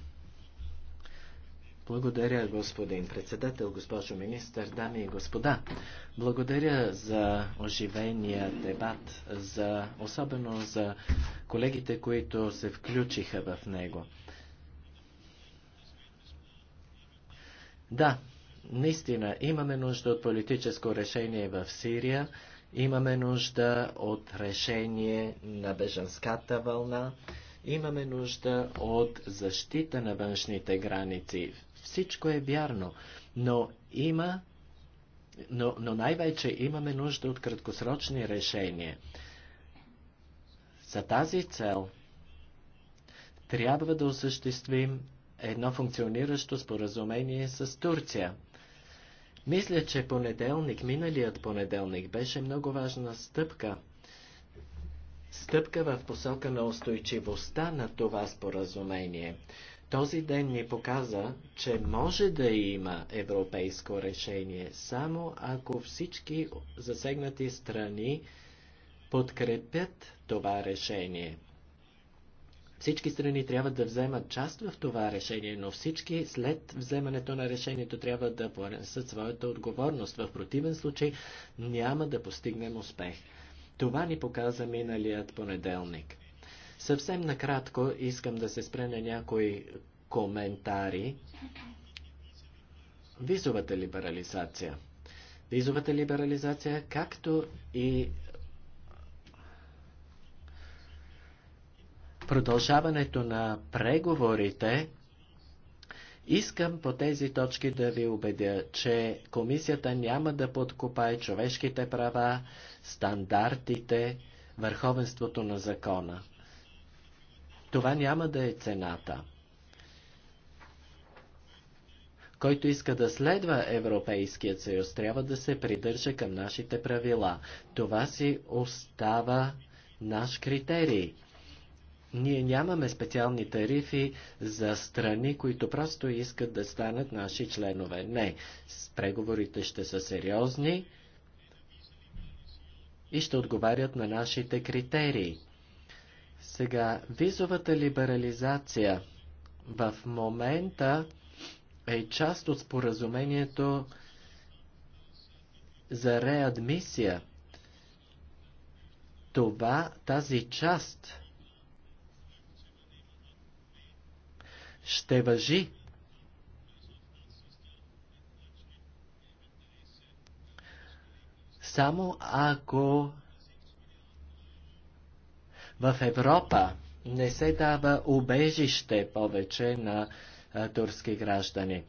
Благодаря, господин председател, госпожо министър, дами и господа. Благодаря за оживения дебат, за, особено за колегите, които се включиха в него. Да, наистина имаме нужда от политическо решение в Сирия, имаме нужда от решение на бежанската вълна, имаме нужда от защита на външните граници всичко е вярно, но има, но, но най-вече имаме нужда от краткосрочни решения. За тази цел трябва да осъществим едно функциониращо споразумение с Турция. Мисля, че понеделник, миналият понеделник, беше много важна стъпка. Стъпка в посока на устойчивостта на това споразумение. Този ден ми показа, че може да има европейско решение, само ако всички засегнати страни подкрепят това решение. Всички страни трябва да вземат част в това решение, но всички след вземането на решението трябва да понесат своята отговорност. В противен случай няма да постигнем успех. Това ни показа миналият понеделник. Съвсем накратко искам да се спре на някои коментари. Визовата либерализация. Визовата либерализация, както и продължаването на преговорите, искам по тези точки да ви убедя, че комисията няма да подкопае човешките права, стандартите, върховенството на закона. Това няма да е цената. Който иска да следва Европейският съюз, трябва да се придържа към нашите правила. Това си остава наш критерий. Ние нямаме специални тарифи за страни, които просто искат да станат наши членове. Не, преговорите ще са сериозни и ще отговарят на нашите критерии. Сега, визовата либерализация в момента е част от споразумението за реадмисия. Това, тази част ще въжи. Само ако в Европа не се дава убежище повече на а, турски граждани.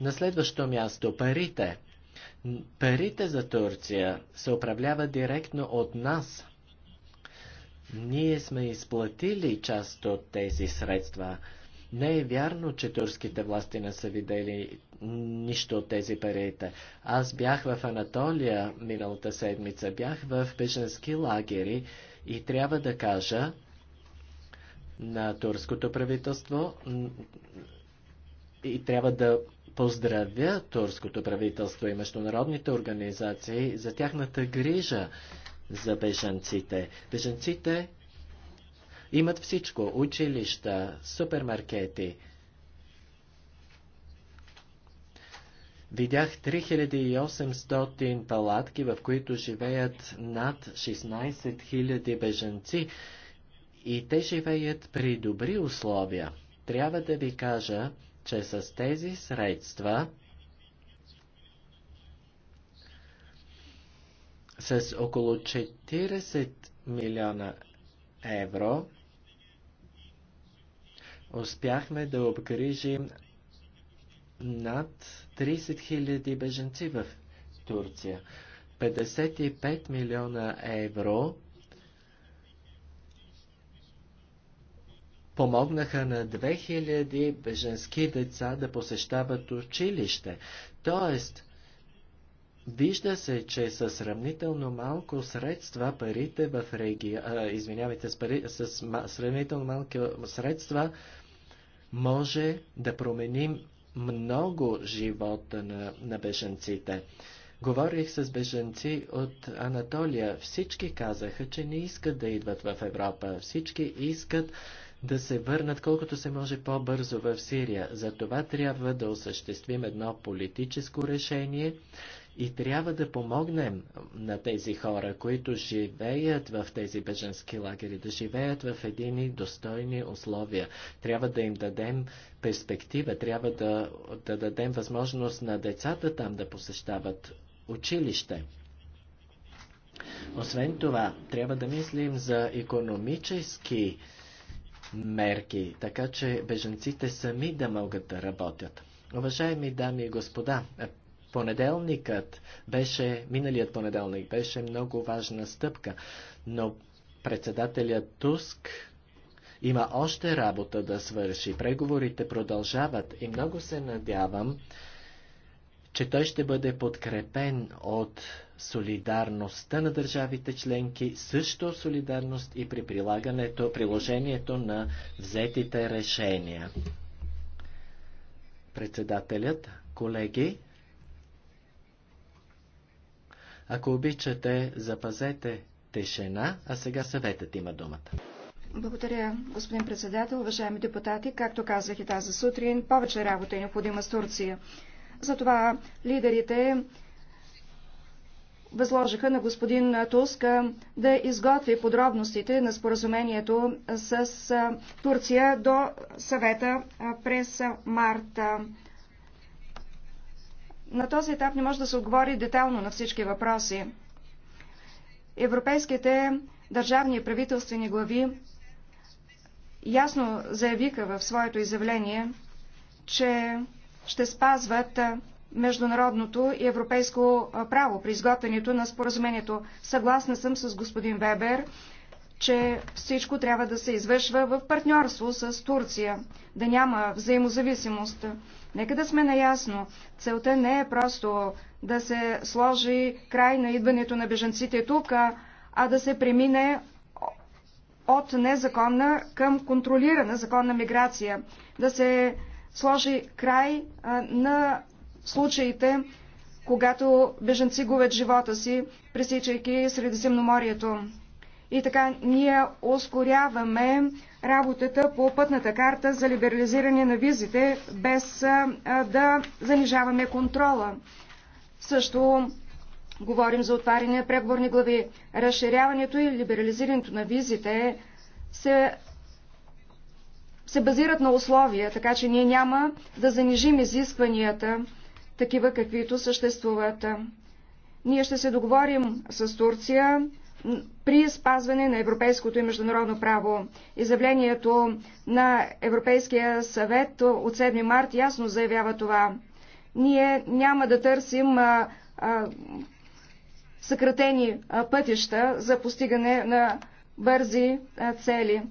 На следващо място парите. Парите за Турция се управляват директно от нас. Ние сме изплатили част от тези средства. Не е вярно, че турските власти не са видели нищо от тези парите. Аз бях в Анатолия миналата седмица, бях в беженски лагери и трябва да кажа на турското правителство и трябва да поздравя турското правителство и международните организации за тяхната грижа за бежанците. Бежанците имат всичко. Училища, супермаркети. Видях 3800 палатки, в които живеят над 16 000 бежанци и те живеят при добри условия. Трябва да ви кажа, че с тези средства с около 40 милиона евро успяхме да обгрижим над 30 000 беженци в Турция. 55 милиона евро помогнаха на 2000 беженски деца да посещават училище. Тоест, Вижда се, че с сравнително малко средства парите в региона, извинявайте, с, пари, с ма, сравнително малки средства може да променим много живота на, на беженците. Говорих с беженци от Анатолия. Всички казаха, че не искат да идват в Европа. Всички искат да се върнат колкото се може по-бързо в Сирия. За това трябва да осъществим едно политическо решение и трябва да помогнем на тези хора, които живеят в тези беженски лагери, да живеят в едини достойни условия. Трябва да им дадем перспектива, трябва да, да дадем възможност на децата там да посещават училище. Освен това, трябва да мислим за економически мерки, така че беженците сами да могат да работят. Уважаеми дами и господа, Понеделникът беше, миналият понеделник беше много важна стъпка, но председателят Туск има още работа да свърши. Преговорите продължават и много се надявам, че той ще бъде подкрепен от солидарността на държавите членки, също солидарност и при прилагането, приложението на взетите решения. Председателят, колеги, ако обичате, запазете тишина, а сега съветът има думата. Благодаря, господин председател, уважаеми депутати. Както казах и тази сутрин, повече работа е необходима с Турция. Затова лидерите възложиха на господин Туск да изготви подробностите на споразумението с Турция до съвета през марта. На този етап не може да се отговори детално на всички въпроси. Европейските държавни и правителствени глави ясно заявиха в своето изявление, че ще спазват международното и европейско право при изготвянето на споразумението. Съгласна съм с господин Вебер, че всичко трябва да се извършва в партньорство с Турция, да няма взаимозависимост. Нека да сме наясно, целта не е просто да се сложи край на идването на беженците тук, а да се премине от незаконна към контролирана законна миграция, да се сложи край на случаите, когато беженци губят живота си, пресичайки Средиземноморието. И така ние ускоряваме работата по пътната карта за либерализиране на визите, без да занижаваме контрола. Също говорим за отваряне на преговорни глави. Разширяването и либерализирането на визите се, се базират на условия, така че ние няма да занижим изискванията, такива каквито съществуват. Ние ще се договорим с Турция при спазване на европейското и международно право. Изявлението на Европейския съвет от 7 март ясно заявява това. Ние няма да търсим а, а, съкратени а, пътища за постигане на бързи а, цели.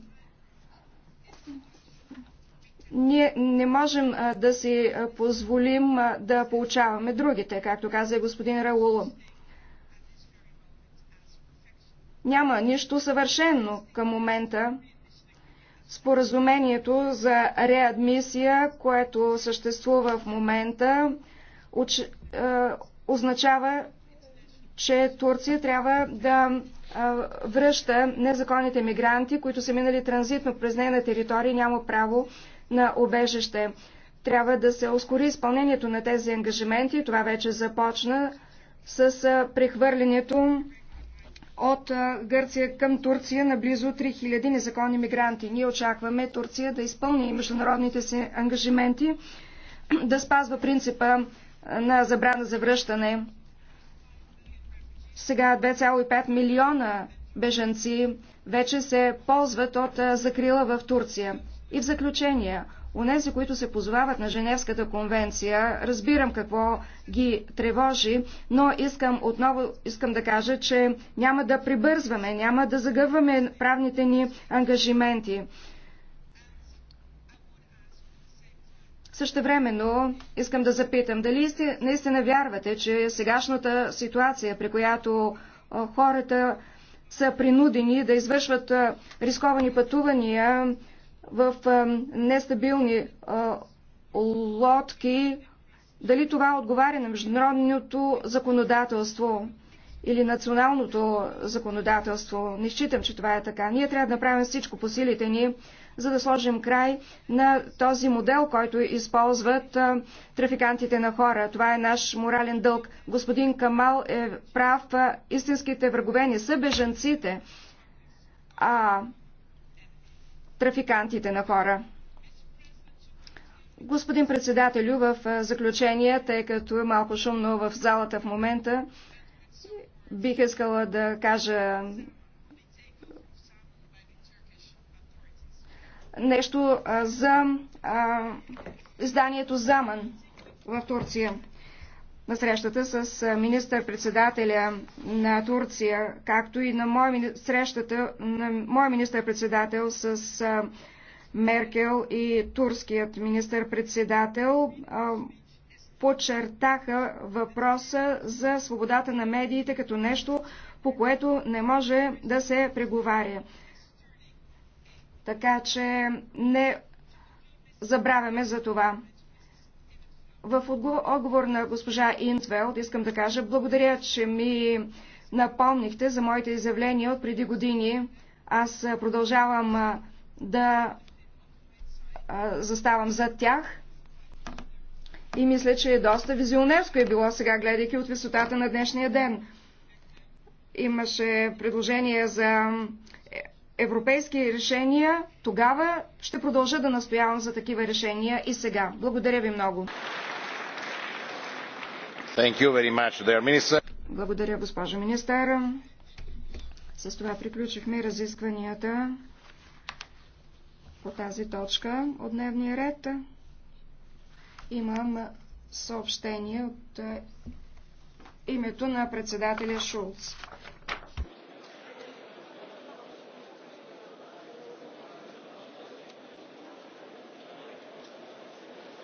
Ние не можем а, да си позволим а, да получаваме другите, както каза господин Рауло. Няма нищо съвършено към момента. Споразумението за реадмисия, което съществува в момента, уч... е, означава, че Турция трябва да връща незаконните мигранти, които са минали транзитно през нейна територия и няма право на обежище. Трябва да се ускори изпълнението на тези ангажименти. Това вече започна с прехвърлянето от Гърция към Турция на близо 3000 незаконни мигранти. Ние очакваме Турция да изпълни международните си ангажименти, да спазва принципа на забрана за връщане. Сега 2,5 милиона беженци вече се ползват от закрила в Турция. И в заключение, Унези, които се позовават на Женевската конвенция, разбирам какво ги тревожи, но искам отново искам да кажа, че няма да прибързваме, няма да загъваме правните ни ангажименти. Също времено искам да запитам, дали сте, наистина вярвате, че сегашната ситуация, при която хората са принудени да извършват рисковани пътувания в нестабилни лодки, дали това отговаря на международното законодателство или националното законодателство. Не считам, че това е така. Ние трябва да направим всичко по силите ни, за да сложим край на този модел, който използват а, трафикантите на хора. Това е наш морален дълг. Господин Камал е прав. А, истинските врагове не са бежанците, а трафикантите на хора. Господин председателю, в заключение, тъй като е малко шумно в залата в момента, бих искала да кажа нещо за изданието Заман в Турция на срещата с министър-председателя на Турция, както и на моя, срещата на моя министър-председател с Меркел и турският министър-председател подчертаха въпроса за свободата на медиите като нещо, по което не може да се преговаря. Така че не забравяме за това. В отговор на госпожа Интвелд искам да кажа благодаря, че ми напомнихте за моите изявления от преди години. Аз продължавам да заставам за тях и мисля, че е доста визионерско е било сега, гледайки от висотата на днешния ден. Имаше предложение за е, европейски решения, тогава ще продължа да настоявам за такива решения и сега. Благодаря ви много. Благодаря, госпожо министър. С това приключихме разискванията по тази точка от дневния ред. Имам съобщение от името на председателя Шулц.